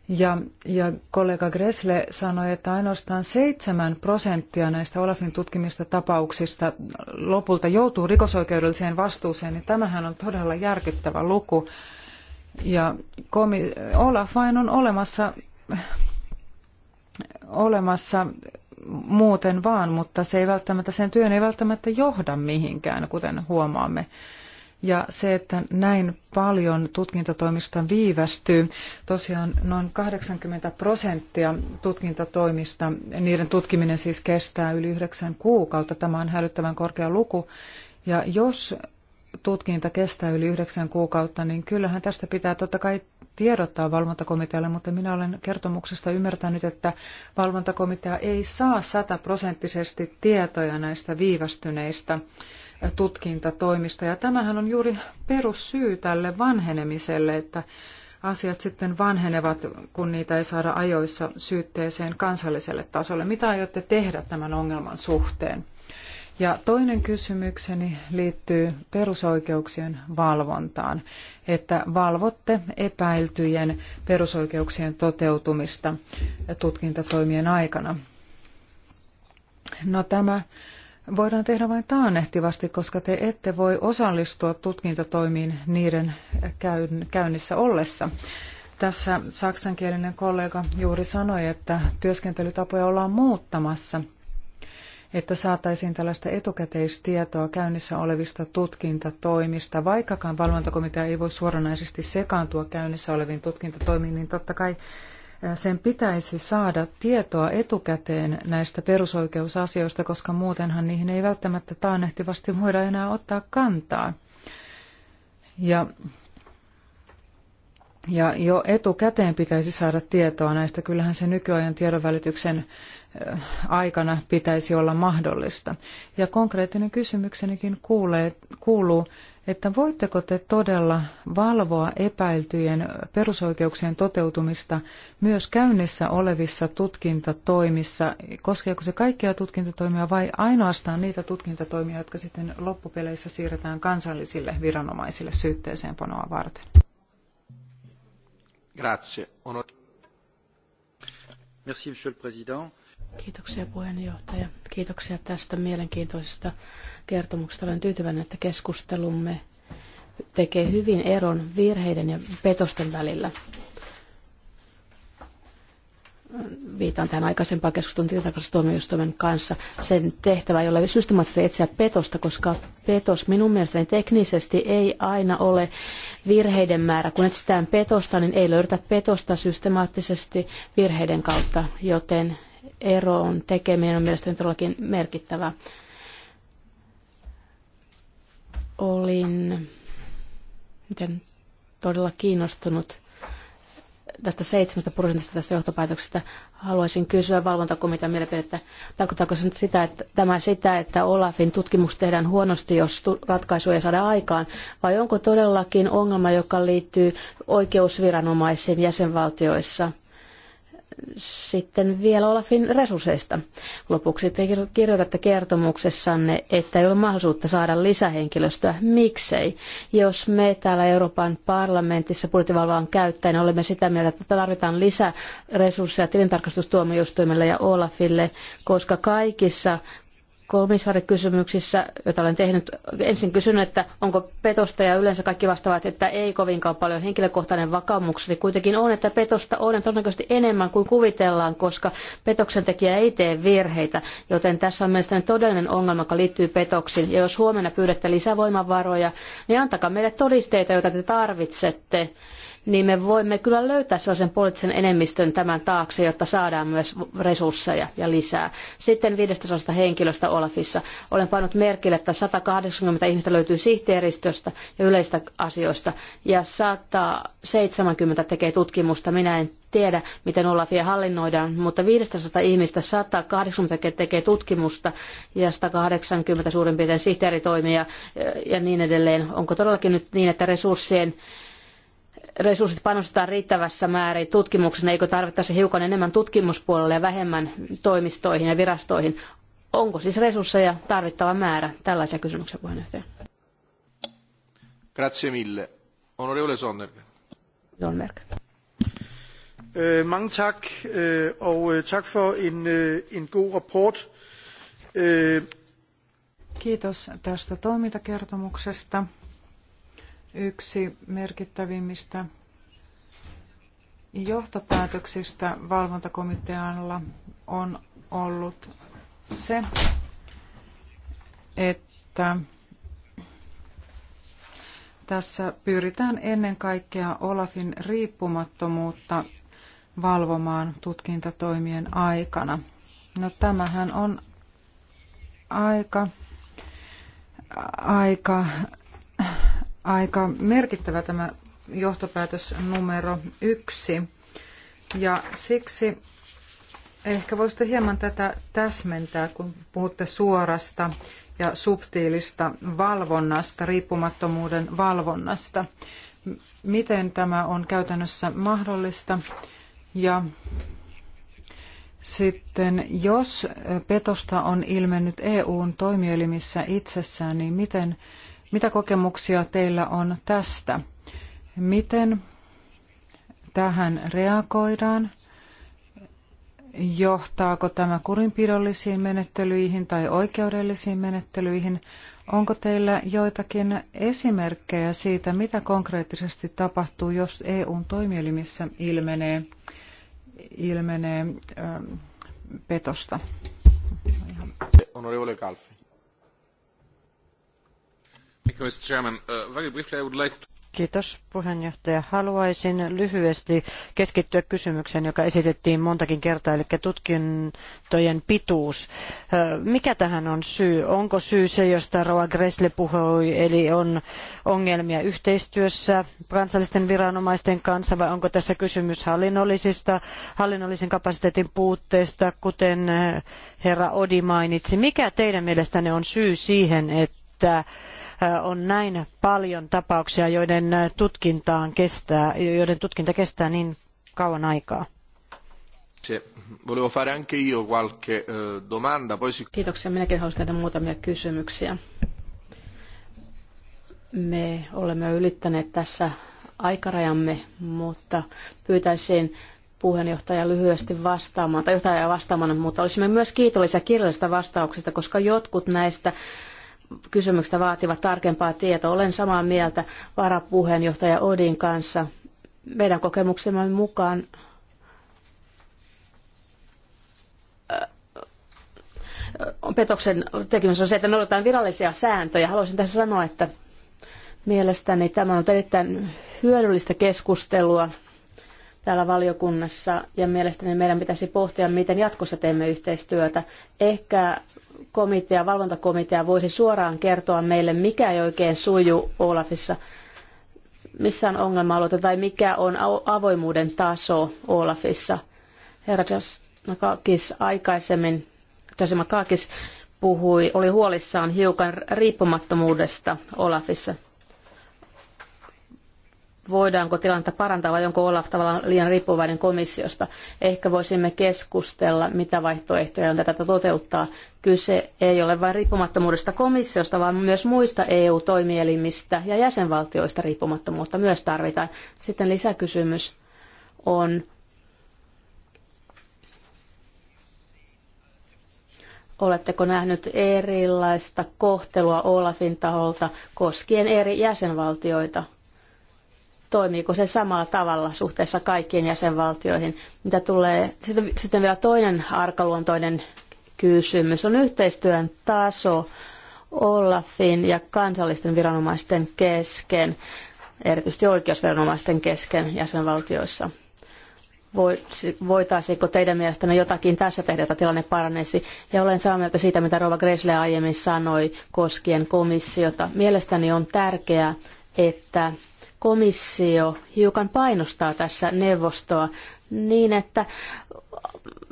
Ja, ja kollega Gressle sanoi, että ainoastaan 7 prosenttia näistä Olafin tutkimista tapauksista lopulta joutuu rikosoikeudelliseen vastuuseen, niin tämähän on todella järkyttävä luku. Ja komi- Olaf vain on olemassa, olemassa muuten vaan, mutta se ei välttämättä, sen työn ei välttämättä johda mihinkään, kuten huomaamme. Ja se, että näin paljon tutkintatoimista viivästyy, tosiaan noin 80 prosenttia tutkintatoimista, niiden tutkiminen siis kestää yli yhdeksän kuukautta. Tämä on hälyttävän korkea luku. Ja jos tutkinta kestää yli yhdeksän kuukautta, niin kyllähän tästä pitää totta kai tiedottaa valvontakomitealle, mutta minä olen kertomuksesta ymmärtänyt, että valvontakomitea ei saa sataprosenttisesti tietoja näistä viivästyneistä tutkintatoimista. Ja tämähän on juuri perussyy tälle vanhenemiselle, että asiat sitten vanhenevat, kun niitä ei saada ajoissa syytteeseen kansalliselle tasolle. Mitä aiotte tehdä tämän ongelman suhteen? Ja toinen kysymykseni liittyy perusoikeuksien valvontaan, että valvotte epäiltyjen perusoikeuksien toteutumista tutkintatoimien aikana. No tämä voidaan tehdä vain taannehtivasti, koska te ette voi osallistua tutkintatoimiin niiden käynnissä ollessa. Tässä saksankielinen kollega juuri sanoi, että työskentelytapoja ollaan muuttamassa – että saataisiin tällaista etukäteistietoa käynnissä olevista tutkintatoimista. Vaikkakaan valvontakomitea ei voi suoranaisesti sekaantua käynnissä oleviin tutkintatoimiin, niin totta kai sen pitäisi saada tietoa etukäteen näistä perusoikeusasioista, koska muutenhan niihin ei välttämättä taannehtivasti voida enää ottaa kantaa. Ja ja jo etukäteen pitäisi saada tietoa näistä. Kyllähän se nykyajan tiedonvälityksen aikana pitäisi olla mahdollista. Ja konkreettinen kysymyksenikin kuulee, kuuluu, että voitteko te todella valvoa epäiltyjen perusoikeuksien toteutumista myös käynnissä olevissa tutkintatoimissa? Koskeeko se kaikkia tutkintatoimia vai ainoastaan niitä tutkintatoimia, jotka sitten loppupeleissä siirretään kansallisille viranomaisille syytteeseen panoa varten? Grazie. Merci, monsieur le président Kiitoksia puheenjohtaja. Kiitoksia tästä mielenkiintoisesta kertomuksesta. Olen tyytyväinen, että keskustelumme tekee hyvin eron virheiden ja petosten välillä. Viitaan tähän aikaisempaan keskustelun tilintarkastustuomioistuimen kanssa. Sen tehtävä ei ole systemaattisesti etsiä petosta, koska petos minun mielestäni teknisesti ei aina ole virheiden määrä. Kun etsitään petosta, niin ei löydetä petosta systemaattisesti virheiden kautta, joten eroon tekeminen on mielestäni todellakin merkittävä. Olin miten, todella kiinnostunut tästä 7 prosentista tästä johtopäätöksestä. Haluaisin kysyä valvontakomitean mielipidettä, tarkoittaako se nyt sitä, että, tämä sitä, että Olafin tutkimus tehdään huonosti, jos ratkaisu ei saada aikaan, vai onko todellakin ongelma, joka liittyy oikeusviranomaisiin jäsenvaltioissa – sitten vielä Olafin resursseista. Lopuksi te kirjoitatte kertomuksessanne, että ei ole mahdollisuutta saada lisähenkilöstöä. Miksei? Jos me täällä Euroopan parlamentissa budjettivalvaan käyttäen olemme sitä mieltä, että tarvitaan lisäresursseja tilintarkastustuomioistuimelle ja Olafille, koska kaikissa kysymyksissä, joita olen tehnyt, ensin kysynyt, että onko petosta ja yleensä kaikki vastaavat, että ei kovinkaan paljon. Henkilökohtainen vakaumukseni kuitenkin on, että petosta on todennäköisesti enemmän kuin kuvitellaan, koska petoksen tekijä ei tee virheitä, joten tässä on mielestäni todellinen ongelma, joka liittyy petoksiin. Ja jos huomenna pyydätte lisävoimavaroja, niin antakaa meille todisteita, joita te tarvitsette niin me voimme kyllä löytää sellaisen poliittisen enemmistön tämän taakse, jotta saadaan myös resursseja ja lisää. Sitten 500 henkilöstä Olafissa. Olen pannut merkille, että 180 ihmistä löytyy sihteeristöstä ja yleistä asioista ja 170 tekee tutkimusta. Minä en tiedä, miten Olafia hallinnoidaan, mutta 500 ihmistä 180 tekee tutkimusta ja 180 suurin piirtein sihteeritoimia ja niin edelleen. Onko todellakin nyt niin, että resurssien resurssit panostetaan riittävässä määrin tutkimukseen, eikö tarvittaisi hiukan enemmän tutkimuspuolelle ja vähemmän toimistoihin ja virastoihin? Onko siis resursseja tarvittava määrä? Tällaisia kysymyksiä puheenjohtaja. Grazie mille. Onorevole Sonnerg. Sonnerg. Uh, eh, mange tak, uh, og eh, tak for en, uh, en god rapport. Kiitos tästä toimintakertomuksesta yksi merkittävimmistä johtopäätöksistä valvontakomitealla on ollut se, että tässä pyritään ennen kaikkea Olafin riippumattomuutta valvomaan tutkintatoimien aikana. No tämähän on aika, aika aika merkittävä tämä johtopäätös numero yksi. Ja siksi ehkä voisitte hieman tätä täsmentää, kun puhutte suorasta ja subtiilista valvonnasta, riippumattomuuden valvonnasta. Miten tämä on käytännössä mahdollista? Ja sitten jos petosta on ilmennyt EUn toimielimissä itsessään, niin miten mitä kokemuksia teillä on tästä? Miten tähän reagoidaan? Johtaako tämä kurinpidollisiin menettelyihin tai oikeudellisiin menettelyihin? Onko teillä joitakin esimerkkejä siitä, mitä konkreettisesti tapahtuu, jos EUn toimielimissä ilmenee, ilmenee ähm, petosta? Honorevole Kalfi. Uh, Kiitos puheenjohtaja. Haluaisin lyhyesti keskittyä kysymykseen, joka esitettiin montakin kertaa, eli tutkintojen pituus. Mikä tähän on syy? Onko syy se, josta Roa Gressle puhui, eli on ongelmia yhteistyössä kansallisten viranomaisten kanssa, vai onko tässä kysymys hallinnollisista, hallinnollisen kapasiteetin puutteesta, kuten herra Odi mainitsi? Mikä teidän mielestänne on syy siihen, että että on näin paljon tapauksia, joiden, tutkintaan kestää, joiden tutkinta kestää niin kauan aikaa. Volevo anche io qualche domanda, poi si... Kiitoksia. Minäkin haluaisin tehdä muutamia kysymyksiä. Me olemme ylittäneet tässä aikarajamme, mutta pyytäisin puheenjohtaja lyhyesti vastaamaan, tai johtaja vastaamaan, mutta olisimme myös kiitollisia kirjallisista vastauksista, koska jotkut näistä Kysymyksestä vaativat tarkempaa tietoa. Olen samaa mieltä varapuheenjohtaja Odin kanssa. Meidän kokemuksemme mukaan äh, petoksen tekemisessä on se, että noudatetaan virallisia sääntöjä. Haluaisin tässä sanoa, että mielestäni tämä on erittäin hyödyllistä keskustelua täällä valiokunnassa ja mielestäni meidän pitäisi pohtia, miten jatkossa teemme yhteistyötä. Ehkä komitea, valvontakomitea voisi suoraan kertoa meille, mikä ei oikein suju Olafissa, missä on ongelma-alueita tai mikä on avoimuuden taso Olafissa. Herra Jasmakakis aikaisemmin, Jasmakakis puhui, oli huolissaan hiukan riippumattomuudesta Olafissa voidaanko tilannetta parantaa vai onko Olaf tavallaan liian riippuvainen komissiosta. Ehkä voisimme keskustella, mitä vaihtoehtoja on tätä toteuttaa. Kyse ei ole vain riippumattomuudesta komissiosta, vaan myös muista EU-toimielimistä ja jäsenvaltioista riippumattomuutta myös tarvitaan. Sitten lisäkysymys on, Oletteko nähnyt erilaista kohtelua Olafin taholta koskien eri jäsenvaltioita? toimiiko se samalla tavalla suhteessa kaikkiin jäsenvaltioihin. Mitä tulee, sitten, sitten vielä toinen arkaluontoinen kysymys on yhteistyön taso Olafin ja kansallisten viranomaisten kesken, erityisesti oikeusviranomaisten kesken jäsenvaltioissa. Voitaisiinko teidän mielestänne jotakin tässä tehdä, jotta tilanne paranisi? Ja olen samaa mieltä siitä, mitä Rova Gresle aiemmin sanoi koskien komissiota. Mielestäni on tärkeää, että komissio hiukan painostaa tässä neuvostoa niin, että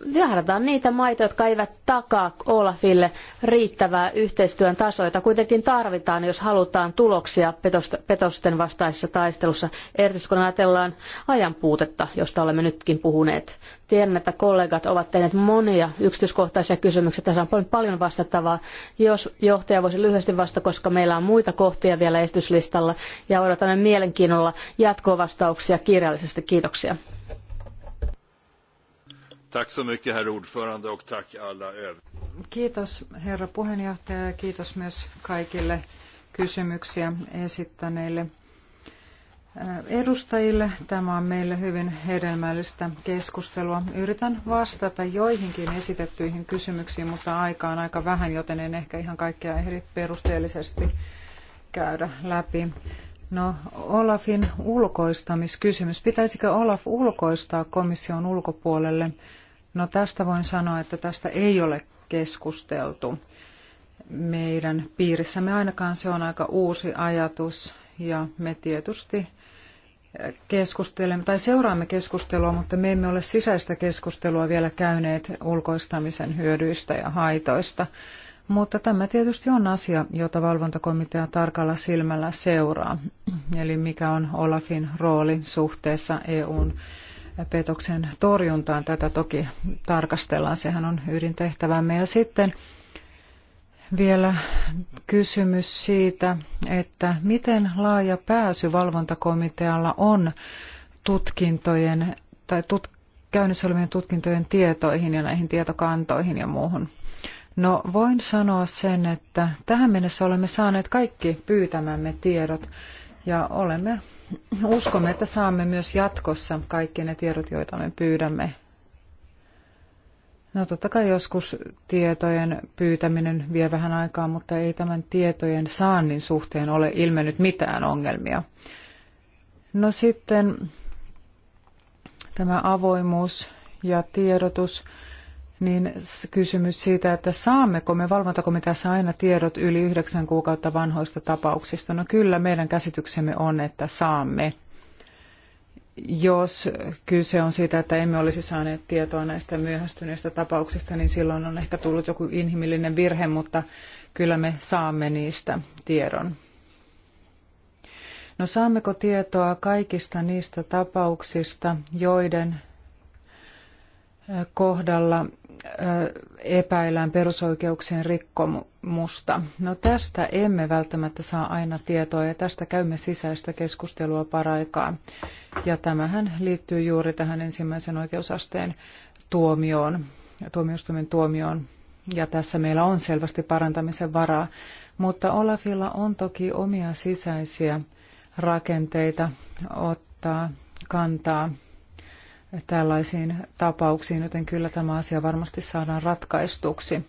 jahdataan niitä maita, jotka eivät takaa Olafille riittävää yhteistyön tasoa, jota kuitenkin tarvitaan, jos halutaan tuloksia petosten vastaisessa taistelussa, erityisesti kun ajatellaan ajan puutetta, josta olemme nytkin puhuneet. Tiedän, että kollegat ovat tehneet monia yksityiskohtaisia kysymyksiä. Tässä on paljon, paljon vastattavaa. Jos johtaja voisi lyhyesti vastata, koska meillä on muita kohtia vielä esityslistalla, ja odotamme mielenkiinnolla jatkovastauksia kirjallisesti. Kiitoksia. Tack så mycket, herr ordförande, och tack alla övriga. Kiitos, herra puheenjohtaja, ja kiitos myös kaikille kysymyksiä esittäneille edustajille. Tämä on meille hyvin hedelmällistä keskustelua. Yritän vastata joihinkin esitettyihin kysymyksiin, mutta aika on aika vähän, joten en ehkä ihan kaikkea ehdi perusteellisesti käydä läpi. No, Olafin ulkoistamiskysymys. Pitäisikö Olaf ulkoistaa komission ulkopuolelle? No tästä voin sanoa, että tästä ei ole keskusteltu. Meidän piirissämme ainakaan se on aika uusi ajatus ja me tietysti keskustelemme tai seuraamme keskustelua, mutta me emme ole sisäistä keskustelua vielä käyneet ulkoistamisen hyödyistä ja haitoista. Mutta tämä tietysti on asia, jota valvontakomitea tarkalla silmällä seuraa, eli mikä on Olafin rooli suhteessa EUn petoksen torjuntaan. Tätä toki tarkastellaan, sehän on ydintehtävämme. Ja sitten vielä kysymys siitä, että miten laaja pääsy valvontakomitealla on tutkintojen tai tut, käynnissä olevien tutkintojen tietoihin ja näihin tietokantoihin ja muuhun. No voin sanoa sen, että tähän mennessä olemme saaneet kaikki pyytämämme tiedot ja olemme, uskomme, että saamme myös jatkossa kaikki ne tiedot, joita me pyydämme. No totta kai joskus tietojen pyytäminen vie vähän aikaa, mutta ei tämän tietojen saannin suhteen ole ilmennyt mitään ongelmia. No sitten tämä avoimuus ja tiedotus niin kysymys siitä, että saammeko me valvontakomiteassa aina tiedot yli yhdeksän kuukautta vanhoista tapauksista. No kyllä meidän käsityksemme on, että saamme. Jos kyse on siitä, että emme olisi saaneet tietoa näistä myöhästyneistä tapauksista, niin silloin on ehkä tullut joku inhimillinen virhe, mutta kyllä me saamme niistä tiedon. No saammeko tietoa kaikista niistä tapauksista, joiden kohdalla epäillään perusoikeuksien rikkomusta. No tästä emme välttämättä saa aina tietoa ja tästä käymme sisäistä keskustelua paraikaa. Ja tämähän liittyy juuri tähän ensimmäisen oikeusasteen tuomioon, tuomioistuimen tuomioon. Ja tässä meillä on selvästi parantamisen varaa. Mutta Olafilla on toki omia sisäisiä rakenteita ottaa kantaa tällaisiin tapauksiin, joten kyllä tämä asia varmasti saadaan ratkaistuksi.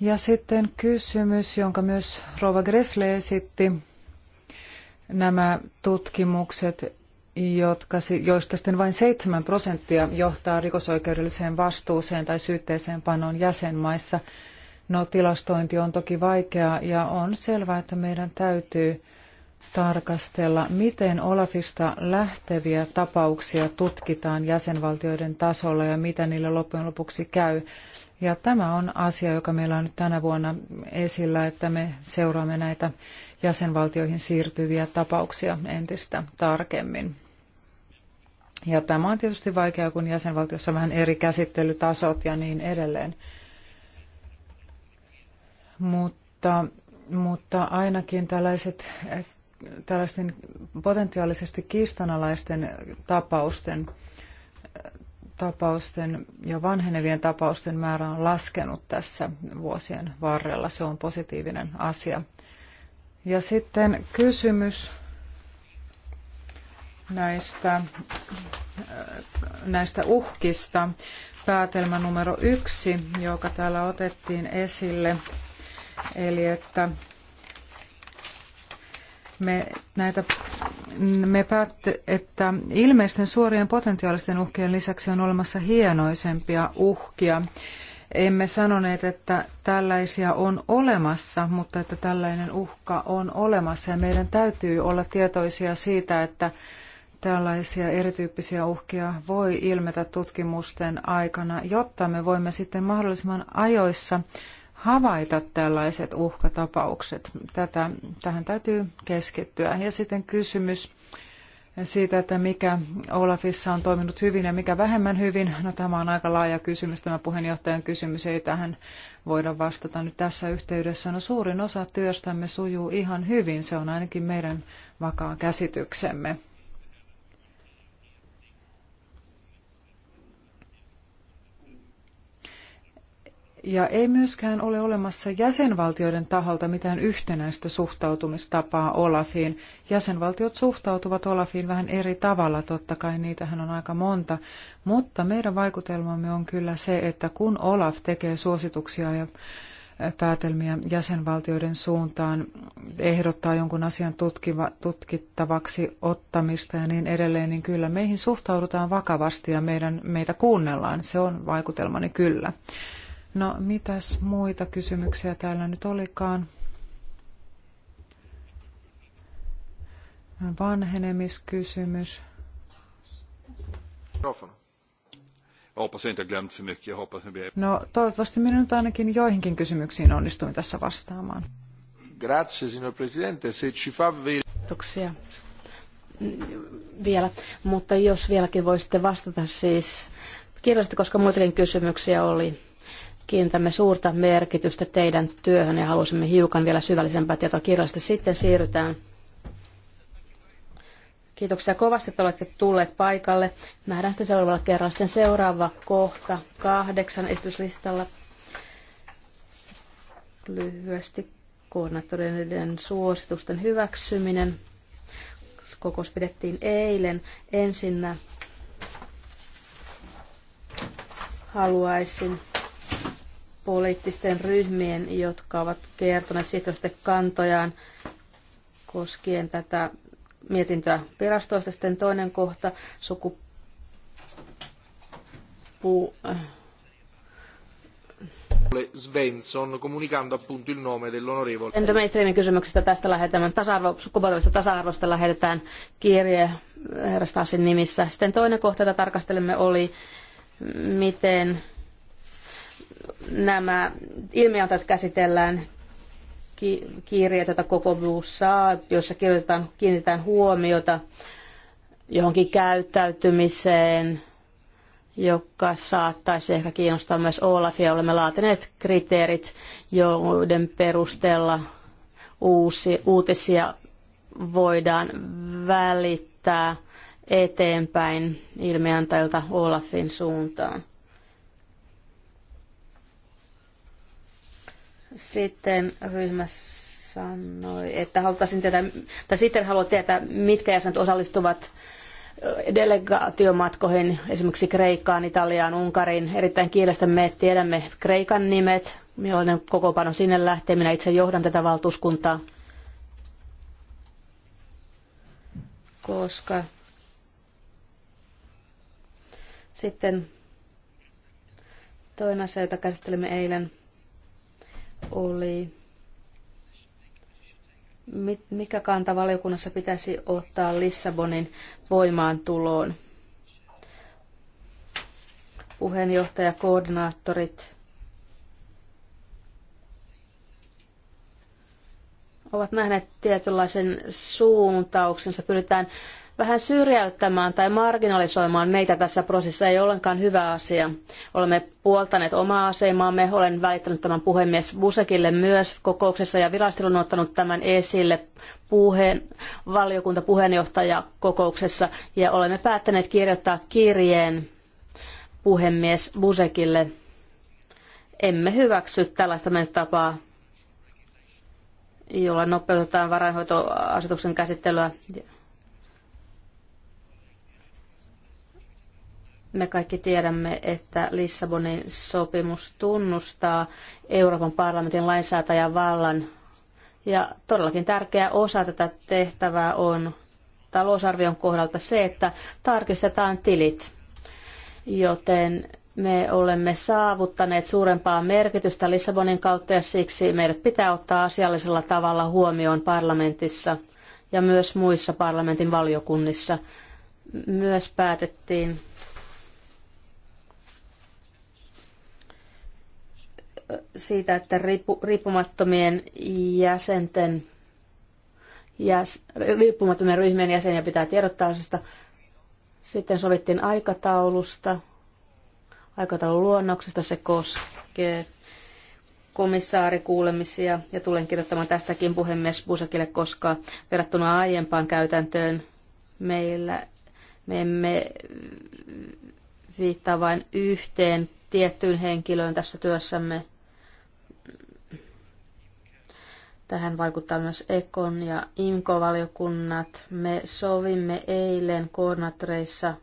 Ja sitten kysymys, jonka myös Rova Gressle esitti, nämä tutkimukset, jotka, joista sitten vain 7 prosenttia johtaa rikosoikeudelliseen vastuuseen tai syytteeseen panon jäsenmaissa. No tilastointi on toki vaikeaa ja on selvää, että meidän täytyy tarkastella, miten Olafista lähteviä tapauksia tutkitaan jäsenvaltioiden tasolla ja mitä niille loppujen lopuksi käy. Ja tämä on asia, joka meillä on nyt tänä vuonna esillä, että me seuraamme näitä jäsenvaltioihin siirtyviä tapauksia entistä tarkemmin. Ja tämä on tietysti vaikeaa, kun jäsenvaltiossa on vähän eri käsittelytasot ja niin edelleen. Mutta, mutta ainakin tällaiset tällaisten potentiaalisesti kiistanalaisten tapausten, tapausten ja vanhenevien tapausten määrä on laskenut tässä vuosien varrella. Se on positiivinen asia. Ja sitten kysymys näistä, näistä uhkista. Päätelmä numero yksi, joka täällä otettiin esille, eli että me, näitä, me päät, että ilmeisten suorien potentiaalisten uhkien lisäksi on olemassa hienoisempia uhkia. Emme sanoneet, että tällaisia on olemassa, mutta että tällainen uhka on olemassa ja meidän täytyy olla tietoisia siitä, että tällaisia erityyppisiä uhkia voi ilmetä tutkimusten aikana, jotta me voimme sitten mahdollisimman ajoissa havaita tällaiset uhkatapaukset. Tätä, tähän täytyy keskittyä. Ja sitten kysymys siitä, että mikä Olafissa on toiminut hyvin ja mikä vähemmän hyvin. No tämä on aika laaja kysymys, tämä puheenjohtajan kysymys, ei tähän voida vastata nyt tässä yhteydessä. No suurin osa työstämme sujuu ihan hyvin, se on ainakin meidän vakaa käsityksemme. Ja ei myöskään ole olemassa jäsenvaltioiden taholta mitään yhtenäistä suhtautumistapaa Olafiin. Jäsenvaltiot suhtautuvat Olafiin vähän eri tavalla, totta kai niitähän on aika monta, mutta meidän vaikutelmamme on kyllä se, että kun Olaf tekee suosituksia ja päätelmiä jäsenvaltioiden suuntaan, ehdottaa jonkun asian tutkiva, tutkittavaksi ottamista ja niin edelleen, niin kyllä meihin suhtaudutaan vakavasti ja meidän, meitä kuunnellaan. Se on vaikutelmani kyllä. No, mitäs muita kysymyksiä täällä nyt olikaan? Vanhenemiskysymys. Mikrofon. No, toivottavasti minä nyt ainakin joihinkin kysymyksiin onnistuin tässä vastaamaan. Grazie, signor Presidente. Se ci fa... Kiitoksia vielä, mutta jos vieläkin voisitte vastata siis kirjallisesti, koska muitakin kysymyksiä oli kiinnitämme suurta merkitystä teidän työhön ja halusimme hiukan vielä syvällisempää tietoa kirjallisesti. Sitten siirrytään. Kiitoksia kovasti, että olette tulleet paikalle. Nähdään sitten seuraavalla kerralla. Sitten seuraava kohta kahdeksan esityslistalla. Lyhyesti koordinaattoreiden suositusten hyväksyminen. Kokous pidettiin eilen. Ensinnä haluaisin poliittisten ryhmien, jotka ovat kertoneet siitä kantojaan koskien tätä mietintöä virastoista. Sitten toinen kohta, sukupu... Svensson comunicando appunto il nome dell'onorevole. mainstreamin kysymyksestä tästä lähetetään, tasa-arvo, sukupolvista tasa-arvosta lähetetään kirje herra Stasin nimissä. Sitten toinen kohta, jota tarkastelemme, oli miten nämä ilmiöt käsitellään kirjeet, joita koko saa, joissa kirjoitetaan, kiinnitetään huomiota johonkin käyttäytymiseen, joka saattaisi ehkä kiinnostaa myös Olafia. Olemme laatineet kriteerit, joiden perusteella uusi, uutisia voidaan välittää eteenpäin ilmeantajilta Olafin suuntaan. Sitten ryhmä sanoi, että haluaisin tietää, tai sitten haluan tietää, mitkä jäsenet osallistuvat delegaatiomatkoihin esimerkiksi Kreikkaan, Italiaan, Unkariin. Erittäin kiireistä me tiedämme Kreikan nimet, millainen kokopano sinne lähtee. Minä itse johdan tätä valtuuskuntaa, koska sitten toinen asia, jota käsittelimme eilen – oli, mikä kanta valiokunnassa pitäisi ottaa Lissabonin voimaantuloon. Puheenjohtaja, koordinaattorit ovat nähneet tietynlaisen suuntauksensa. Pyritään vähän syrjäyttämään tai marginalisoimaan meitä tässä prosessissa ei ollenkaan hyvä asia. Olemme puoltaneet omaa asemaamme, olen välittänyt tämän puhemies Busekille myös kokouksessa ja virasto on ottanut tämän esille puheen, valiokuntapuheenjohtajakokouksessa ja olemme päättäneet kirjoittaa kirjeen puhemies Busekille. Emme hyväksy tällaista menettelytapaa jolla nopeutetaan varainhoitoasetuksen käsittelyä Me kaikki tiedämme, että Lissabonin sopimus tunnustaa Euroopan parlamentin lainsäätäjän vallan. Ja todellakin tärkeä osa tätä tehtävää on talousarvion kohdalta se, että tarkistetaan tilit. Joten me olemme saavuttaneet suurempaa merkitystä Lissabonin kautta ja siksi meidät pitää ottaa asiallisella tavalla huomioon parlamentissa ja myös muissa parlamentin valiokunnissa. Myös päätettiin siitä, että riippu, riippumattomien jäsenten ja riippumattomien ryhmien jäseniä pitää tiedottaa asiasta. Sitten sovittiin aikataulusta, luonnoksesta Se koskee komissaarikuulemisia ja tulen kirjoittamaan tästäkin puhemies Busakille, koska verrattuna aiempaan käytäntöön meillä me emme viittaa vain yhteen tiettyyn henkilöön tässä työssämme, Tähän vaikuttaa myös Ekon ja IMKO-valiokunnat. Me sovimme eilen koordinaattoreissa,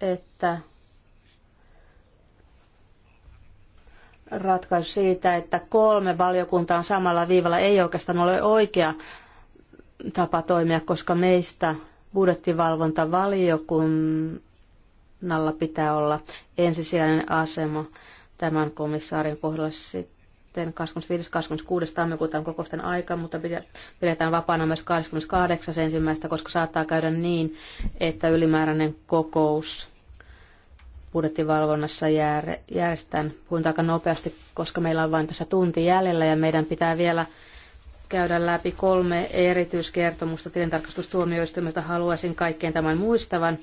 että ratkaisu siitä, että kolme valiokuntaa on samalla viivalla ei oikeastaan ole oikea tapa toimia, koska meistä budjettivalvontavaliokunnalla pitää olla ensisijainen asema tämän komissaarin kohdalla sitten 25-26. tammikuuta on kokousten aika, mutta pidetään vapaana myös 28. ensimmäistä, koska saattaa käydä niin, että ylimääräinen kokous budjettivalvonnassa jär, järjestetään. Puhun aika nopeasti, koska meillä on vain tässä tunti jäljellä ja meidän pitää vielä käydä läpi kolme erityiskertomusta tilintarkastustuomioistuimesta. Haluaisin kaikkien tämän muistavan.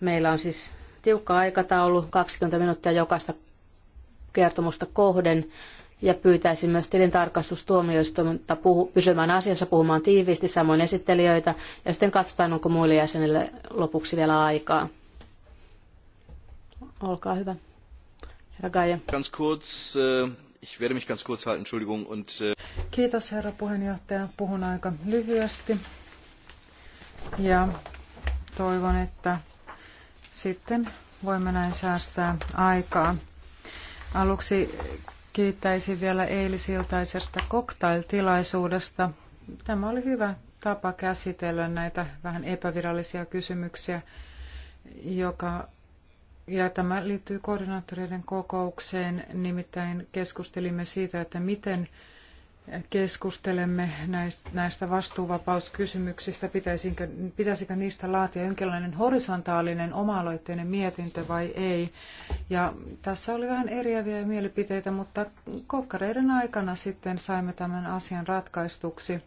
Meillä on siis tiukka aikataulu, 20 minuuttia jokaista kertomusta kohden ja pyytäisin myös tilintarkastustuomioistuinta puhu, pysymään asiassa puhumaan tiiviisti, samoin esittelijöitä, ja sitten katsotaan, onko muille jäsenille lopuksi vielä aikaa. Olkaa hyvä. Herra Gaia. Ganz kurz, äh, ich werde mich ganz kurz halten, Entschuldigung. Und, äh Kiitos herra puheenjohtaja, puhun aika lyhyesti. Ja toivon, että sitten voimme näin säästää aikaa. Aluksi kiittäisin vielä eilisiltaisesta cocktailtilaisuudesta. Tämä oli hyvä tapa käsitellä näitä vähän epävirallisia kysymyksiä, joka, ja tämä liittyy koordinaattoreiden kokoukseen, nimittäin keskustelimme siitä, että miten keskustelemme näistä vastuuvapauskysymyksistä, pitäisikö, pitäisikö niistä laatia jonkinlainen horisontaalinen oma-aloitteinen mietintö vai ei. Ja tässä oli vähän eriäviä mielipiteitä, mutta kokkareiden aikana sitten saimme tämän asian ratkaistuksi.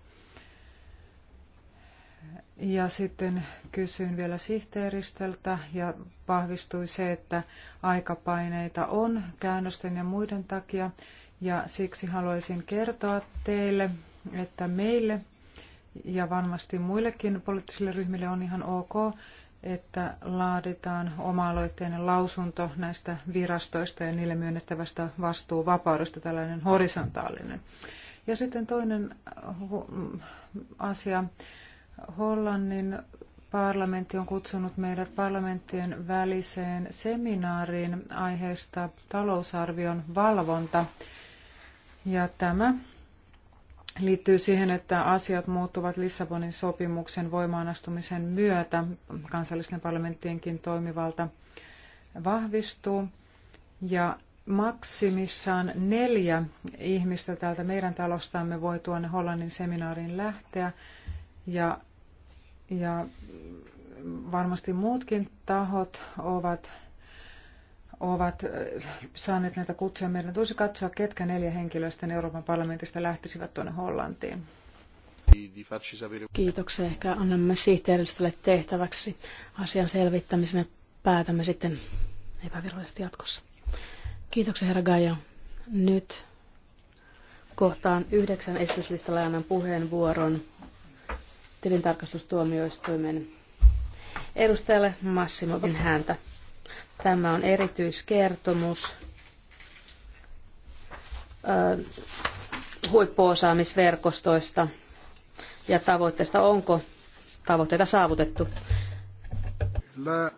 Ja sitten kysyin vielä sihteeristöltä ja vahvistui se, että aikapaineita on käännösten ja muiden takia. Ja siksi haluaisin kertoa teille, että meille ja varmasti muillekin poliittisille ryhmille on ihan ok, että laaditaan oma-aloitteinen lausunto näistä virastoista ja niille myönnettävästä vastuuvapaudesta, tällainen horisontaalinen. Ja sitten toinen asia. Hollannin parlamentti on kutsunut meidät parlamenttien väliseen seminaariin aiheesta talousarvion valvonta. Ja tämä liittyy siihen, että asiat muuttuvat Lissabonin sopimuksen voimaanastumisen myötä. Kansallisten parlamenttienkin toimivalta vahvistuu. Ja maksimissaan neljä ihmistä täältä meidän talostamme voi tuonne Hollannin seminaariin lähteä. Ja, ja varmasti muutkin tahot ovat ovat äh, saaneet näitä kutsuja. Meidän tulisi katsoa, ketkä neljä henkilöstä Euroopan parlamentista lähtisivät tuonne Hollantiin. Kiitoksia. Ehkä annamme sihteeristölle tehtäväksi asian selvittämisen ja päätämme sitten epävirallisesti jatkossa. Kiitoksia herra Gaja. Nyt kohtaan yhdeksän esityslistalla annan puheenvuoron tilintarkastustuomioistuimen edustajalle Massimovin häntä. Tämä on erityiskertomus huippuosaamisverkostoista ja tavoitteista. Onko tavoitteita saavutettu? La...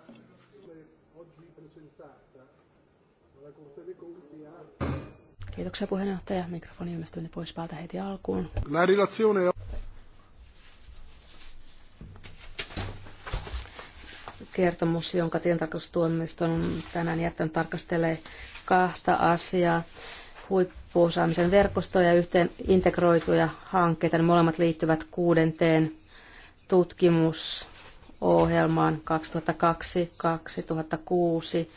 Kiitoksia puheenjohtaja. Mikrofoni ilmestyy pois päältä heti alkuun. La relazione kertomus, jonka tilintarkastustuomioistuin on tänään jättänyt, tarkastelee kahta asiaa. Huippuosaamisen verkostoja ja yhteen integroituja hankkeita. Ne molemmat liittyvät kuudenteen tutkimusohjelmaan 2002-2006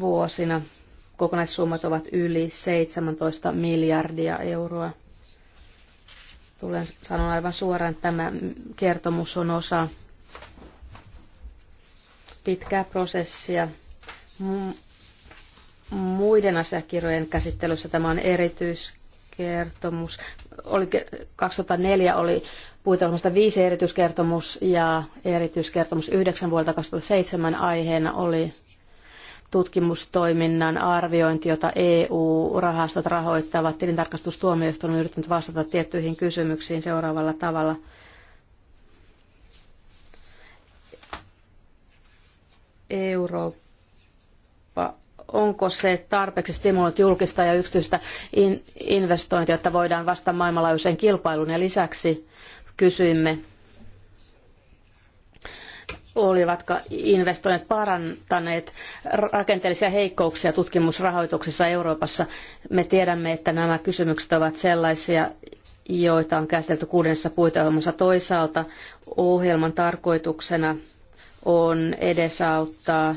vuosina. Kokonaissummat ovat yli 17 miljardia euroa. Tulen sanon aivan suoraan, että tämä kertomus on osa pitkää prosessia. Muiden asiakirjojen käsittelyssä tämä on erityiskertomus. Oli, 2004 oli puitelmasta viisi erityiskertomus ja erityiskertomus yhdeksän vuodelta 2007 aiheena oli tutkimustoiminnan arviointi, jota EU-rahastot rahoittavat. Tilintarkastustuomioistuin on yrittänyt vastata tiettyihin kysymyksiin seuraavalla tavalla – Eurooppa, onko se tarpeeksi stimuloinut julkista ja yksityistä in- investointia, että voidaan vastata maailmanlaajuiseen kilpailuun. Ja lisäksi kysyimme, olivatko investoinnit parantaneet rakenteellisia heikkouksia tutkimusrahoituksessa Euroopassa. Me tiedämme, että nämä kysymykset ovat sellaisia, joita on käsitelty kuudessa puiteohjelmassa. Toisaalta ohjelman tarkoituksena on edesauttaa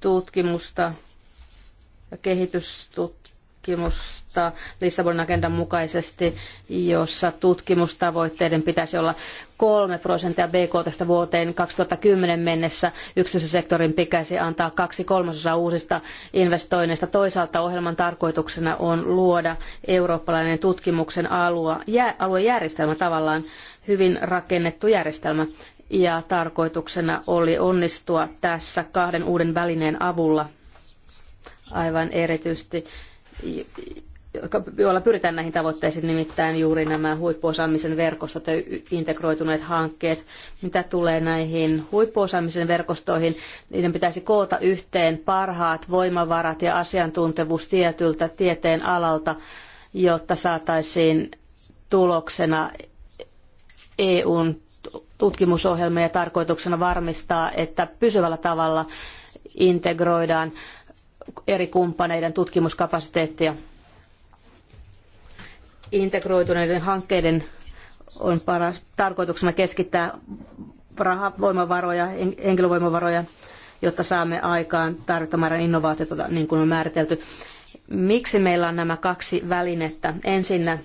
tutkimusta ja kehitystutkimusta Lissabonin agendan mukaisesti, jossa tutkimustavoitteiden pitäisi olla kolme prosenttia BKT vuoteen 2010 mennessä. Yksityisen sektorin pitäisi antaa kaksi kolmasosaa uusista investoinneista. Toisaalta ohjelman tarkoituksena on luoda eurooppalainen tutkimuksen alue, aluejärjestelmä tavallaan hyvin rakennettu järjestelmä ja tarkoituksena oli onnistua tässä kahden uuden välineen avulla aivan erityisesti, joilla pyritään näihin tavoitteisiin, nimittäin juuri nämä huippuosaamisen verkostot ja integroituneet hankkeet. Mitä tulee näihin huippuosaamisen verkostoihin, niiden pitäisi koota yhteen parhaat voimavarat ja asiantuntevuus tietyltä tieteen alalta, jotta saataisiin tuloksena EUn tutkimusohjelmia ja tarkoituksena varmistaa, että pysyvällä tavalla integroidaan eri kumppaneiden tutkimuskapasiteettia. Integroituneiden hankkeiden on paras, tarkoituksena keskittää rahavoimavaroja, henkilövoimavaroja, jotta saamme aikaan tarvittavan innovaatiota, niin kuin on määritelty. Miksi meillä on nämä kaksi välinettä? Ensinnä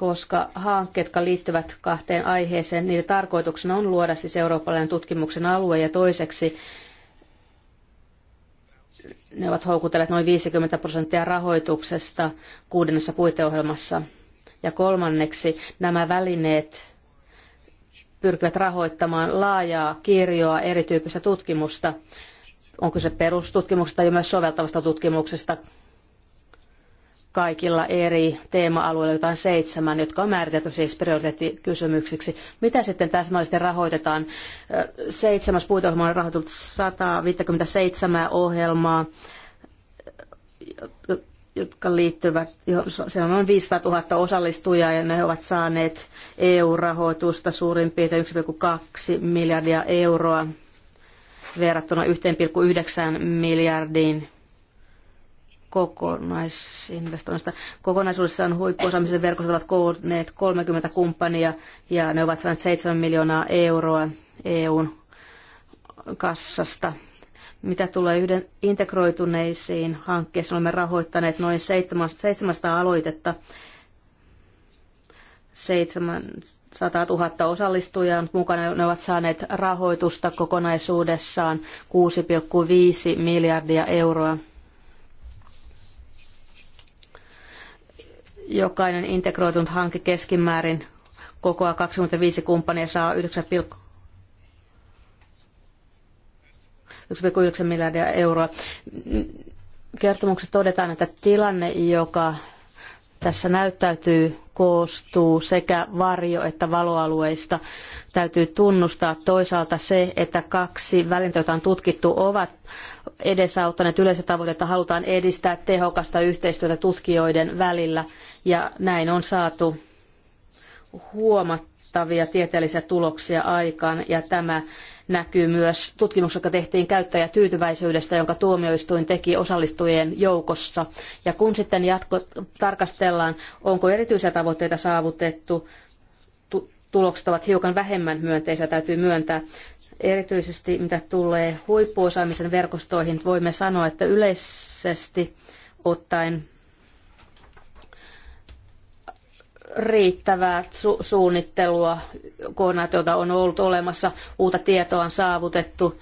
koska hankkeet, jotka liittyvät kahteen aiheeseen, niiden tarkoituksena on luoda siis eurooppalainen tutkimuksen alue ja toiseksi ne ovat houkutelleet noin 50 prosenttia rahoituksesta kuudennessa puiteohjelmassa. Ja kolmanneksi nämä välineet pyrkivät rahoittamaan laajaa kirjoa erityyppistä tutkimusta. On kyse perustutkimuksesta ja myös soveltavasta tutkimuksesta kaikilla eri teema-alueilla, jotain seitsemän, jotka on määritelty siis prioriteettikysymyksiksi. Mitä sitten täsmällisesti rahoitetaan? Seitsemäs puiteohjelma on rahoitettu 157 ohjelmaa, jotka liittyvät, siellä on noin 500 000 osallistujaa ja ne ovat saaneet EU-rahoitusta suurin piirtein 1,2 miljardia euroa verrattuna 1,9 miljardiin kokonaisinvestoinnista. Kokonaisuudessaan huippuosaamisen verkostot ovat koonneet 30 kumppania ja ne ovat saaneet 7 miljoonaa euroa EUn kassasta. Mitä tulee yhden integroituneisiin hankkeisiin, olemme rahoittaneet noin 700 aloitetta. 700 000 osallistujaa mukana. Ne ovat saaneet rahoitusta kokonaisuudessaan 6,5 miljardia euroa jokainen integroitunut hanke keskimäärin kokoaa 25 kumppania saa 9,9 miljardia euroa. Kertomuksessa todetaan, että tilanne, joka tässä näyttäytyy koostuu sekä varjo- että valoalueista. Täytyy tunnustaa toisaalta se, että kaksi välintä, joita on tutkittu, ovat edesauttaneet yleistä tavoitetta, halutaan edistää tehokasta yhteistyötä tutkijoiden välillä, ja näin on saatu huomattavia tieteellisiä tuloksia aikaan, ja tämä näkyy myös tutkimus, joka tehtiin käyttäjätyytyväisyydestä, jonka tuomioistuin teki osallistujien joukossa. Ja kun sitten jatko tarkastellaan, onko erityisiä tavoitteita saavutettu, tu tulokset ovat hiukan vähemmän myönteisiä, täytyy myöntää. Erityisesti mitä tulee huippuosaamisen verkostoihin, voimme sanoa, että yleisesti ottaen riittävää su- suunnittelua, koordinaatiota on ollut olemassa, uutta tietoa on saavutettu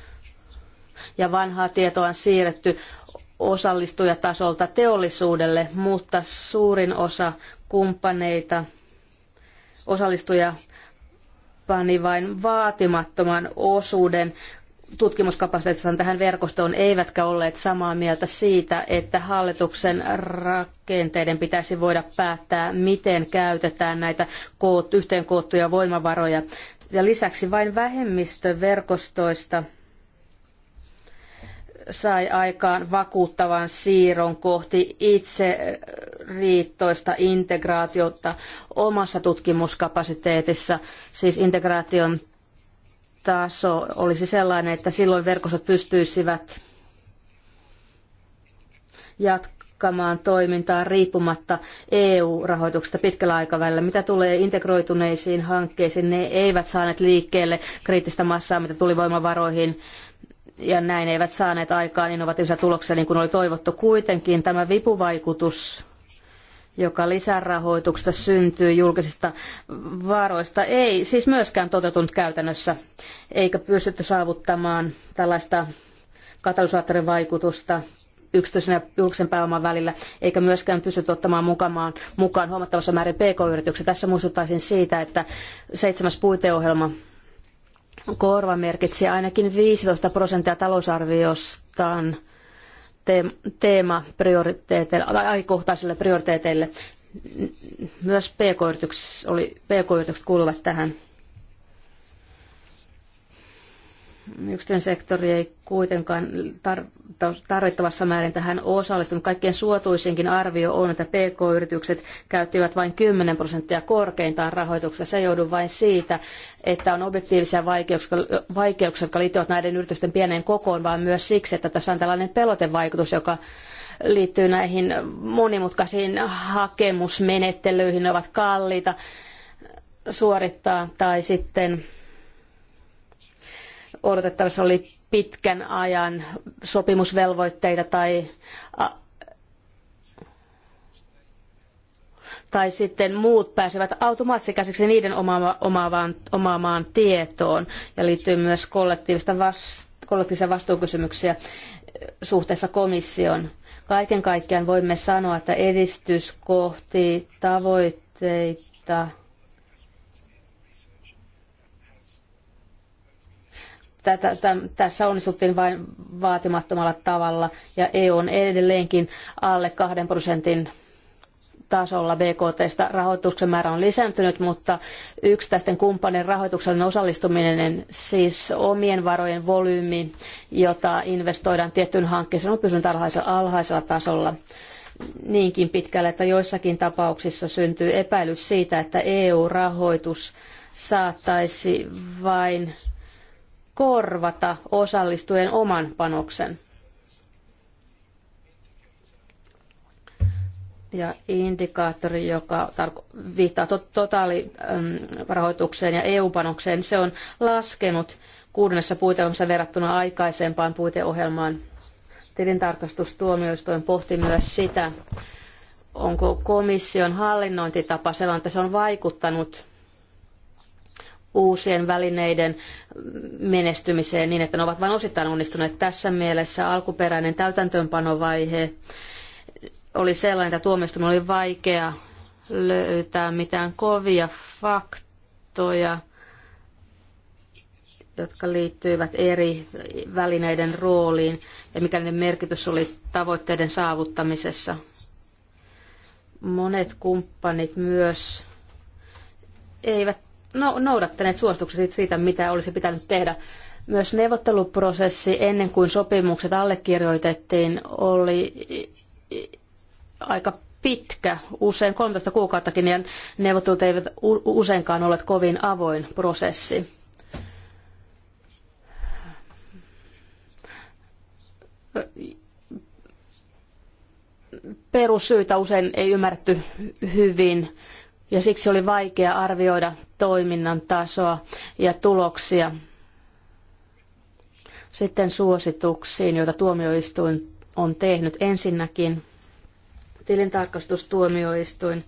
ja vanhaa tietoa on siirretty osallistujatasolta teollisuudelle, mutta suurin osa kumppaneita osallistuja pani vain vaatimattoman osuuden tutkimuskapasiteetista tähän verkostoon eivätkä olleet samaa mieltä siitä, että hallituksen rakenteiden pitäisi voida päättää, miten käytetään näitä koot, yhteen koottuja voimavaroja. Ja lisäksi vain vähemmistö verkostoista sai aikaan vakuuttavan siirron kohti itse riittoista integraatiota omassa tutkimuskapasiteetissa, siis integraation taso olisi sellainen, että silloin verkostot pystyisivät jatkamaan toimintaa riippumatta EU-rahoituksesta pitkällä aikavälillä. Mitä tulee integroituneisiin hankkeisiin, ne eivät saaneet liikkeelle kriittistä massaa, mitä tuli voimavaroihin ja näin eivät saaneet aikaan innovatiivisia tuloksia niin kuin oli toivottu. Kuitenkin tämä vipuvaikutus joka lisärahoituksesta syntyy julkisista varoista, ei siis myöskään toteutunut käytännössä, eikä pystytty saavuttamaan tällaista katalysaattorivaikutusta yksityisen ja julkisen pääoman välillä, eikä myöskään pystytty ottamaan mukaan, mukaan huomattavassa määrin pk-yrityksiä. Tässä muistuttaisin siitä, että seitsemäs puiteohjelma korva merkitsi ainakin 15 prosenttia talousarviostaan teema prioriteeteille, tai ajankohtaisille prioriteeteille. Myös PK-yritykset, oli, PK-yritykset kuuluvat tähän. Yksityinen sektori ei kuitenkaan tar- tarvittavassa määrin tähän osallistunut. Kaikkein suotuisinkin arvio on, että PK-yritykset käyttivät vain 10 prosenttia korkeintaan rahoituksesta. Se joudu vain siitä, että on objektiivisia vaikeuksia, vaikeuksia, jotka liittyvät näiden yritysten pieneen kokoon, vaan myös siksi, että tässä on tällainen pelotevaikutus, joka liittyy näihin monimutkaisiin hakemusmenettelyihin, ne ovat kalliita suorittaa tai sitten odotettavissa oli pitkän ajan sopimusvelvoitteita tai tai sitten muut pääsevät automaattisesti käsiksi niiden omaavaan, omaamaan tietoon ja liittyy myös kollektiivista vast, kollektiivisia vastuukysymyksiä e, suhteessa komission. Kaiken kaikkiaan voimme sanoa, että edistys kohti tavoitteita tätä, tämän, tässä onnistuttiin vain vaatimattomalla tavalla ja EU on edelleenkin alle kahden prosentin tasolla BKTstä. Rahoituksen määrä on lisääntynyt, mutta yksittäisten kumppanien rahoituksellinen osallistuminen, siis omien varojen volyymi, jota investoidaan tiettyyn hankkeeseen, on pysynyt alhaisella, alhaisella tasolla niinkin pitkälle, että joissakin tapauksissa syntyy epäilys siitä, että EU-rahoitus saattaisi vain korvata osallistujien oman panoksen. ja indikaattori, joka tarko- viittaa to- totaalirahoitukseen ja EU-panokseen, se on laskenut kuudennessa puiteohjelmassa verrattuna aikaisempaan puiteohjelmaan. Tilintarkastustuomioistuin pohti myös sitä, onko komission hallinnointitapa sellainen, että se on vaikuttanut uusien välineiden menestymiseen niin, että ne ovat vain osittain onnistuneet. Tässä mielessä alkuperäinen täytäntöönpanovaihe oli sellainen, että tuomioistuin oli vaikea löytää mitään kovia faktoja, jotka liittyivät eri välineiden rooliin ja mikä niiden merkitys oli tavoitteiden saavuttamisessa. Monet kumppanit myös eivät no, noudattaneet suositukset siitä, mitä olisi pitänyt tehdä. Myös neuvotteluprosessi ennen kuin sopimukset allekirjoitettiin oli aika pitkä, usein 13 kuukauttakin, ja neuvottelut eivät useinkaan ole kovin avoin prosessi. Perussyitä usein ei ymmärretty hyvin ja siksi oli vaikea arvioida toiminnan tasoa ja tuloksia. Sitten suosituksiin, joita tuomioistuin on tehnyt. Ensinnäkin tilintarkastustuomioistuin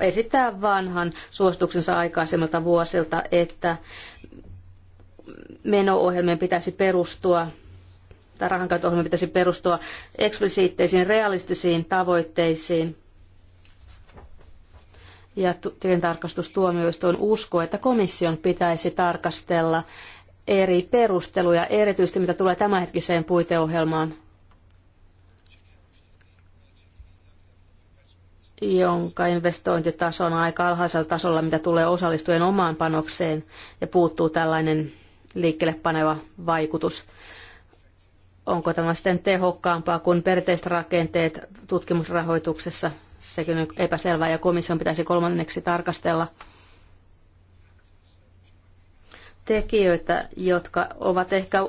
esittää vanhan suosituksensa aikaisemmalta vuosilta, että meno-ohjelmien pitäisi perustua tai rahankäyttöohjelmien pitäisi perustua eksplisiitteisiin realistisiin tavoitteisiin – ja tilintarkastustuomioistuin uskoo, että komission pitäisi tarkastella eri perusteluja, erityisesti mitä tulee tämänhetkiseen puiteohjelmaan, jonka investointitaso on aika alhaisella tasolla, mitä tulee osallistujien omaan panokseen, ja puuttuu tällainen liikkeelle paneva vaikutus. Onko tämä sitten tehokkaampaa kuin perinteiset rakenteet tutkimusrahoituksessa? sekin on epäselvää ja komission pitäisi kolmanneksi tarkastella tekijöitä, jotka ovat ehkä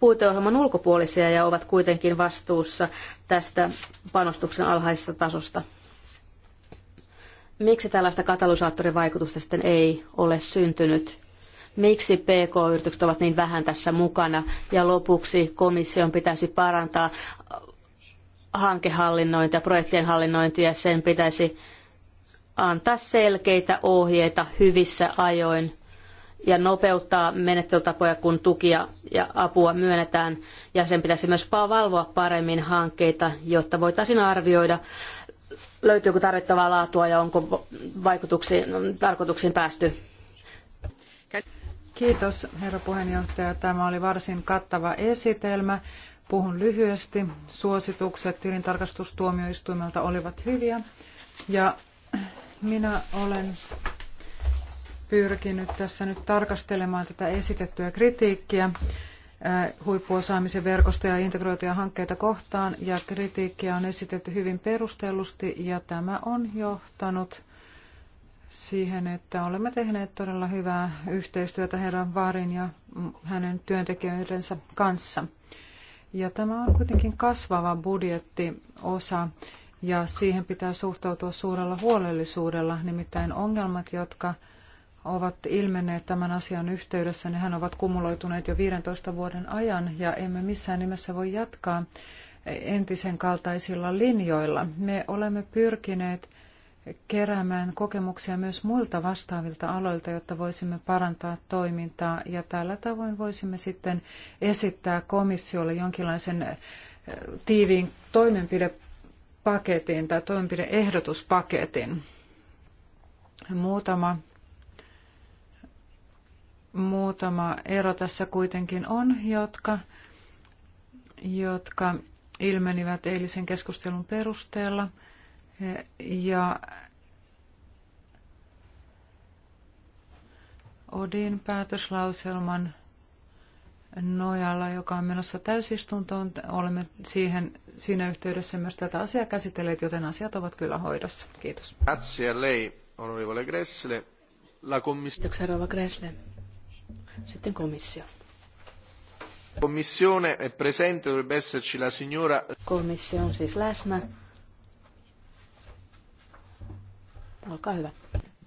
puiteohjelman ulkopuolisia ja ovat kuitenkin vastuussa tästä panostuksen alhaisesta tasosta. Miksi tällaista katalysaattorivaikutusta sitten ei ole syntynyt? Miksi PK-yritykset ovat niin vähän tässä mukana? Ja lopuksi komission pitäisi parantaa hankehallinnointia, projektien hallinnointia, sen pitäisi antaa selkeitä ohjeita hyvissä ajoin ja nopeuttaa menettelytapoja, kun tukia ja apua myönnetään. Ja sen pitäisi myös valvoa paremmin hankkeita, jotta voitaisiin arvioida, löytyykö tarvittavaa laatua ja onko vaikutuksiin, tarkoituksiin päästy. Kiitos herra puheenjohtaja. Tämä oli varsin kattava esitelmä. Puhun lyhyesti. Suositukset tilintarkastustuomioistuimelta olivat hyviä ja minä olen pyrkinyt tässä nyt tarkastelemaan tätä esitettyä kritiikkiä äh, huippuosaamisen verkostoja ja integroituja hankkeita kohtaan ja kritiikkiä on esitetty hyvin perustellusti ja tämä on johtanut siihen, että olemme tehneet todella hyvää yhteistyötä herran Vaarin ja hänen työntekijöidensä kanssa. Ja tämä on kuitenkin kasvava budjettiosa ja siihen pitää suhtautua suurella huolellisuudella. Nimittäin ongelmat, jotka ovat ilmenneet tämän asian yhteydessä, nehän ovat kumuloituneet jo 15 vuoden ajan ja emme missään nimessä voi jatkaa entisen kaltaisilla linjoilla. Me olemme pyrkineet keräämään kokemuksia myös muilta vastaavilta aloilta, jotta voisimme parantaa toimintaa ja tällä tavoin voisimme sitten esittää komissiolle jonkinlaisen eh, tiiviin toimenpidepaketin tai toimenpideehdotuspaketin. Muutama, muutama ero tässä kuitenkin on, jotka, jotka ilmenivät eilisen keskustelun perusteella – ja Odin päätöslauselman nojalla, joka on menossa täysistuntoon. Olemme siihen, siinä yhteydessä myös tätä asiaa käsitelleet, joten asiat ovat kyllä hoidossa. Kiitos. Grazie lei, onorevole Gressle. La commiss- Kiitoksia, rouva Gressle. Sitten komissio. Commissione è presente, dovrebbe esserci la signora... Commissione on siis läsnä. Olkaa hyvä.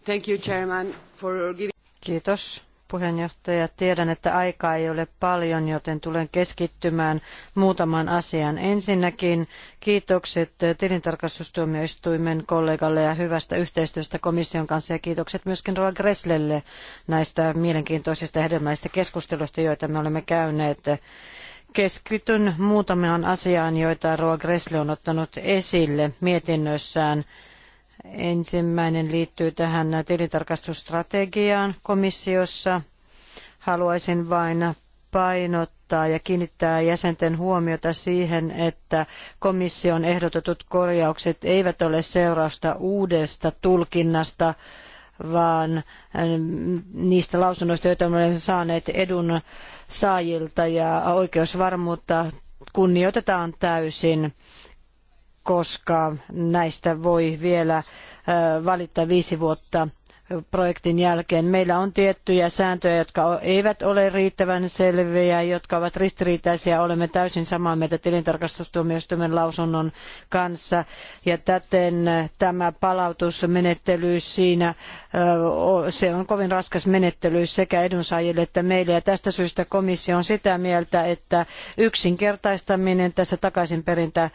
Thank you, Chairman, for giving... Kiitos puheenjohtaja. Tiedän, että aikaa ei ole paljon, joten tulen keskittymään muutamaan asiaan. Ensinnäkin kiitokset tilintarkastustuomioistuimen kollegalle ja hyvästä yhteistyöstä komission kanssa ja kiitokset myöskin Roa Greslelle näistä mielenkiintoisista hedelmäistä keskusteluista, joita me olemme käyneet. Keskityn muutamaan asiaan, joita Roa Gressle on ottanut esille mietinnössään Ensimmäinen liittyy tähän tilintarkastusstrategiaan komissiossa. Haluaisin vain painottaa ja kiinnittää jäsenten huomiota siihen, että komission ehdotetut korjaukset eivät ole seurausta uudesta tulkinnasta, vaan ähm, niistä lausunnoista, joita olemme saaneet edun saajilta ja oikeusvarmuutta kunnioitetaan täysin koska näistä voi vielä valittaa viisi vuotta projektin jälkeen. Meillä on tiettyjä sääntöjä, jotka eivät ole riittävän selviä, jotka ovat ristiriitaisia. Olemme täysin samaa mieltä tilintarkastustuomioistuimen lausunnon kanssa. Ja täten tämä palautusmenettely siinä, se on kovin raskas menettely sekä edunsaajille että meille. Ja tästä syystä komissio on sitä mieltä, että yksinkertaistaminen tässä takaisinperintä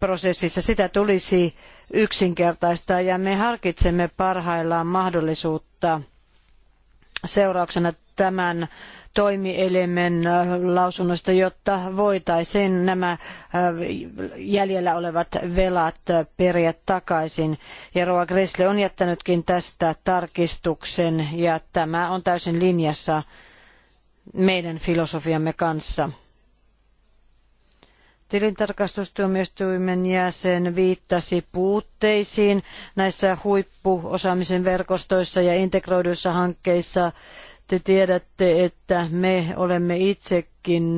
prosessissa. Sitä tulisi yksinkertaistaa ja me harkitsemme parhaillaan mahdollisuutta seurauksena tämän toimielimen äh, lausunnosta, jotta voitaisiin nämä äh, jäljellä olevat velat äh, periä takaisin. Ja Roa Gressle on jättänytkin tästä tarkistuksen ja tämä on täysin linjassa meidän filosofiamme kanssa. Tilintarkastustuomioistuimen jäsen viittasi puutteisiin näissä huippuosaamisen verkostoissa ja integroiduissa hankkeissa. Te tiedätte, että me olemme itsekin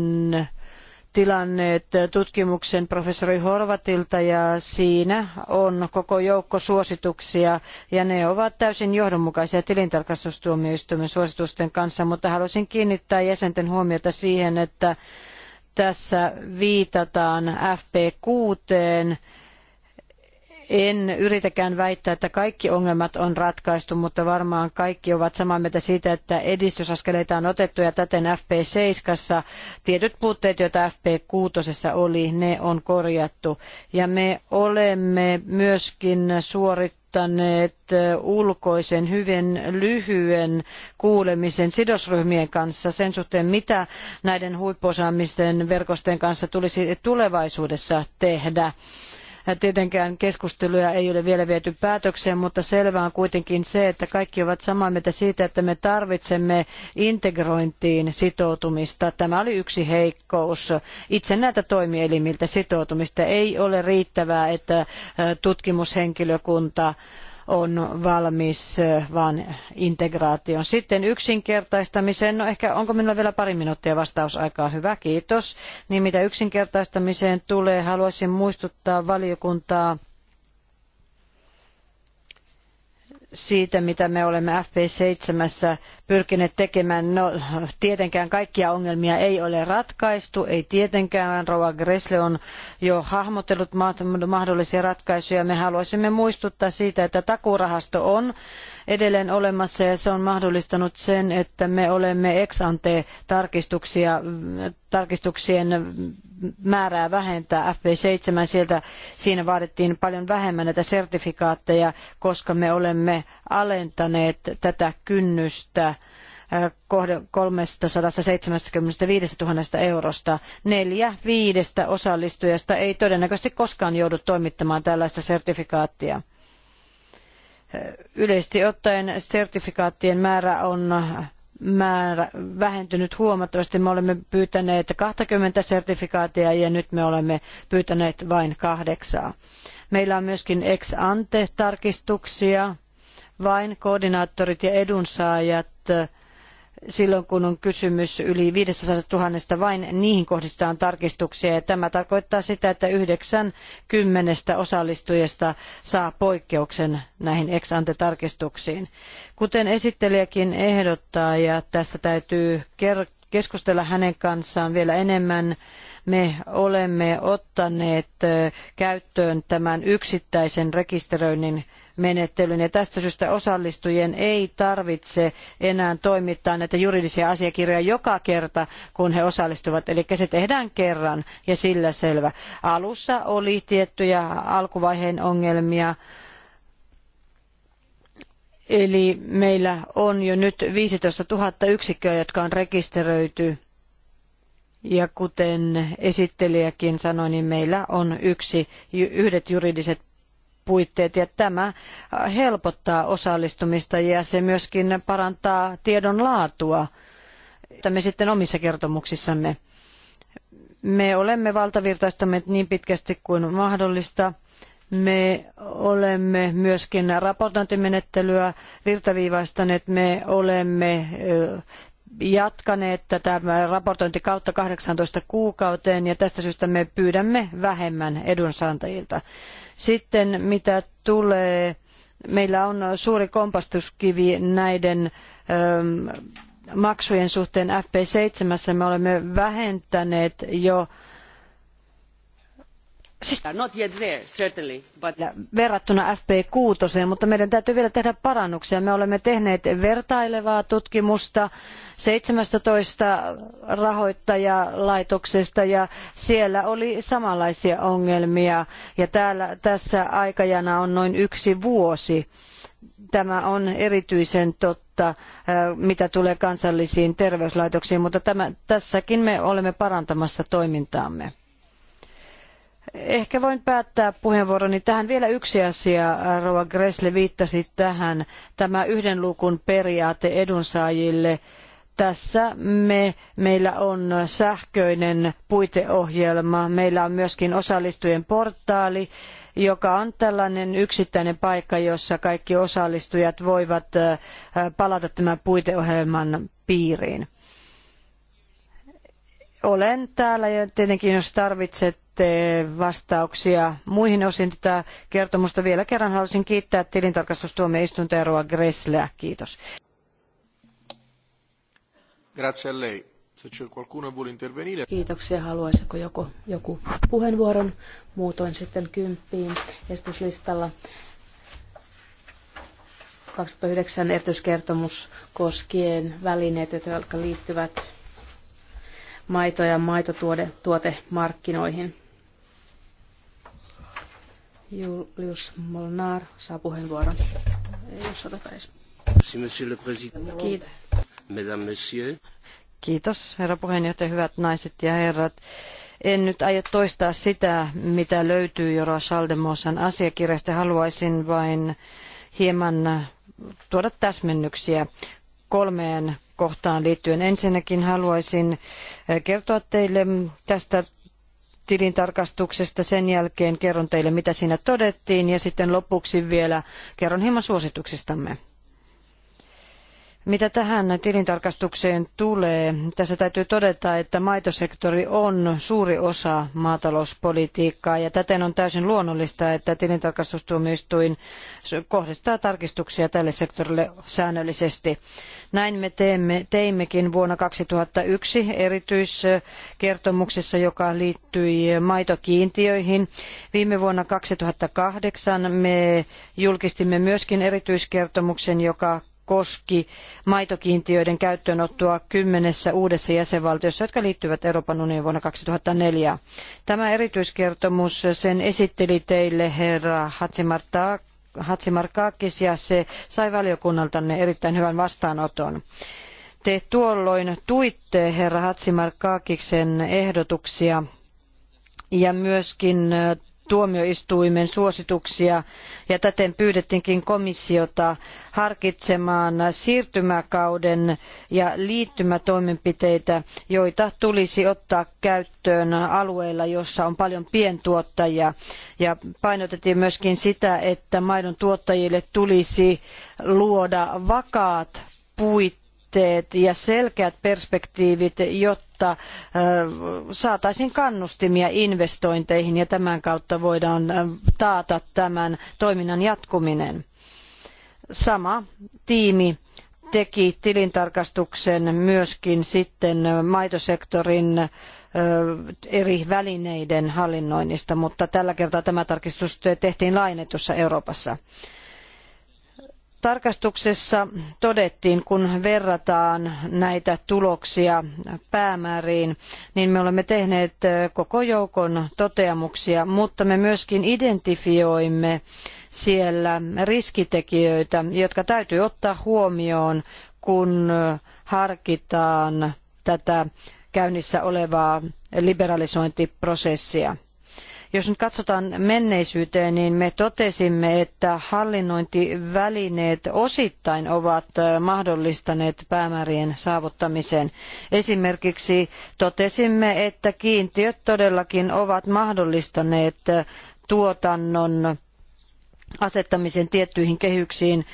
tilanneet tutkimuksen professori Horvatilta ja siinä on koko joukko suosituksia ja ne ovat täysin johdonmukaisia tilintarkastustuomioistuimen suositusten kanssa, mutta haluaisin kiinnittää jäsenten huomiota siihen, että tässä viitataan FP6. En yritäkään väittää, että kaikki ongelmat on ratkaistu, mutta varmaan kaikki ovat samaa mieltä siitä, että edistysaskeleita on otettu ja täten FP7 tietyt puutteet, joita FP6 oli, ne on korjattu. Ja me olemme myöskin suorit aloittaneet ulkoisen hyvin lyhyen kuulemisen sidosryhmien kanssa sen suhteen, mitä näiden huippuosaamisten verkostojen kanssa tulisi tulevaisuudessa tehdä. Tietenkään keskusteluja ei ole vielä viety päätökseen, mutta selvää on kuitenkin se, että kaikki ovat samaa mieltä siitä, että me tarvitsemme integrointiin sitoutumista. Tämä oli yksi heikkous. Itse näitä toimielimiltä sitoutumista ei ole riittävää, että tutkimushenkilökunta on valmis, vaan integraation. Sitten yksinkertaistamiseen, no ehkä onko minulla vielä pari minuuttia vastausaikaa, hyvä, kiitos. Niin mitä yksinkertaistamiseen tulee, haluaisin muistuttaa valiokuntaa siitä, mitä me olemme FP7 pyrkineet tekemään. No, tietenkään kaikkia ongelmia ei ole ratkaistu, ei tietenkään. Rova Gressle on jo hahmotellut mahdollisia ratkaisuja. Me haluaisimme muistuttaa siitä, että takurahasto on edelleen olemassa ja se on mahdollistanut sen, että me olemme ex ante tarkistuksia, tarkistuksien määrää vähentää. FP7 sieltä siinä vaadittiin paljon vähemmän näitä sertifikaatteja, koska me olemme alentaneet tätä kynnystä 375 äh, 000 eurosta. Neljä viidestä osallistujasta ei todennäköisesti koskaan joudu toimittamaan tällaista sertifikaattia. Äh, yleisesti ottaen sertifikaattien määrä on määrä vähentynyt huomattavasti. Me olemme pyytäneet 20 sertifikaatia ja nyt me olemme pyytäneet vain kahdeksaa. Meillä on myöskin ex ante tarkistuksia. Vain koordinaattorit ja edunsaajat silloin kun on kysymys yli 500 000, vain niihin kohdistetaan tarkistuksia. Ja tämä tarkoittaa sitä, että 90 osallistujasta saa poikkeuksen näihin ex ante tarkistuksiin. Kuten esittelijäkin ehdottaa, ja tästä täytyy keskustella hänen kanssaan vielä enemmän, me olemme ottaneet käyttöön tämän yksittäisen rekisteröinnin menettelyn. Ja tästä syystä osallistujien ei tarvitse enää toimittaa näitä juridisia asiakirjoja joka kerta, kun he osallistuvat. Eli se tehdään kerran ja sillä selvä. Alussa oli tiettyjä alkuvaiheen ongelmia. Eli meillä on jo nyt 15 000 yksikköä, jotka on rekisteröity. Ja kuten esittelijäkin sanoi, niin meillä on yksi, yhdet juridiset puitteet ja tämä helpottaa osallistumista ja se myöskin parantaa tiedon laatua, jota me sitten omissa kertomuksissamme. Me olemme valtavirtaistaneet niin pitkästi kuin mahdollista. Me olemme myöskin raportointimenettelyä virtaviivaistaneet, me olemme jatkaneet tätä raportointikautta 18 kuukauteen ja tästä syystä me pyydämme vähemmän edunsaantajilta. Sitten mitä tulee, meillä on suuri kompastuskivi näiden ähm, maksujen suhteen FP7. Me olemme vähentäneet jo Siis- not yet there, certainly, Verrattuna FP6, mutta meidän täytyy vielä tehdä parannuksia. Me olemme tehneet vertailevaa tutkimusta seitsemäntoista rahoittajalaitoksesta ja siellä oli samanlaisia ongelmia ja täällä, tässä aikajana on noin yksi vuosi. Tämä on erityisen totta, äh, mitä tulee kansallisiin terveyslaitoksiin, mutta tämä, tässäkin me olemme parantamassa toimintaamme. Ehkä voin päättää puheenvuoroni tähän. Vielä yksi asia, Rova Gressle viittasi tähän, tämä yhden luukun periaate edunsaajille. Tässä me, meillä on sähköinen puiteohjelma, meillä on myöskin osallistujien portaali, joka on tällainen yksittäinen paikka, jossa kaikki osallistujat voivat äh, palata tämän puiteohjelman piiriin. Olen täällä ja tietenkin jos tarvitset vastauksia muihin osin tätä kertomusta. Vielä kerran haluaisin kiittää tilintarkastustuomioistuinta ja Roa Gressleä. Kiitos. Grazie a lei. Se c'è qualcuno vuole intervenire. Kiitoksia. Haluaisiko joku, joku puheenvuoron? Muutoin sitten kymppiin esityslistalla. 2009 erityiskertomus koskien välineitä, jotka liittyvät maito- ja maitotuotemarkkinoihin. Julius Molnar saa puheenvuoron. Jos otettaisiin. Kiitos. Mesdames, Kiitos, herra puheenjohtaja, hyvät naiset ja herrat. En nyt aio toistaa sitä, mitä löytyy jo Rachaldemosan asiakirjasta. Haluaisin vain hieman tuoda täsmennyksiä kolmeen kohtaan liittyen. Ensinnäkin haluaisin kertoa teille tästä tilintarkastuksesta. Sen jälkeen kerron teille, mitä siinä todettiin ja sitten lopuksi vielä kerron hieman suosituksistamme. Mitä tähän tilintarkastukseen tulee, tässä täytyy todeta, että maitosektori on suuri osa maatalouspolitiikkaa ja täten on täysin luonnollista, että tilintarkastustuomioistuin kohdistaa tarkistuksia tälle sektorille säännöllisesti. Näin me teemme, teimmekin vuonna 2001 erityiskertomuksessa, joka liittyi maitokiintiöihin. Viime vuonna 2008 me julkistimme myöskin erityiskertomuksen, joka koski maitokiintiöiden käyttöönottoa kymmenessä uudessa jäsenvaltiossa, jotka liittyvät Euroopan unioniin vuonna 2004. Tämä erityiskertomus, sen esitteli teille herra Hatsimartaa ja se sai valiokunnaltanne erittäin hyvän vastaanoton. Te tuolloin tuitte herra Hatsimarkaakiksen ehdotuksia ja myöskin tuomioistuimen suosituksia ja täten pyydettiinkin komissiota harkitsemaan siirtymäkauden ja liittymätoimenpiteitä, joita tulisi ottaa käyttöön alueilla, jossa on paljon pientuottajia. Ja painotettiin myöskin sitä, että maidon tuottajille tulisi luoda vakaat puitteet ja selkeät perspektiivit, jotta jotta saataisiin kannustimia investointeihin ja tämän kautta voidaan taata tämän toiminnan jatkuminen. Sama tiimi teki tilintarkastuksen myöskin sitten maitosektorin eri välineiden hallinnoinnista, mutta tällä kertaa tämä tarkistus tehtiin lainetussa Euroopassa. Tarkastuksessa todettiin, kun verrataan näitä tuloksia päämääriin, niin me olemme tehneet koko joukon toteamuksia, mutta me myöskin identifioimme siellä riskitekijöitä, jotka täytyy ottaa huomioon, kun harkitaan tätä käynnissä olevaa liberalisointiprosessia. Jos nyt katsotaan menneisyyteen, niin me totesimme, että hallinnointivälineet osittain ovat mahdollistaneet päämäärien saavuttamisen. Esimerkiksi totesimme, että kiintiöt todellakin ovat mahdollistaneet tuotannon asettamisen tiettyihin kehyksiin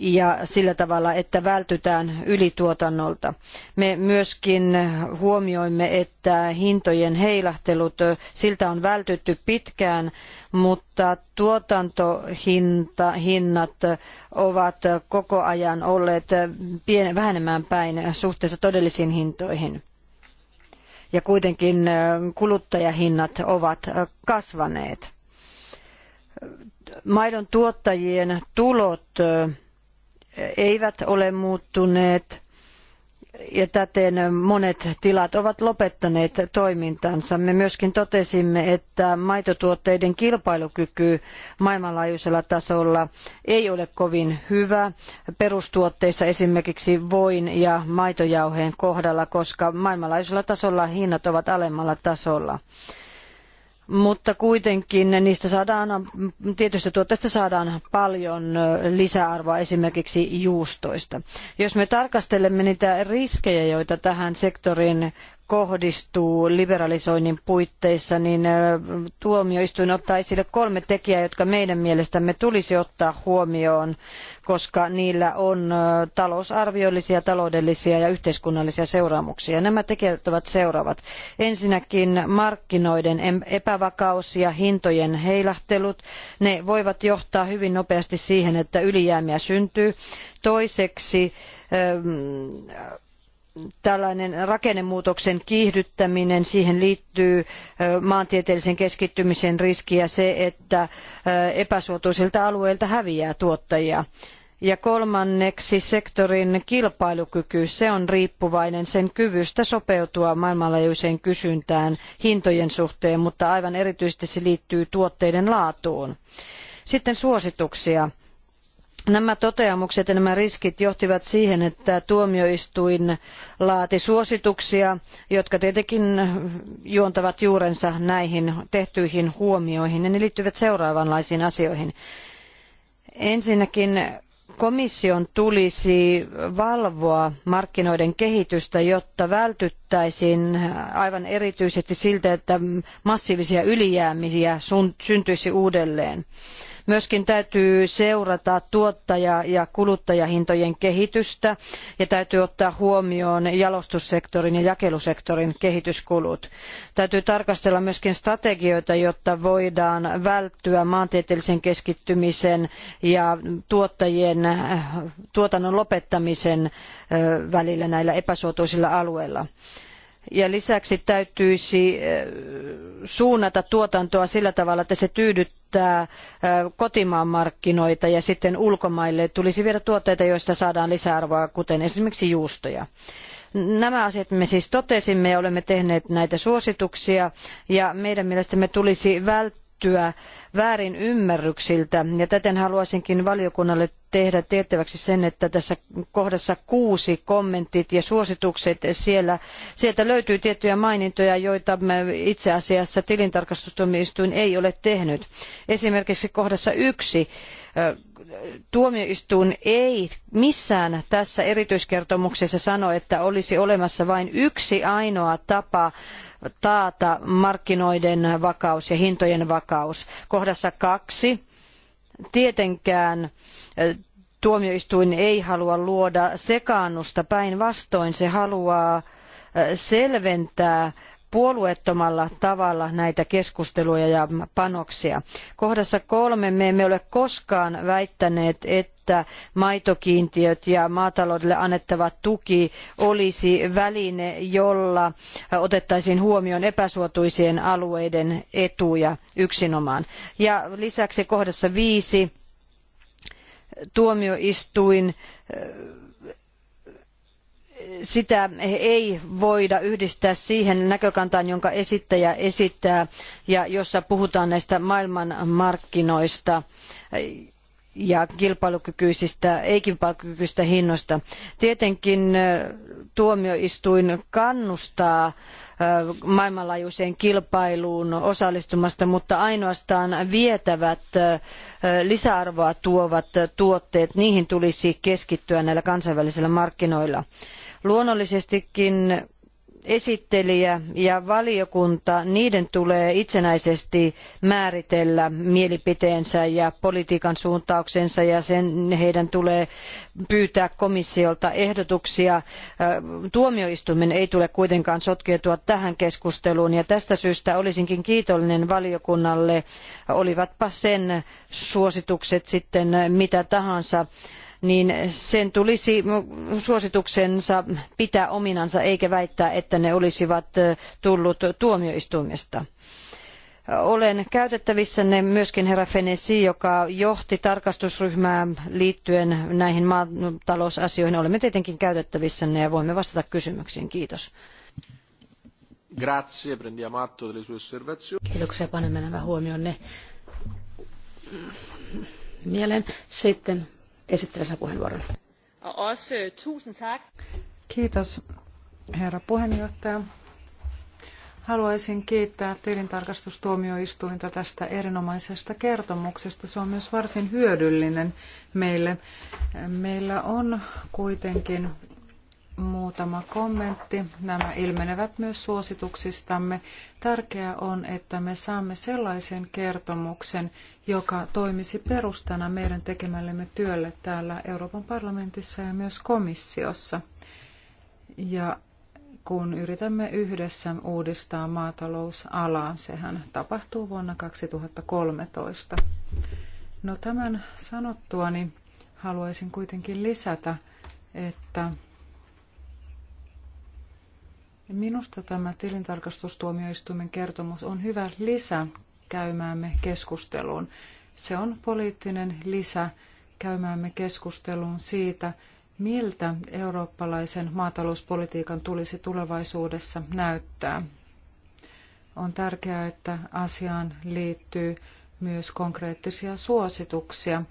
ja sillä tavalla, että vältytään ylituotannolta. Me myöskin huomioimme, että hintojen heilahtelut, siltä on vältytty pitkään, mutta tuotantohinnat ovat koko ajan olleet pien, vähenemään päin suhteessa todellisiin hintoihin. Ja kuitenkin kuluttajahinnat ovat kasvaneet. Maidon tuottajien tulot eivät ole muuttuneet ja täten monet tilat ovat lopettaneet toimintansa. Me myöskin totesimme, että maitotuotteiden kilpailukyky maailmanlaajuisella tasolla ei ole kovin hyvä perustuotteissa esimerkiksi voin ja maitojauheen kohdalla, koska maailmanlaajuisella tasolla hinnat ovat alemmalla tasolla mutta kuitenkin niistä saadaan, tietystä tuotteista saadaan paljon lisäarvoa esimerkiksi juustoista. Jos me tarkastelemme niitä riskejä, joita tähän sektoriin kohdistuu liberalisoinnin puitteissa, niin tuomioistuin ottaa esille kolme tekijää, jotka meidän mielestämme tulisi ottaa huomioon, koska niillä on talousarviollisia, taloudellisia ja yhteiskunnallisia seuraamuksia. Nämä tekijät ovat seuraavat. Ensinnäkin markkinoiden epävakaus ja hintojen heilahtelut. Ne voivat johtaa hyvin nopeasti siihen, että ylijäämiä syntyy. Toiseksi tällainen rakennemuutoksen kiihdyttäminen, siihen liittyy maantieteellisen keskittymisen riski ja se, että epäsuotuisilta alueilta häviää tuottajia. Ja kolmanneksi sektorin kilpailukyky, se on riippuvainen sen kyvystä sopeutua maailmanlaajuiseen kysyntään hintojen suhteen, mutta aivan erityisesti se liittyy tuotteiden laatuun. Sitten suosituksia Nämä toteamukset ja nämä riskit johtivat siihen, että tuomioistuin laati suosituksia, jotka tietenkin juontavat juurensa näihin tehtyihin huomioihin, ja ne liittyvät seuraavanlaisiin asioihin. Ensinnäkin komission tulisi valvoa markkinoiden kehitystä, jotta vältyttäisiin aivan erityisesti siltä, että massiivisia ylijäämiä syntyisi uudelleen. Myöskin täytyy seurata tuottaja- ja kuluttajahintojen kehitystä ja täytyy ottaa huomioon jalostussektorin ja jakelusektorin kehityskulut. Täytyy tarkastella myöskin strategioita, jotta voidaan välttyä maantieteellisen keskittymisen ja tuottajien tuotannon lopettamisen välillä näillä epäsuotuisilla alueilla ja lisäksi täytyisi suunnata tuotantoa sillä tavalla, että se tyydyttää käyttää kotimaan markkinoita ja sitten ulkomaille tulisi viedä tuotteita, joista saadaan lisäarvoa, kuten esimerkiksi juustoja. Nämä asiat me siis totesimme ja olemme tehneet näitä suosituksia ja meidän mielestämme tulisi välttää välttyä väärinymmärryksiltä. ymmärryksiltä. Ja täten haluaisinkin valiokunnalle tehdä tiettäväksi sen, että tässä kohdassa kuusi kommentit ja suositukset siellä, sieltä löytyy tiettyjä mainintoja, joita itse asiassa tilintarkastustuomioistuin ei ole tehnyt. Esimerkiksi kohdassa yksi tuomioistuin ei missään tässä erityiskertomuksessa sano, että olisi olemassa vain yksi ainoa tapa taata markkinoiden vakaus ja hintojen vakaus. Kohdassa kaksi. Tietenkään tuomioistuin ei halua luoda sekaannusta, päinvastoin se haluaa selventää puolueettomalla tavalla näitä keskusteluja ja panoksia. Kohdassa kolme me emme ole koskaan väittäneet, että että maitokiintiöt ja maataloudelle annettava tuki olisi väline, jolla otettaisiin huomioon epäsuotuisien alueiden etuja yksinomaan. Ja lisäksi kohdassa viisi tuomioistuin äh, sitä ei voida yhdistää siihen näkökantaan, jonka esittäjä esittää ja jossa puhutaan näistä maailmanmarkkinoista ja kilpailukykyisistä, ei-kilpailukykyisistä hinnoista. Tietenkin tuomioistuin kannustaa maailmanlaajuiseen kilpailuun osallistumasta, mutta ainoastaan vietävät lisäarvoa tuovat tuotteet, niihin tulisi keskittyä näillä kansainvälisillä markkinoilla. Luonnollisestikin esittelijä ja valiokunta, niiden tulee itsenäisesti määritellä mielipiteensä ja politiikan suuntauksensa ja sen heidän tulee pyytää komissiolta ehdotuksia. Tuomioistuimen ei tule kuitenkaan sotkeutua tähän keskusteluun ja tästä syystä olisinkin kiitollinen valiokunnalle, olivatpa sen suositukset sitten mitä tahansa niin sen tulisi suosituksensa pitää ominansa eikä väittää, että ne olisivat tullut tuomioistuimesta. Olen käytettävissänne myöskin herra Fenesi, joka johti tarkastusryhmää liittyen näihin maatalousasioihin. Olemme tietenkin käytettävissänne ja voimme vastata kysymyksiin. Kiitos. Grazie, prendiamo atto delle sue osservazioni. Kiitoksia, panemme nämä huomionne mieleen. Sitten esittelensä puheenvuoron. Kiitos, herra puheenjohtaja. Haluaisin kiittää tilintarkastustuomioistuinta tästä erinomaisesta kertomuksesta. Se on myös varsin hyödyllinen meille. Meillä on kuitenkin muutama kommentti. Nämä ilmenevät myös suosituksistamme. Tärkeää on, että me saamme sellaisen kertomuksen, joka toimisi perustana meidän tekemällemme työlle täällä Euroopan parlamentissa ja myös komissiossa. Ja kun yritämme yhdessä uudistaa maatalousalaa, sehän tapahtuu vuonna 2013. No tämän sanottuani haluaisin kuitenkin lisätä, että Minusta tämä tilintarkastustuomioistuimen kertomus on hyvä lisä käymäämme keskusteluun. Se on poliittinen lisä käymäämme keskusteluun siitä, miltä eurooppalaisen maatalouspolitiikan tulisi tulevaisuudessa näyttää. On tärkeää, että asiaan liittyy myös konkreettisia suosituksia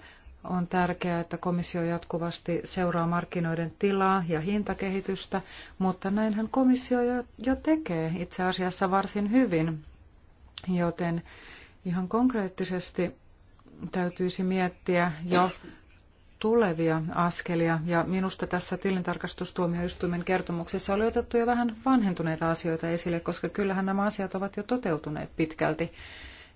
on tärkeää, että komissio jatkuvasti seuraa markkinoiden tilaa ja hintakehitystä, mutta näinhän komissio jo, jo tekee itse asiassa varsin hyvin. Joten ihan konkreettisesti täytyisi miettiä jo tulevia askelia. Ja minusta tässä tilintarkastustuomioistuimen kertomuksessa oli otettu jo vähän vanhentuneita asioita esille, koska kyllähän nämä asiat ovat jo toteutuneet pitkälti.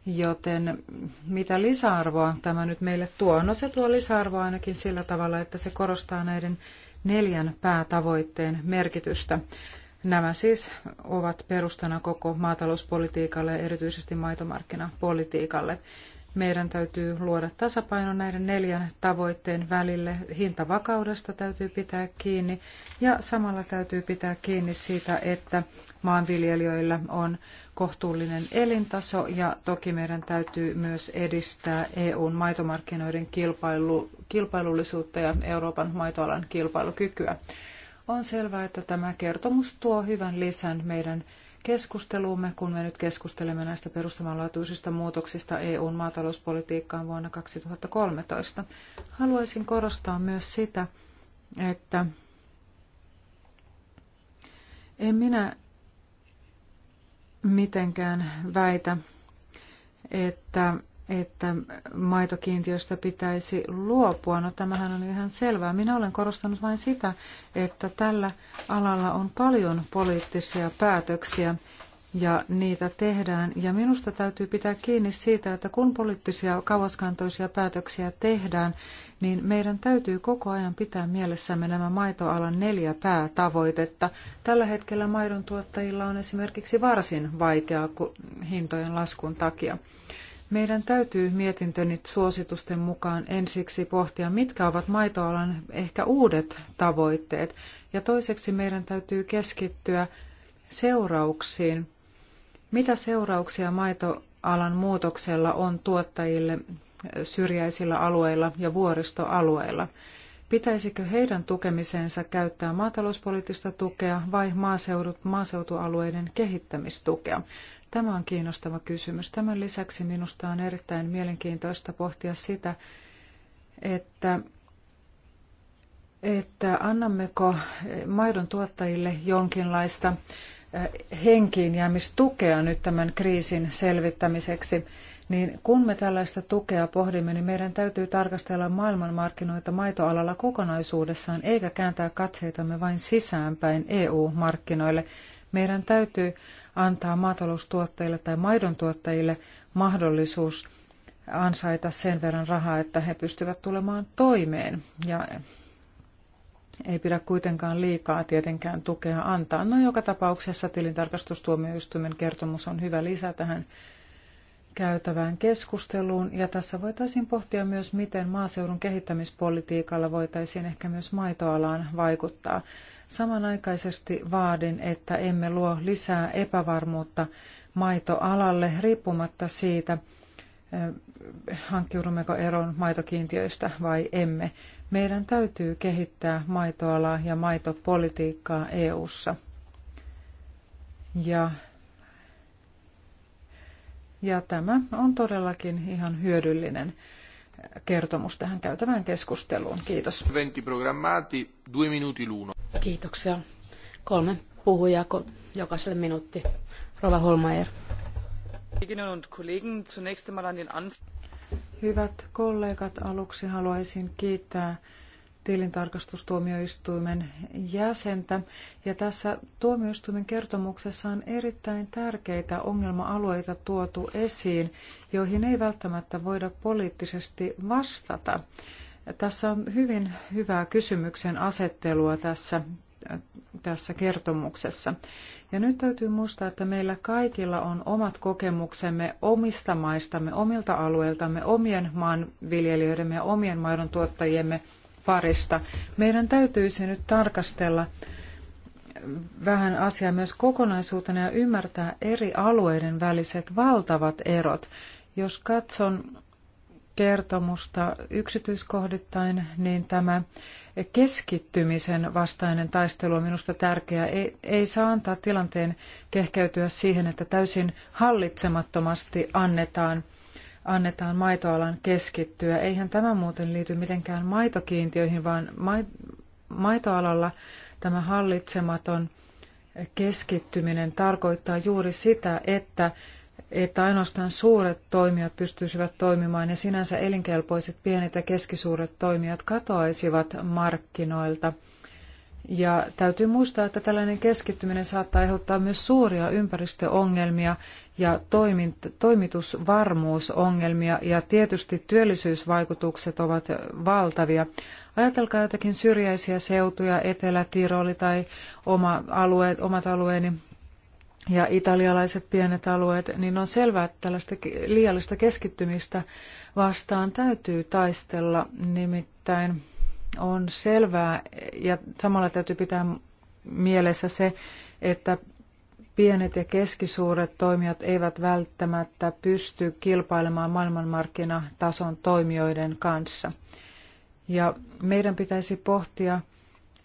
Joten mitä lisäarvoa tämä nyt meille tuo? No se tuo lisäarvoa ainakin sillä tavalla, että se korostaa näiden neljän päätavoitteen merkitystä. Nämä siis ovat perustana koko maatalouspolitiikalle ja erityisesti maitomarkkinapolitiikalle. Meidän täytyy luoda tasapaino näiden neljän tavoitteen välille. Hintavakaudesta täytyy pitää kiinni ja samalla täytyy pitää kiinni siitä, että maanviljelijöillä on kohtuullinen elintaso ja toki meidän täytyy myös edistää EUn maitomarkkinoiden kilpailu, kilpailullisuutta ja Euroopan maitoalan kilpailukykyä. On selvää, että tämä kertomus tuo hyvän lisän meidän keskusteluumme, kun me nyt keskustelemme näistä perustavanlaatuisista muutoksista EUn maatalouspolitiikkaan vuonna 2013. Haluaisin korostaa myös sitä, että en minä mitenkään väitä, että, että maitokiintiöstä pitäisi luopua. No tämähän on ihan selvää. Minä olen korostanut vain sitä, että tällä alalla on paljon poliittisia päätöksiä ja niitä tehdään. Ja minusta täytyy pitää kiinni siitä, että kun poliittisia kauaskantoisia päätöksiä tehdään, niin meidän täytyy koko ajan pitää mielessämme nämä maitoalan neljä päätavoitetta. Tällä hetkellä maidon tuottajilla on esimerkiksi varsin vaikeaa hintojen laskun takia. Meidän täytyy mietintöni suositusten mukaan ensiksi pohtia, mitkä ovat maitoalan ehkä uudet tavoitteet, ja toiseksi meidän täytyy keskittyä seurauksiin. Mitä seurauksia maitoalan muutoksella on tuottajille syrjäisillä alueilla ja vuoristoalueilla. Pitäisikö heidän tukemiseensa käyttää maatalouspoliittista tukea vai maaseudut, maaseutualueiden kehittämistukea? Tämä on kiinnostava kysymys. Tämän lisäksi minusta on erittäin mielenkiintoista pohtia sitä, että että annammeko maidon tuottajille jonkinlaista eh, henkiinjäämistukea nyt tämän kriisin selvittämiseksi niin kun me tällaista tukea pohdimme, niin meidän täytyy tarkastella maailmanmarkkinoita maitoalalla kokonaisuudessaan, eikä kääntää katseitamme vain sisäänpäin EU-markkinoille. Meidän täytyy antaa maataloustuottajille tai maidon tuottajille mahdollisuus ansaita sen verran rahaa, että he pystyvät tulemaan toimeen. Ja ei pidä kuitenkaan liikaa tietenkään tukea antaa. No joka tapauksessa tilintarkastustuomioistuimen kertomus on hyvä lisä tähän käytävään keskusteluun. Ja tässä voitaisiin pohtia myös, miten maaseudun kehittämispolitiikalla voitaisiin ehkä myös maitoalaan vaikuttaa. Samanaikaisesti vaadin, että emme luo lisää epävarmuutta maitoalalle riippumatta siitä, eh, hankkiudummeko eroon maitokiintiöistä vai emme. Meidän täytyy kehittää maitoalaa ja maitopolitiikkaa EU:ssa. Ja ja tämä on todellakin ihan hyödyllinen kertomus tähän käytävään keskusteluun. Kiitos. 20 programmati, 2 minuutti l'uno. Kiitoksia. Kolme puhujaa jokaiselle minuutti. Rova Holmeier. Hyvät kollegat, aluksi haluaisin kiittää tilintarkastustuomioistuimen jäsentä. Ja tässä tuomioistuimen kertomuksessa on erittäin tärkeitä ongelma-alueita tuotu esiin, joihin ei välttämättä voida poliittisesti vastata. Tässä on hyvin hyvää kysymyksen asettelua tässä, tässä kertomuksessa. Ja nyt täytyy muistaa, että meillä kaikilla on omat kokemuksemme omista maistamme, omilta alueiltamme, omien maanviljelijöidemme ja omien maidon tuottajiemme parista. Meidän täytyisi nyt tarkastella vähän asiaa myös kokonaisuutena ja ymmärtää eri alueiden väliset valtavat erot. Jos katson kertomusta yksityiskohdittain, niin tämä keskittymisen vastainen taistelu on minusta tärkeä. Ei, ei saa antaa tilanteen kehkeytyä siihen, että täysin hallitsemattomasti annetaan – annetaan maitoalan keskittyä. Eihän tämä muuten liity mitenkään maitokiintiöihin, vaan maitoalalla tämä hallitsematon keskittyminen tarkoittaa juuri sitä, että että ainoastaan suuret toimijat pystyisivät toimimaan ja sinänsä elinkelpoiset pienet ja keskisuuret toimijat katoaisivat markkinoilta. Ja täytyy muistaa, että tällainen keskittyminen saattaa aiheuttaa myös suuria ympäristöongelmia ja toimitusvarmuusongelmia ja tietysti työllisyysvaikutukset ovat valtavia. Ajatelkaa jotakin syrjäisiä seutuja, Etelä-Tiroli tai oma alue, omat alueeni ja italialaiset pienet alueet, niin on selvää, että tällaista liiallista keskittymistä vastaan täytyy taistella nimittäin on selvää ja samalla täytyy pitää mielessä se, että pienet ja keskisuuret toimijat eivät välttämättä pysty kilpailemaan maailmanmarkkinatason toimijoiden kanssa. Ja meidän pitäisi pohtia,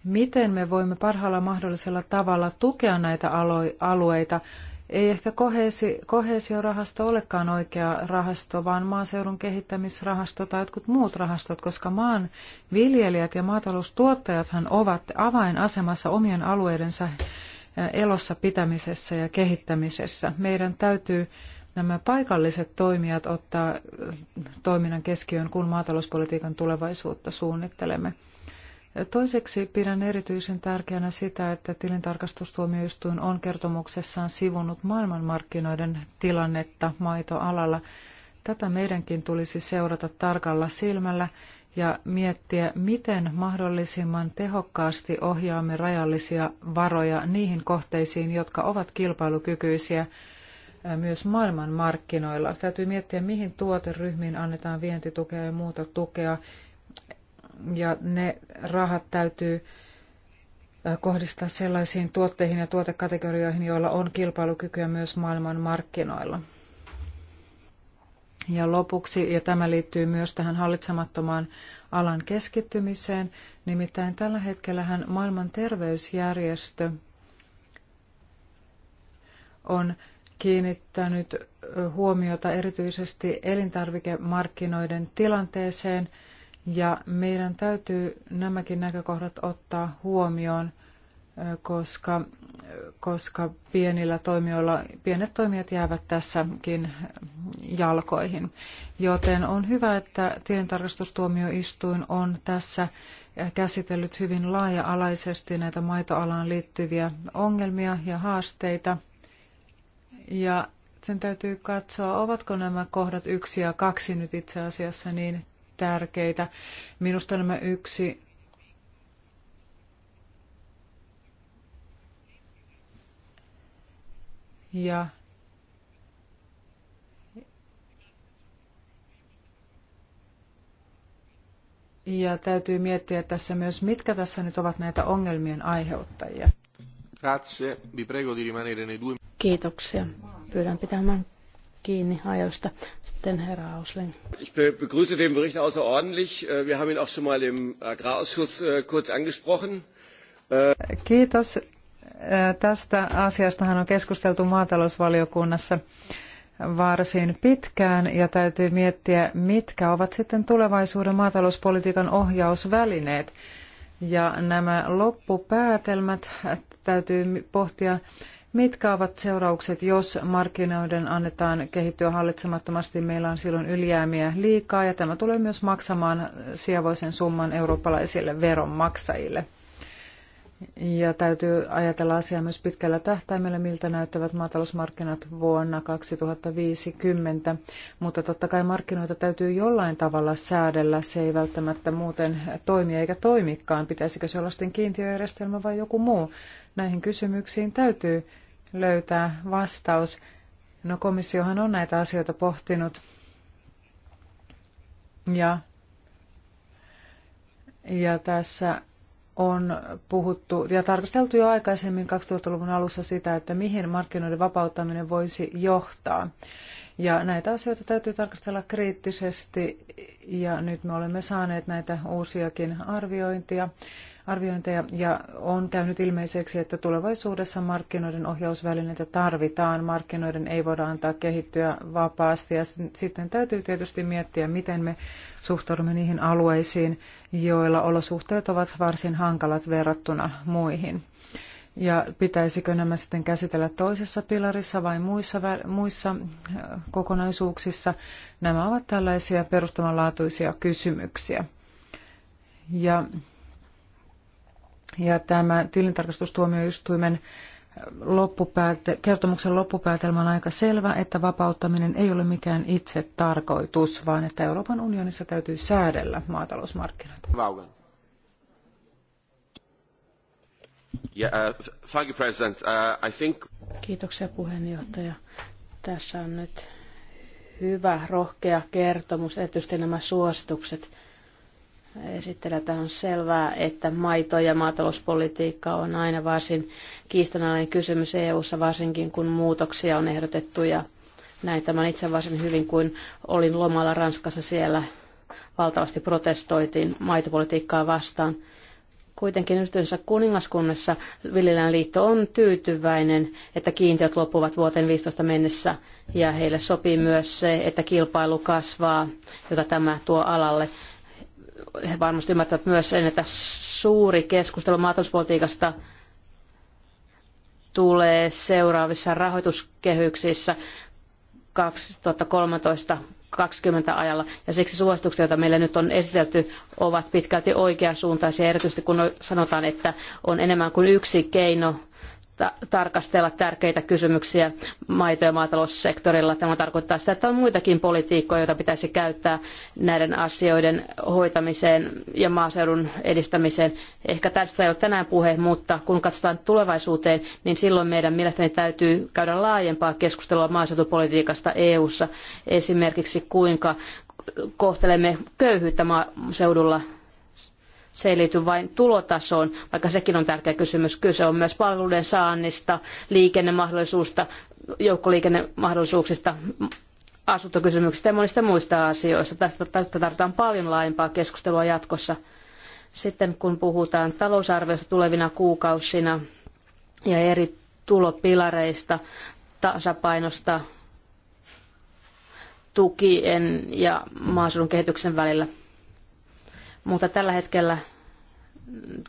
miten me voimme parhaalla mahdollisella tavalla tukea näitä alueita ei ehkä koheesiorahasto olekaan oikea rahasto, vaan maaseudun kehittämisrahasto tai jotkut muut rahastot, koska maan viljelijät ja maataloustuottajathan ovat avainasemassa omien alueidensa äh, elossa pitämisessä ja kehittämisessä. Meidän täytyy nämä paikalliset toimijat ottaa äh, toiminnan keskiöön, kun maatalouspolitiikan tulevaisuutta suunnittelemme. Toiseksi pidän erityisen tärkeänä sitä, että tilintarkastustuomioistuin on kertomuksessaan sivunut maailmanmarkkinoiden tilannetta maitoalalla. Tätä meidänkin tulisi seurata tarkalla silmällä ja miettiä, miten mahdollisimman tehokkaasti ohjaamme rajallisia varoja niihin kohteisiin, jotka ovat kilpailukykyisiä myös maailmanmarkkinoilla. Täytyy miettiä, mihin tuoteryhmiin annetaan vientitukea ja muuta tukea ja ne rahat täytyy äh, kohdistaa sellaisiin tuotteihin ja tuotekategorioihin, joilla on kilpailukykyä myös maailman markkinoilla. Ja lopuksi, ja tämä liittyy myös tähän hallitsemattomaan alan keskittymiseen, nimittäin tällä hetkellähän maailman terveysjärjestö on kiinnittänyt huomiota erityisesti elintarvikemarkkinoiden tilanteeseen – ja meidän täytyy nämäkin näkökohdat ottaa huomioon, koska, koska pienillä toimijoilla, pienet toimijat jäävät tässäkin jalkoihin. Joten on hyvä, että tilintarkastustuomioistuin on tässä käsitellyt hyvin laaja-alaisesti näitä maitoalaan liittyviä ongelmia ja haasteita. Ja sen täytyy katsoa, ovatko nämä kohdat yksi ja kaksi nyt itse asiassa niin tärkeitä. Minusta nämä yksi ja Ja täytyy miettiä tässä myös, mitkä tässä nyt ovat näitä ongelmien aiheuttajia. Grazie, vi prego di rimanere nei due... Kiitoksia. Pyydän pitämään kiinni ajoista. Sitten herra Ausling. Ich begrüße den Bericht außerordentlich. Äh, wir haben ihn auch schon mal im Agrarausschuss äh, kurz angesprochen. Äh, Kiitos. Tästä asiastahan on keskusteltu maatalousvaliokunnassa varsin pitkään ja täytyy miettiä, mitkä ovat sitten tulevaisuuden maatalouspolitiikan ohjausvälineet. Ja nämä loppupäätelmät täytyy pohtia Mitkä ovat seuraukset, jos markkinoiden annetaan kehittyä hallitsemattomasti? Meillä on silloin ylijäämiä liikaa ja tämä tulee myös maksamaan sievoisen summan eurooppalaisille veronmaksajille. Ja täytyy ajatella asiaa myös pitkällä tähtäimellä, miltä näyttävät maatalousmarkkinat vuonna 2050. Mutta totta kai markkinoita täytyy jollain tavalla säädellä. Se ei välttämättä muuten toimi eikä toimikaan. Pitäisikö se olla sitten kiintiöjärjestelmä vai joku muu? Näihin kysymyksiin täytyy löytää vastaus. No komissiohan on näitä asioita pohtinut. Ja, ja tässä on puhuttu ja tarkasteltu jo aikaisemmin 2000-luvun alussa sitä, että mihin markkinoiden vapauttaminen voisi johtaa. Ja näitä asioita täytyy tarkastella kriittisesti ja nyt me olemme saaneet näitä uusiakin arviointia arviointeja ja on käynyt ilmeiseksi, että tulevaisuudessa markkinoiden ohjausvälineitä tarvitaan. Markkinoiden ei voida antaa kehittyä vapaasti ja sitten täytyy tietysti miettiä, miten me suhtaudumme niihin alueisiin, joilla olosuhteet ovat varsin hankalat verrattuna muihin. Ja pitäisikö nämä sitten käsitellä toisessa pilarissa vai muissa, muissa äh, kokonaisuuksissa? Nämä ovat tällaisia perustavanlaatuisia kysymyksiä. Ja ja tämä tilintarkastustuomioistuimen loppupääte- kertomuksen loppupäätelmä on aika selvä, että vapauttaminen ei ole mikään itse tarkoitus, vaan että Euroopan unionissa täytyy säädellä maatalousmarkkinat. Vaughan. Uh, uh, Kiitoksia puheenjohtaja. Tässä on nyt hyvä, rohkea kertomus, erityisesti nämä suositukset esittelijältä on selvää, että maito- ja maatalouspolitiikka on aina varsin kiistanalainen kysymys EU-ssa, varsinkin kun muutoksia on ehdotettu ja näin tämän itse varsin hyvin, kuin olin lomalla Ranskassa siellä valtavasti protestoitiin maitopolitiikkaa vastaan. Kuitenkin yhteydessä kuningaskunnassa Viljelijän liitto on tyytyväinen, että kiintiöt loppuvat vuoteen 15 mennessä ja heille sopii myös se, että kilpailu kasvaa, jota tämä tuo alalle he varmasti ymmärtävät myös sen, että suuri keskustelu maatalouspolitiikasta tulee seuraavissa rahoituskehyksissä 2013 20 ajalla. Ja siksi suositukset, joita meille nyt on esitelty, ovat pitkälti oikeasuuntaisia, erityisesti kun sanotaan, että on enemmän kuin yksi keino tarkastella tärkeitä kysymyksiä maito- ja maataloussektorilla. Tämä tarkoittaa sitä, että on muitakin politiikkoja, joita pitäisi käyttää näiden asioiden hoitamiseen ja maaseudun edistämiseen. Ehkä tästä ei ole tänään puhe, mutta kun katsotaan tulevaisuuteen, niin silloin meidän mielestäni täytyy käydä laajempaa keskustelua maaseutupolitiikasta EU-ssa. Esimerkiksi kuinka kohtelemme köyhyyttä maaseudulla se ei liity vain tulotasoon, vaikka sekin on tärkeä kysymys. Kyse on myös palveluiden saannista, liikennemahdollisuuksista, joukkoliikennemahdollisuuksista, asuntokysymyksistä ja monista muista asioista. Tästä, tästä tarvitaan paljon laajempaa keskustelua jatkossa. Sitten kun puhutaan talousarviosta tulevina kuukausina ja eri tulopilareista, tasapainosta, tukien ja maaseudun kehityksen välillä mutta tällä hetkellä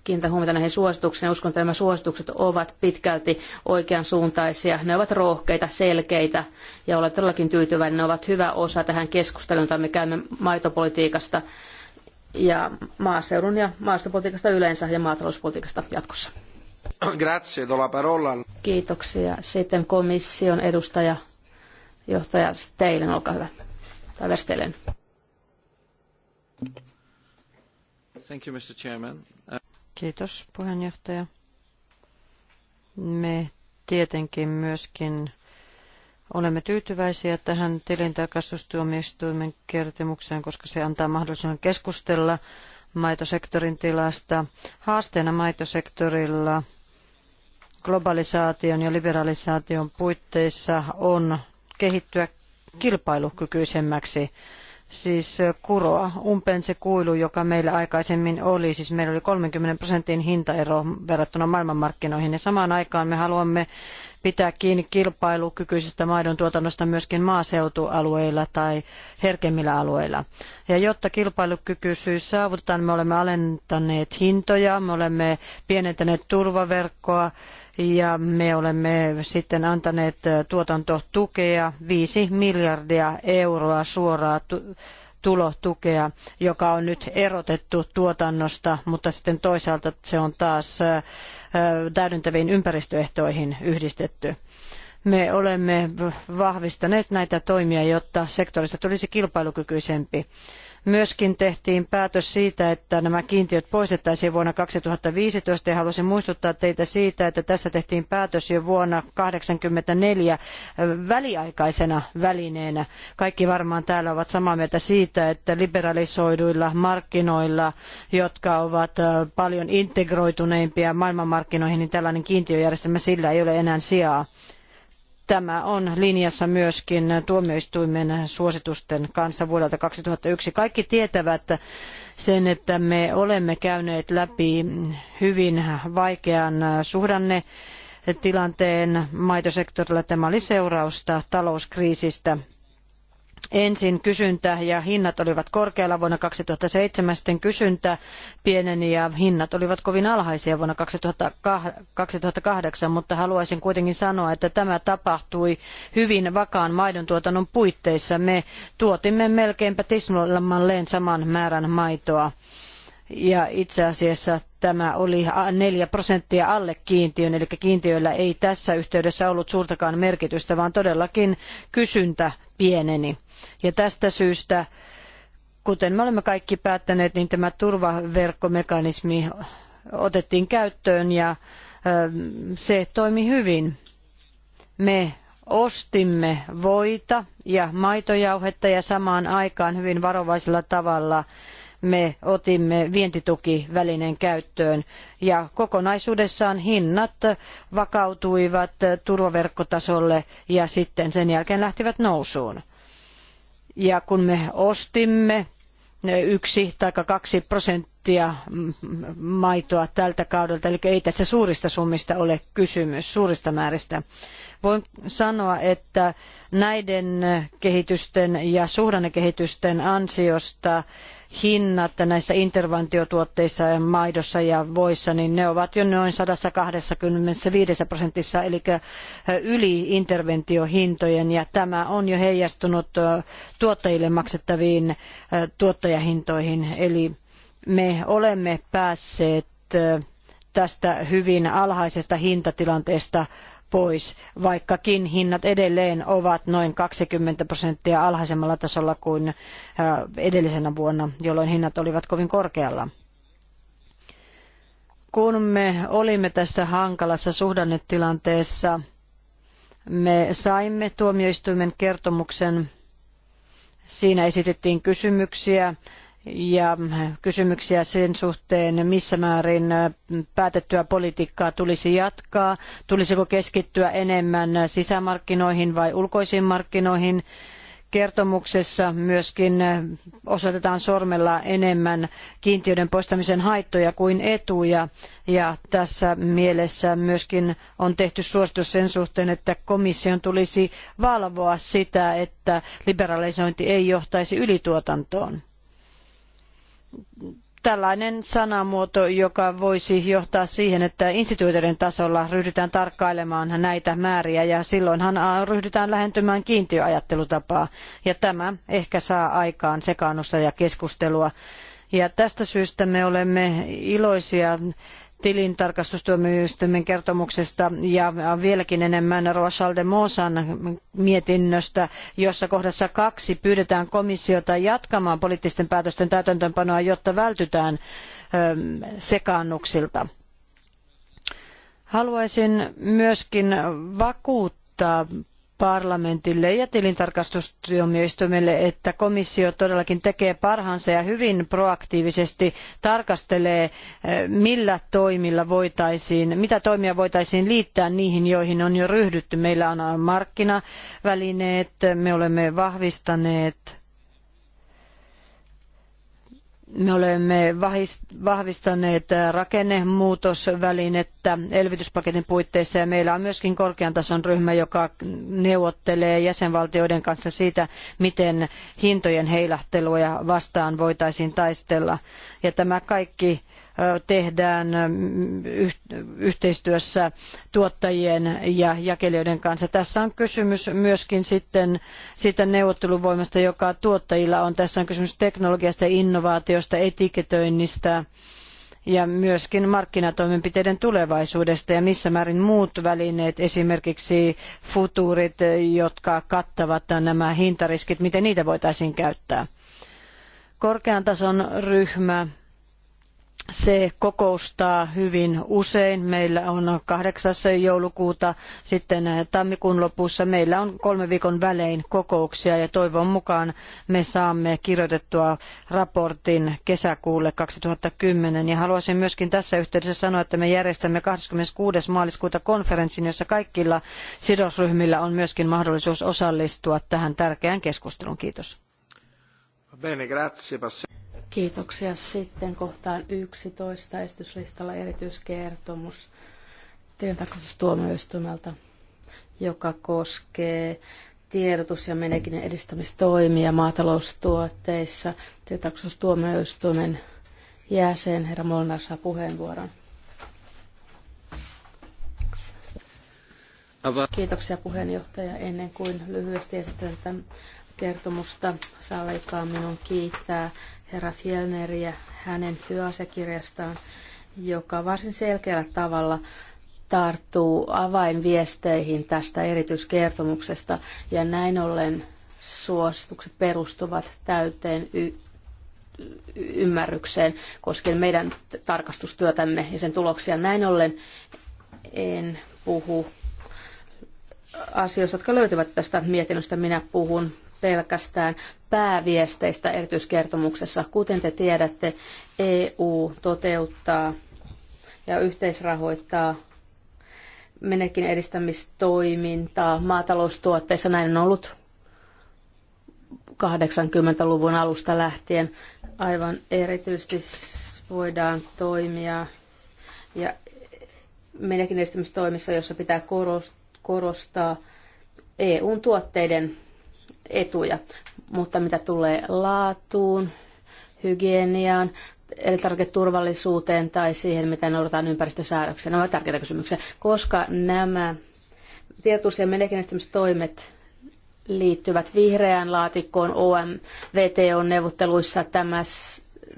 kiinnitän huomiota näihin suosituksiin. Uskon, että nämä suositukset ovat pitkälti oikeansuuntaisia. Ne ovat rohkeita, selkeitä ja olen todellakin tyytyväinen. Ne ovat hyvä osa tähän keskusteluun, jota me käymme maitopolitiikasta ja maaseudun ja maastopolitiikasta yleensä ja maatalouspolitiikasta jatkossa. Grazie, do la parola. Kiitoksia. Sitten komission edustaja, johtaja Steilen, olkaa hyvä. Tai Verstelen. Thank you, Mr. Chairman. Kiitos puheenjohtaja. Me tietenkin myöskin olemme tyytyväisiä tähän tilintarkastustuomioistuimen kertomukseen, koska se antaa mahdollisuuden keskustella maitosektorin tilasta. Haasteena maitosektorilla globalisaation ja liberalisaation puitteissa on kehittyä kilpailukykyisemmäksi siis kuroa umpeen se kuilu, joka meillä aikaisemmin oli. Siis meillä oli 30 prosentin hintaero verrattuna maailmanmarkkinoihin ja samaan aikaan me haluamme pitää kiinni kilpailukykyisestä maidon tuotannosta myöskin maaseutualueilla tai herkemmillä alueilla. Ja jotta kilpailukykyisyys saavutetaan, me olemme alentaneet hintoja, me olemme pienentäneet turvaverkkoa ja me olemme sitten antaneet äh, tuotantotukea 5 miljardia euroa suoraa tulotukea, joka on nyt erotettu tuotannosta, mutta sitten toisaalta se on taas äh, äh, täydentäviin ympäristöehtoihin yhdistetty. Me olemme vahvistaneet näitä toimia, jotta sektorista tulisi kilpailukykyisempi. Myöskin tehtiin päätös siitä, että nämä kiintiöt poistettaisiin vuonna 2015 ja haluaisin muistuttaa teitä siitä, että tässä tehtiin päätös jo vuonna tuhatyhdeksänsataakahdeksankymmentäneljä äh, väliaikaisena välineenä. Kaikki varmaan täällä ovat samaa mieltä siitä, että liberalisoiduilla markkinoilla, jotka ovat äh, paljon integroituneimpia maailmanmarkkinoihin, niin tällainen kiintiöjärjestelmä sillä ei ole enää sijaa. Tämä on linjassa myöskin tuomioistuimen suositusten kanssa vuodelta 2001. Kaikki tietävät sen, että me olemme käyneet läpi hyvin vaikean suhdanne tilanteen maitosektorilla. Tämä oli seurausta talouskriisistä Ensin kysyntä ja hinnat olivat korkealla vuonna 2007, sitten kysyntä pieneni ja hinnat olivat kovin alhaisia vuonna 2008, mutta haluaisin kuitenkin sanoa, että tämä tapahtui hyvin vakaan maidontuotannon puitteissa. Me tuotimme melkeinpä tismalleen saman määrän maitoa ja itse asiassa tämä oli neljä prosenttia alle kiintiön, eli kiintiöillä ei tässä yhteydessä ollut suurtakaan merkitystä, vaan todellakin kysyntä pieneni. Ja tästä syystä, kuten me olemme kaikki päättäneet, niin tämä turvaverkkomekanismi otettiin käyttöön ja se toimi hyvin. Me ostimme voita ja maitojauhetta ja samaan aikaan hyvin varovaisella tavalla me otimme vientitukivälineen käyttöön ja kokonaisuudessaan hinnat vakautuivat turvaverkkotasolle ja sitten sen jälkeen lähtivät nousuun. Ja kun me ostimme yksi tai kaksi prosenttia maitoa tältä kaudelta, eli ei tässä suurista summista ole kysymys, suurista määristä. Voin sanoa, että näiden kehitysten ja suhdannekehitysten ansiosta hinnat näissä interventiotuotteissa ja maidossa ja voissa, niin ne ovat jo noin 125 prosentissa, eli yli interventiohintojen, ja tämä on jo heijastunut tuottajille maksettaviin tuottajahintoihin, eli me olemme päässeet tästä hyvin alhaisesta hintatilanteesta pois, vaikkakin hinnat edelleen ovat noin 20 prosenttia alhaisemmalla tasolla kuin äh, edellisenä vuonna, jolloin hinnat olivat kovin korkealla kun me olimme tässä hankalassa suhdannetilanteessa, me saimme tuomioistuimen kertomuksen. Siinä esitettiin kysymyksiä ja kysymyksiä sen suhteen, missä määrin äh, päätettyä politiikkaa tulisi jatkaa, tulisiko keskittyä enemmän sisämarkkinoihin vai ulkoisiin markkinoihin. Kertomuksessa myöskin äh, osoitetaan sormella enemmän kiintiöiden poistamisen haittoja kuin etuja ja tässä mielessä myöskin on tehty suositus sen suhteen, että komission tulisi valvoa sitä, että liberalisointi ei johtaisi ylituotantoon tällainen sanamuoto, joka voisi johtaa siihen, että instituutioiden tasolla ryhdytään tarkkailemaan näitä määriä ja silloinhan ryhdytään lähentymään kiintiöajattelutapaa. Ja tämä ehkä saa aikaan sekaannusta ja keskustelua. Ja tästä syystä me olemme iloisia tilintarkastustuomioistuimen kertomuksesta ja vieläkin enemmän Rochal de Mosan mietinnöstä, jossa kohdassa kaksi pyydetään komissiota jatkamaan poliittisten päätösten täytäntöönpanoa, jotta vältytään ähm, sekaannuksilta. Haluaisin myöskin vakuuttaa parlamentille ja tilintarkastustuomioistuimelle, että komissio todellakin tekee parhaansa ja hyvin proaktiivisesti tarkastelee, eh, millä toimilla voitaisiin, mitä toimia voitaisiin liittää niihin, joihin on jo ryhdytty. Meillä on markkinavälineet, me olemme vahvistaneet me olemme vahvistaneet rakennemuutosvälinettä elvytyspaketin puitteissa ja meillä on myöskin korkean tason ryhmä, joka neuvottelee jäsenvaltioiden kanssa siitä, miten hintojen heilahtelua vastaan voitaisiin taistella. Ja tämä kaikki tehdään yhteistyössä tuottajien ja jakelijoiden kanssa. Tässä on kysymys myöskin sitten siitä neuvotteluvoimasta, joka tuottajilla on. Tässä on kysymys teknologiasta, innovaatiosta, etiketöinnistä ja myöskin markkinatoimenpiteiden tulevaisuudesta ja missä määrin muut välineet, esimerkiksi futuurit, jotka kattavat nämä hintariskit, miten niitä voitaisiin käyttää. Korkean tason ryhmä se kokoustaa hyvin usein. Meillä on 8. joulukuuta, sitten tammikuun lopussa meillä on kolme viikon välein kokouksia ja toivon mukaan me saamme kirjoitettua raportin kesäkuulle 2010. Ja haluaisin myöskin tässä yhteydessä sanoa, että me järjestämme 26. maaliskuuta konferenssin, jossa kaikilla sidosryhmillä on myöskin mahdollisuus osallistua tähän tärkeään keskusteluun. Kiitos. Bene, grazie. Kiitoksia. Sitten kohtaan 11 esityslistalla erityiskertomus tilintarkastustuomioistuimelta, joka koskee tiedotus- ja menekin edistämistoimia maataloustuotteissa. Tilintarkastustuomioistuimen jäsen herra Molnar saa puheenvuoron. Kiitoksia puheenjohtaja. Ennen kuin lyhyesti esittelen tämän kertomusta, sallikaa minun kiittää herra Fjellneriä hänen työasekirjastaan, joka varsin selkeällä tavalla tarttuu avainviesteihin tästä erityiskertomuksesta ja näin ollen suositukset perustuvat täyteen y- ymmärrykseen koskien meidän tarkastustyötämme ja sen tuloksia. Näin ollen en puhu asioista, jotka löytyvät tästä mietinnöstä. Minä puhun pelkästään pääviesteistä erityiskertomuksessa. Kuten te tiedätte, EU toteuttaa ja yhteisrahoittaa menekin edistämistoimintaa maataloustuotteissa. Näin on ollut 80-luvun alusta lähtien. Aivan erityisesti voidaan toimia ja menekin edistämistoimissa, jossa pitää korostaa EUn tuotteiden etuja. Mutta mitä tulee laatuun, hygieniaan, elintarviketurvallisuuteen tai siihen, miten noudataan ympäristösäädöksiä. Nämä ovat tärkeitä kysymyksiä, koska nämä tietoisia ja toimet liittyvät vihreään laatikkoon OM VTO-neuvotteluissa. Tämä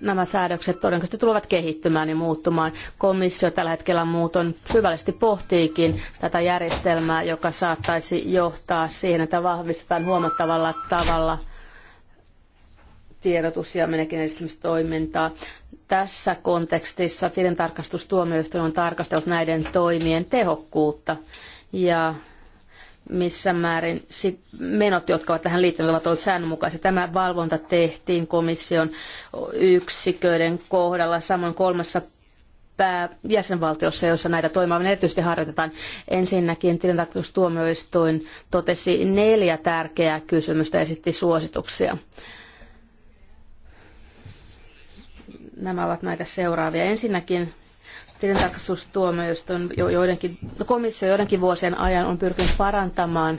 nämä säädökset todennäköisesti tulevat kehittymään ja muuttumaan. Komissio tällä hetkellä muuton syvällisesti pohtiikin tätä järjestelmää, joka saattaisi johtaa siihen, että vahvistetaan huomattavalla tavalla tiedotus- ja menekin edistämistoimintaa. Tässä kontekstissa tilintarkastustuomioistuin on tarkastellut näiden toimien tehokkuutta ja missä määrin sit menot, jotka ovat tähän liittyneet, ovat olleet säännönmukaisia. Tämä valvonta tehtiin komission yksiköiden kohdalla, samoin kolmessa jäsenvaltiossa, jossa näitä toimia erityisesti harjoitetaan. Ensinnäkin tilintarkastustuomioistuin totesi neljä tärkeää kysymystä ja esitti suosituksia. Nämä ovat näitä seuraavia. Ensinnäkin tilintarkastustuomioistuin joidenkin, komissio joidenkin vuosien ajan on pyrkinyt parantamaan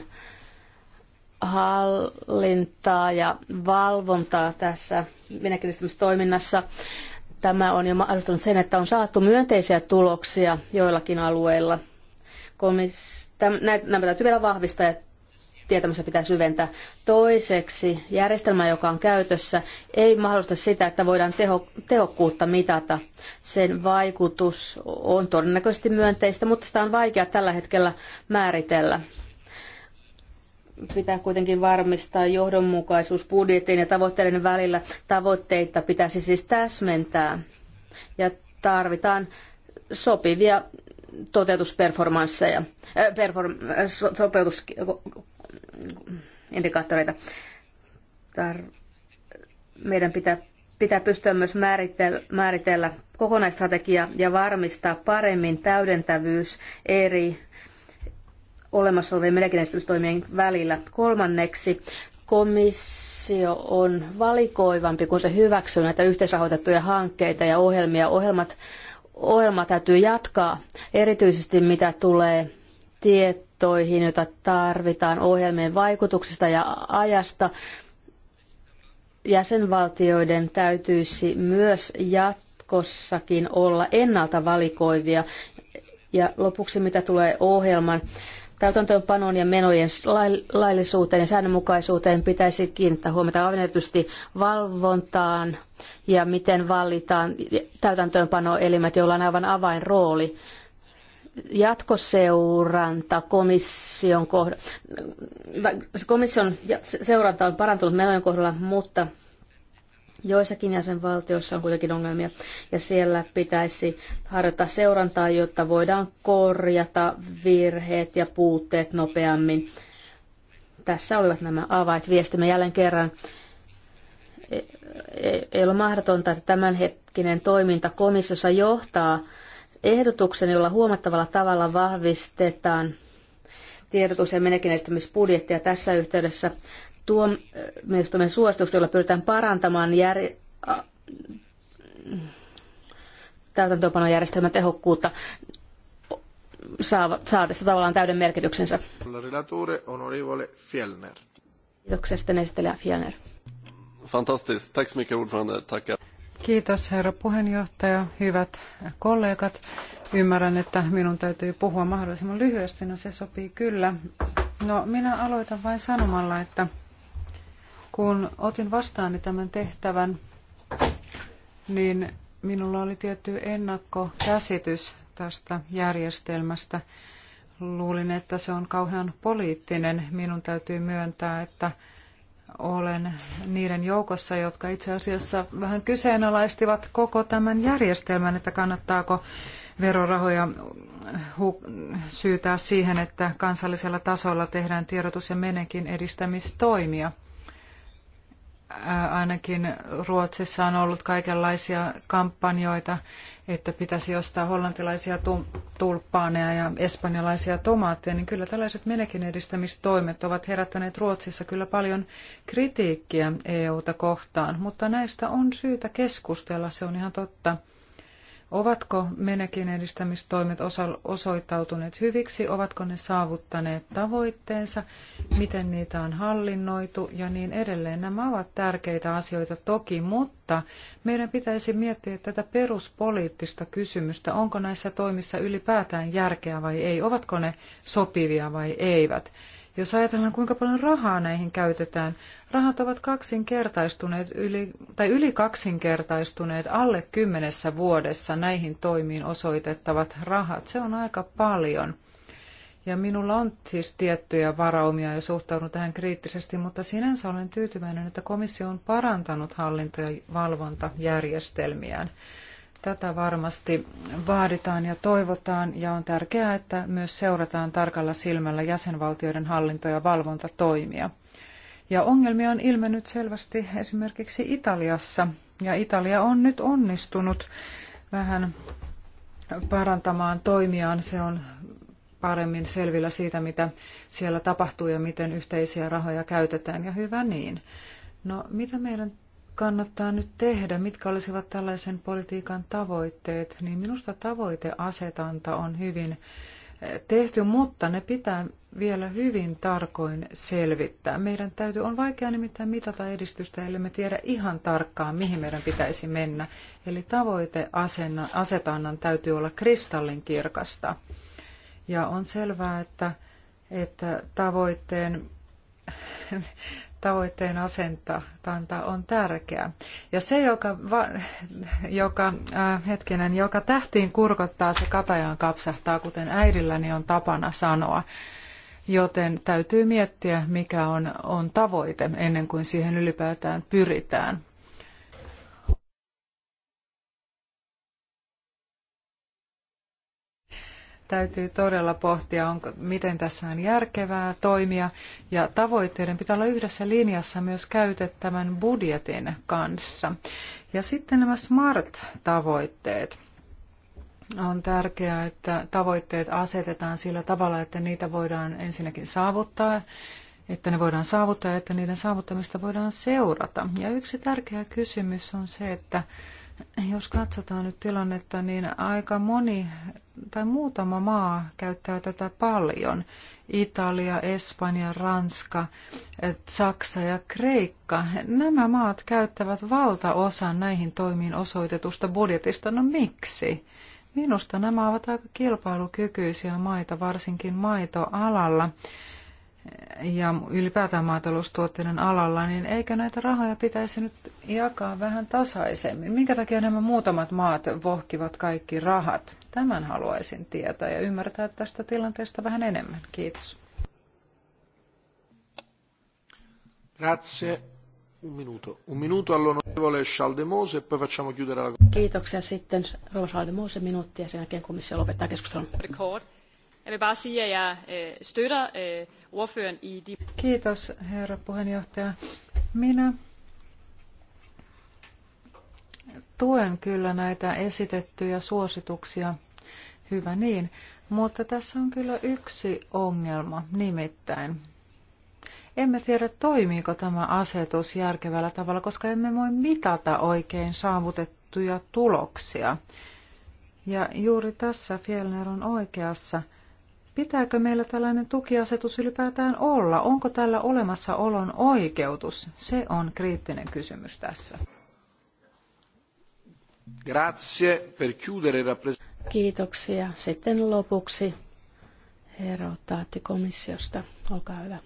hallintaa ja valvontaa tässä toiminnassa. Tämä on jo mahdollistanut sen, että on saatu myönteisiä tuloksia joillakin alueilla. Komis- Näitä täytyy vielä vahvistaa ja tietämystä pitää syventää. Toiseksi järjestelmä, joka on käytössä, ei mahdollista sitä, että voidaan teho, tehokkuutta mitata. Sen vaikutus on todennäköisesti myönteistä, mutta sitä on vaikea tällä hetkellä määritellä. Pitää kuitenkin varmistaa johdonmukaisuus budjetin ja tavoitteiden välillä. Tavoitteita pitäisi siis täsmentää ja tarvitaan sopivia toteutusperformansseja, äh, perform, äh, sopeutusindikaattoreita. Tar- meidän pitää, pitää pystyä myös määritellä, määritellä kokonaistrategia ja varmistaa paremmin täydentävyys eri olemassa olevien melkein välillä. Kolmanneksi komissio on valikoivampi, kun se hyväksyy näitä yhteisrahoitettuja hankkeita ja ohjelmia. Ohjelmat ohjelma täytyy jatkaa, erityisesti mitä tulee tietoihin, joita tarvitaan ohjelmien vaikutuksista ja ajasta. Jäsenvaltioiden täytyisi myös jatkossakin olla ennalta valikoivia. Ja lopuksi mitä tulee ohjelman täytäntöönpanoon ja menojen laillisuuteen ja säännönmukaisuuteen pitäisi kiinnittää huomiota ainetusti valvontaan ja miten vallitaan täytäntöönpanoelimet, joilla on aivan avainrooli jatkoseuranta komission kohdalla. Komission seuranta on parantunut menojen kohdalla, mutta Joissakin jäsenvaltioissa on kuitenkin ongelmia ja siellä pitäisi harjoittaa seurantaa, jotta voidaan korjata virheet ja puutteet nopeammin. Tässä olivat nämä avait. Viestimme jälleen kerran. E, e, ei ole mahdotonta, että tämänhetkinen toiminta komissiossa johtaa ehdotuksen, jolla huomattavalla tavalla vahvistetaan tiedotus- ja menekinestämisbudjettia tässä yhteydessä tuomioistuimen suositukset, joilla pyritään parantamaan jär... täytäntöönpanojärjestelmän tehokkuutta, saadessa tavallaan täyden merkityksensä. Fjellner. Kiitoksia sitten esittelijä Fjellner. Fantastiskt. Tack så mycket ordförande. Tackar. Kiitos herra puheenjohtaja, hyvät kollegat. Ymmärrän, että minun täytyy puhua mahdollisimman lyhyesti, no se sopii kyllä. No minä aloitan vain sanomalla, että kun otin vastaani tämän tehtävän, niin minulla oli tietty ennakkokäsitys tästä järjestelmästä. Luulin, että se on kauhean poliittinen. Minun täytyy myöntää, että olen niiden joukossa, jotka itse asiassa vähän kyseenalaistivat koko tämän järjestelmän, että kannattaako verorahoja syytää siihen, että kansallisella tasolla tehdään tiedotus- ja menekin edistämistoimia ainakin Ruotsissa on ollut kaikenlaisia kampanjoita, että pitäisi ostaa hollantilaisia tulppaaneja ja espanjalaisia tomaatteja, niin kyllä tällaiset menekin edistämistoimet ovat herättäneet Ruotsissa kyllä paljon kritiikkiä EUta kohtaan, mutta näistä on syytä keskustella, se on ihan totta. Ovatko menekin edistämistoimet osoittautuneet hyviksi? Ovatko ne saavuttaneet tavoitteensa? Miten niitä on hallinnoitu ja niin edelleen? Nämä ovat tärkeitä asioita toki, mutta meidän pitäisi miettiä tätä peruspoliittista kysymystä. Onko näissä toimissa ylipäätään järkeä vai ei? Ovatko ne sopivia vai eivät? Jos ajatellaan, kuinka paljon rahaa näihin käytetään, Rahat ovat kaksinkertaistuneet yli, tai yli kaksinkertaistuneet alle kymmenessä vuodessa näihin toimiin osoitettavat rahat. Se on aika paljon. Ja minulla on siis tiettyjä varaumia ja suhtaudun tähän kriittisesti, mutta sinänsä olen tyytyväinen, että komissio on parantanut hallinto- ja valvontajärjestelmiään. Tätä varmasti vaaditaan ja toivotaan ja on tärkeää, että myös seurataan tarkalla silmällä jäsenvaltioiden hallinto- ja valvontatoimia. Ja ongelmia on ilmennyt selvästi esimerkiksi Italiassa. Ja Italia on nyt onnistunut vähän parantamaan toimiaan. Se on paremmin selvillä siitä, mitä siellä tapahtuu ja miten yhteisiä rahoja käytetään. Ja hyvä niin. No, mitä meidän kannattaa nyt tehdä, mitkä olisivat tällaisen politiikan tavoitteet, niin minusta tavoiteasetanta on hyvin eh, tehty, mutta ne pitää vielä hyvin tarkoin selvittää. Meidän täytyy, on vaikea nimittäin mitata edistystä, ellei me tiedä ihan tarkkaan, mihin meidän pitäisi mennä. Eli tavoiteasetannan täytyy olla kristallinkirkasta. Ja on selvää, että, että tavoitteen, tavoitteen asentanta on tärkeä. Ja se, joka, va, joka äh, hetkinen, joka tähtiin kurkottaa, se katajaan kapsahtaa, kuten äidilläni on tapana sanoa joten täytyy miettiä, mikä on, on tavoite ennen kuin siihen ylipäätään pyritään. Täytyy todella pohtia, onko, miten tässä on järkevää toimia, ja tavoitteiden pitää olla yhdessä linjassa myös käytettävän budjetin kanssa. Ja sitten nämä SMART-tavoitteet on tärkeää, että tavoitteet asetetaan sillä tavalla, että niitä voidaan ensinnäkin saavuttaa, että ne voidaan saavuttaa ja että niiden saavuttamista voidaan seurata. Ja yksi tärkeä kysymys on se, että jos katsotaan nyt tilannetta, niin aika moni tai muutama maa käyttää tätä paljon. Italia, Espanja, Ranska, Saksa ja Kreikka. Nämä maat käyttävät valtaosan näihin toimiin osoitetusta budjetista. No miksi? Minusta nämä ovat aika kilpailukykyisiä maita, varsinkin maitoalalla ja ylipäätään maataloustuotteiden alalla, niin eikö näitä rahoja pitäisi nyt jakaa vähän tasaisemmin? Minkä takia nämä muutamat maat vohkivat kaikki rahat? Tämän haluaisin tietää ja ymmärtää tästä tilanteesta vähän enemmän. Kiitos. Grazie minuto. Un minuto all'onorevole Schaldemose e poi facciamo chiudere la... Kiitoksia sitten rouva Schaldemose minuutti ja sen jälkeen komissio lopettaa keskustelun. Øh, øh, Kiitos, herra puheenjohtaja. Minä tuen kyllä näitä esitettyjä suosituksia. Hyvä niin. Mutta tässä on kyllä yksi ongelma, nimittäin emme tiedä, toimiiko tämä asetus järkevällä tavalla, koska emme voi mitata oikein saavutettuja tuloksia. Ja juuri tässä Fjellner on oikeassa. Pitääkö meillä tällainen tukiasetus ylipäätään olla? Onko tällä olemassaolon oikeutus? Se on kriittinen kysymys tässä. Grazie per chiudere Kiitoksia. Sitten lopuksi herra komissiosta. Olkaa hyvä.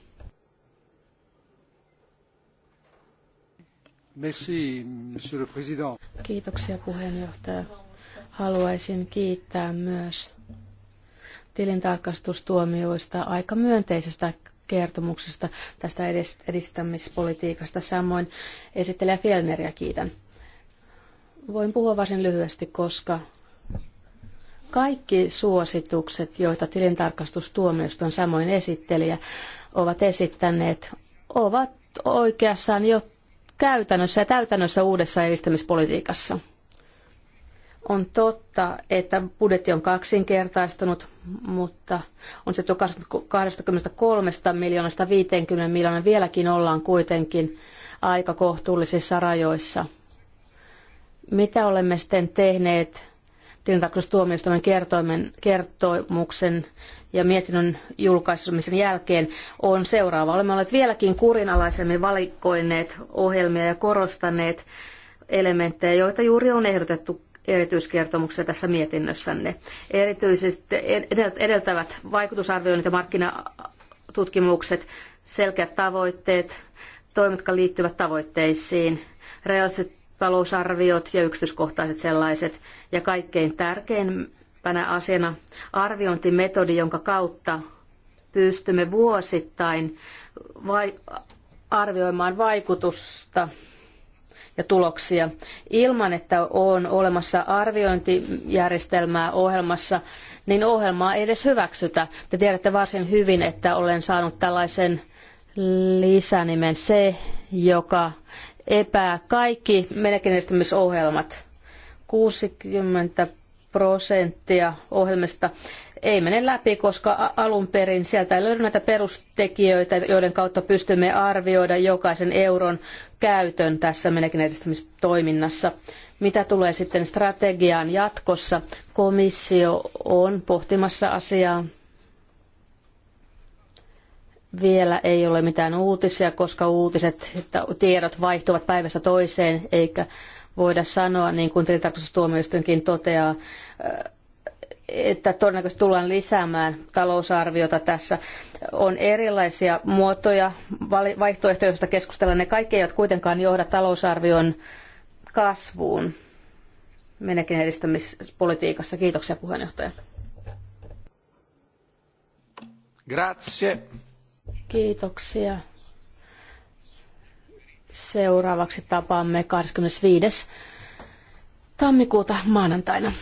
Kiitoksia puheenjohtaja. Haluaisin kiittää myös tilintarkastustuomioista aika myönteisestä kertomuksesta tästä edistämispolitiikasta. Samoin esittelijä Fjellneriä kiitän. Voin puhua varsin lyhyesti, koska kaikki suositukset, joita tilintarkastustuomioistuin samoin esittelijä ovat esittäneet, ovat oikeassaan jo käytännössä ja täytännössä uudessa edistämispolitiikassa. On totta, että budjetti on kaksinkertaistunut, mutta on se 23 miljoonasta 50 miljoonaa. Vieläkin ollaan kuitenkin aika kohtuullisissa rajoissa. Mitä olemme sitten tehneet tilintarkastustuomioistuimen kertomuksen ja mietinnön julkaisemisen jälkeen on seuraava. Olemme olleet vieläkin kurinalaisemmin valikoineet ohjelmia ja korostaneet elementtejä, joita juuri on ehdotettu erityiskertomuksessa tässä mietinnössänne. Erityisesti edeltävät vaikutusarvioinnit ja markkinatutkimukset, selkeät tavoitteet, toimet, jotka liittyvät tavoitteisiin, realistiset talousarviot ja yksityiskohtaiset sellaiset. Ja kaikkein tärkeimpänä asiana arviointimetodi, jonka kautta pystymme vuosittain vai- arvioimaan vaikutusta ja tuloksia ilman, että on olemassa arviointijärjestelmää ohjelmassa, niin ohjelmaa ei edes hyväksytä. Te tiedätte varsin hyvin, että olen saanut tällaisen lisänimen se, joka epää kaikki menekinestämisohjelmat. 60 prosenttia ohjelmista ei mene läpi, koska alun perin sieltä ei löydy näitä perustekijöitä, joiden kautta pystymme arvioida jokaisen euron käytön tässä menekinedistämistoiminnassa. Mitä tulee sitten strategiaan jatkossa, komissio on pohtimassa asiaa vielä ei ole mitään uutisia, koska uutiset, tiedot vaihtuvat päivästä toiseen, eikä voida sanoa, niin kuin tilintarkastustuomioistuinkin toteaa, äh, että todennäköisesti tullaan lisäämään talousarviota tässä. On erilaisia muotoja, vaihtoehtoja, joista keskustellaan. Ne kaikki eivät kuitenkaan johda talousarvion kasvuun menekin edistämispolitiikassa. Kiitoksia puheenjohtaja. Grazie. Kiitoksia. Seuraavaksi tapaamme 25. tammikuuta maanantaina.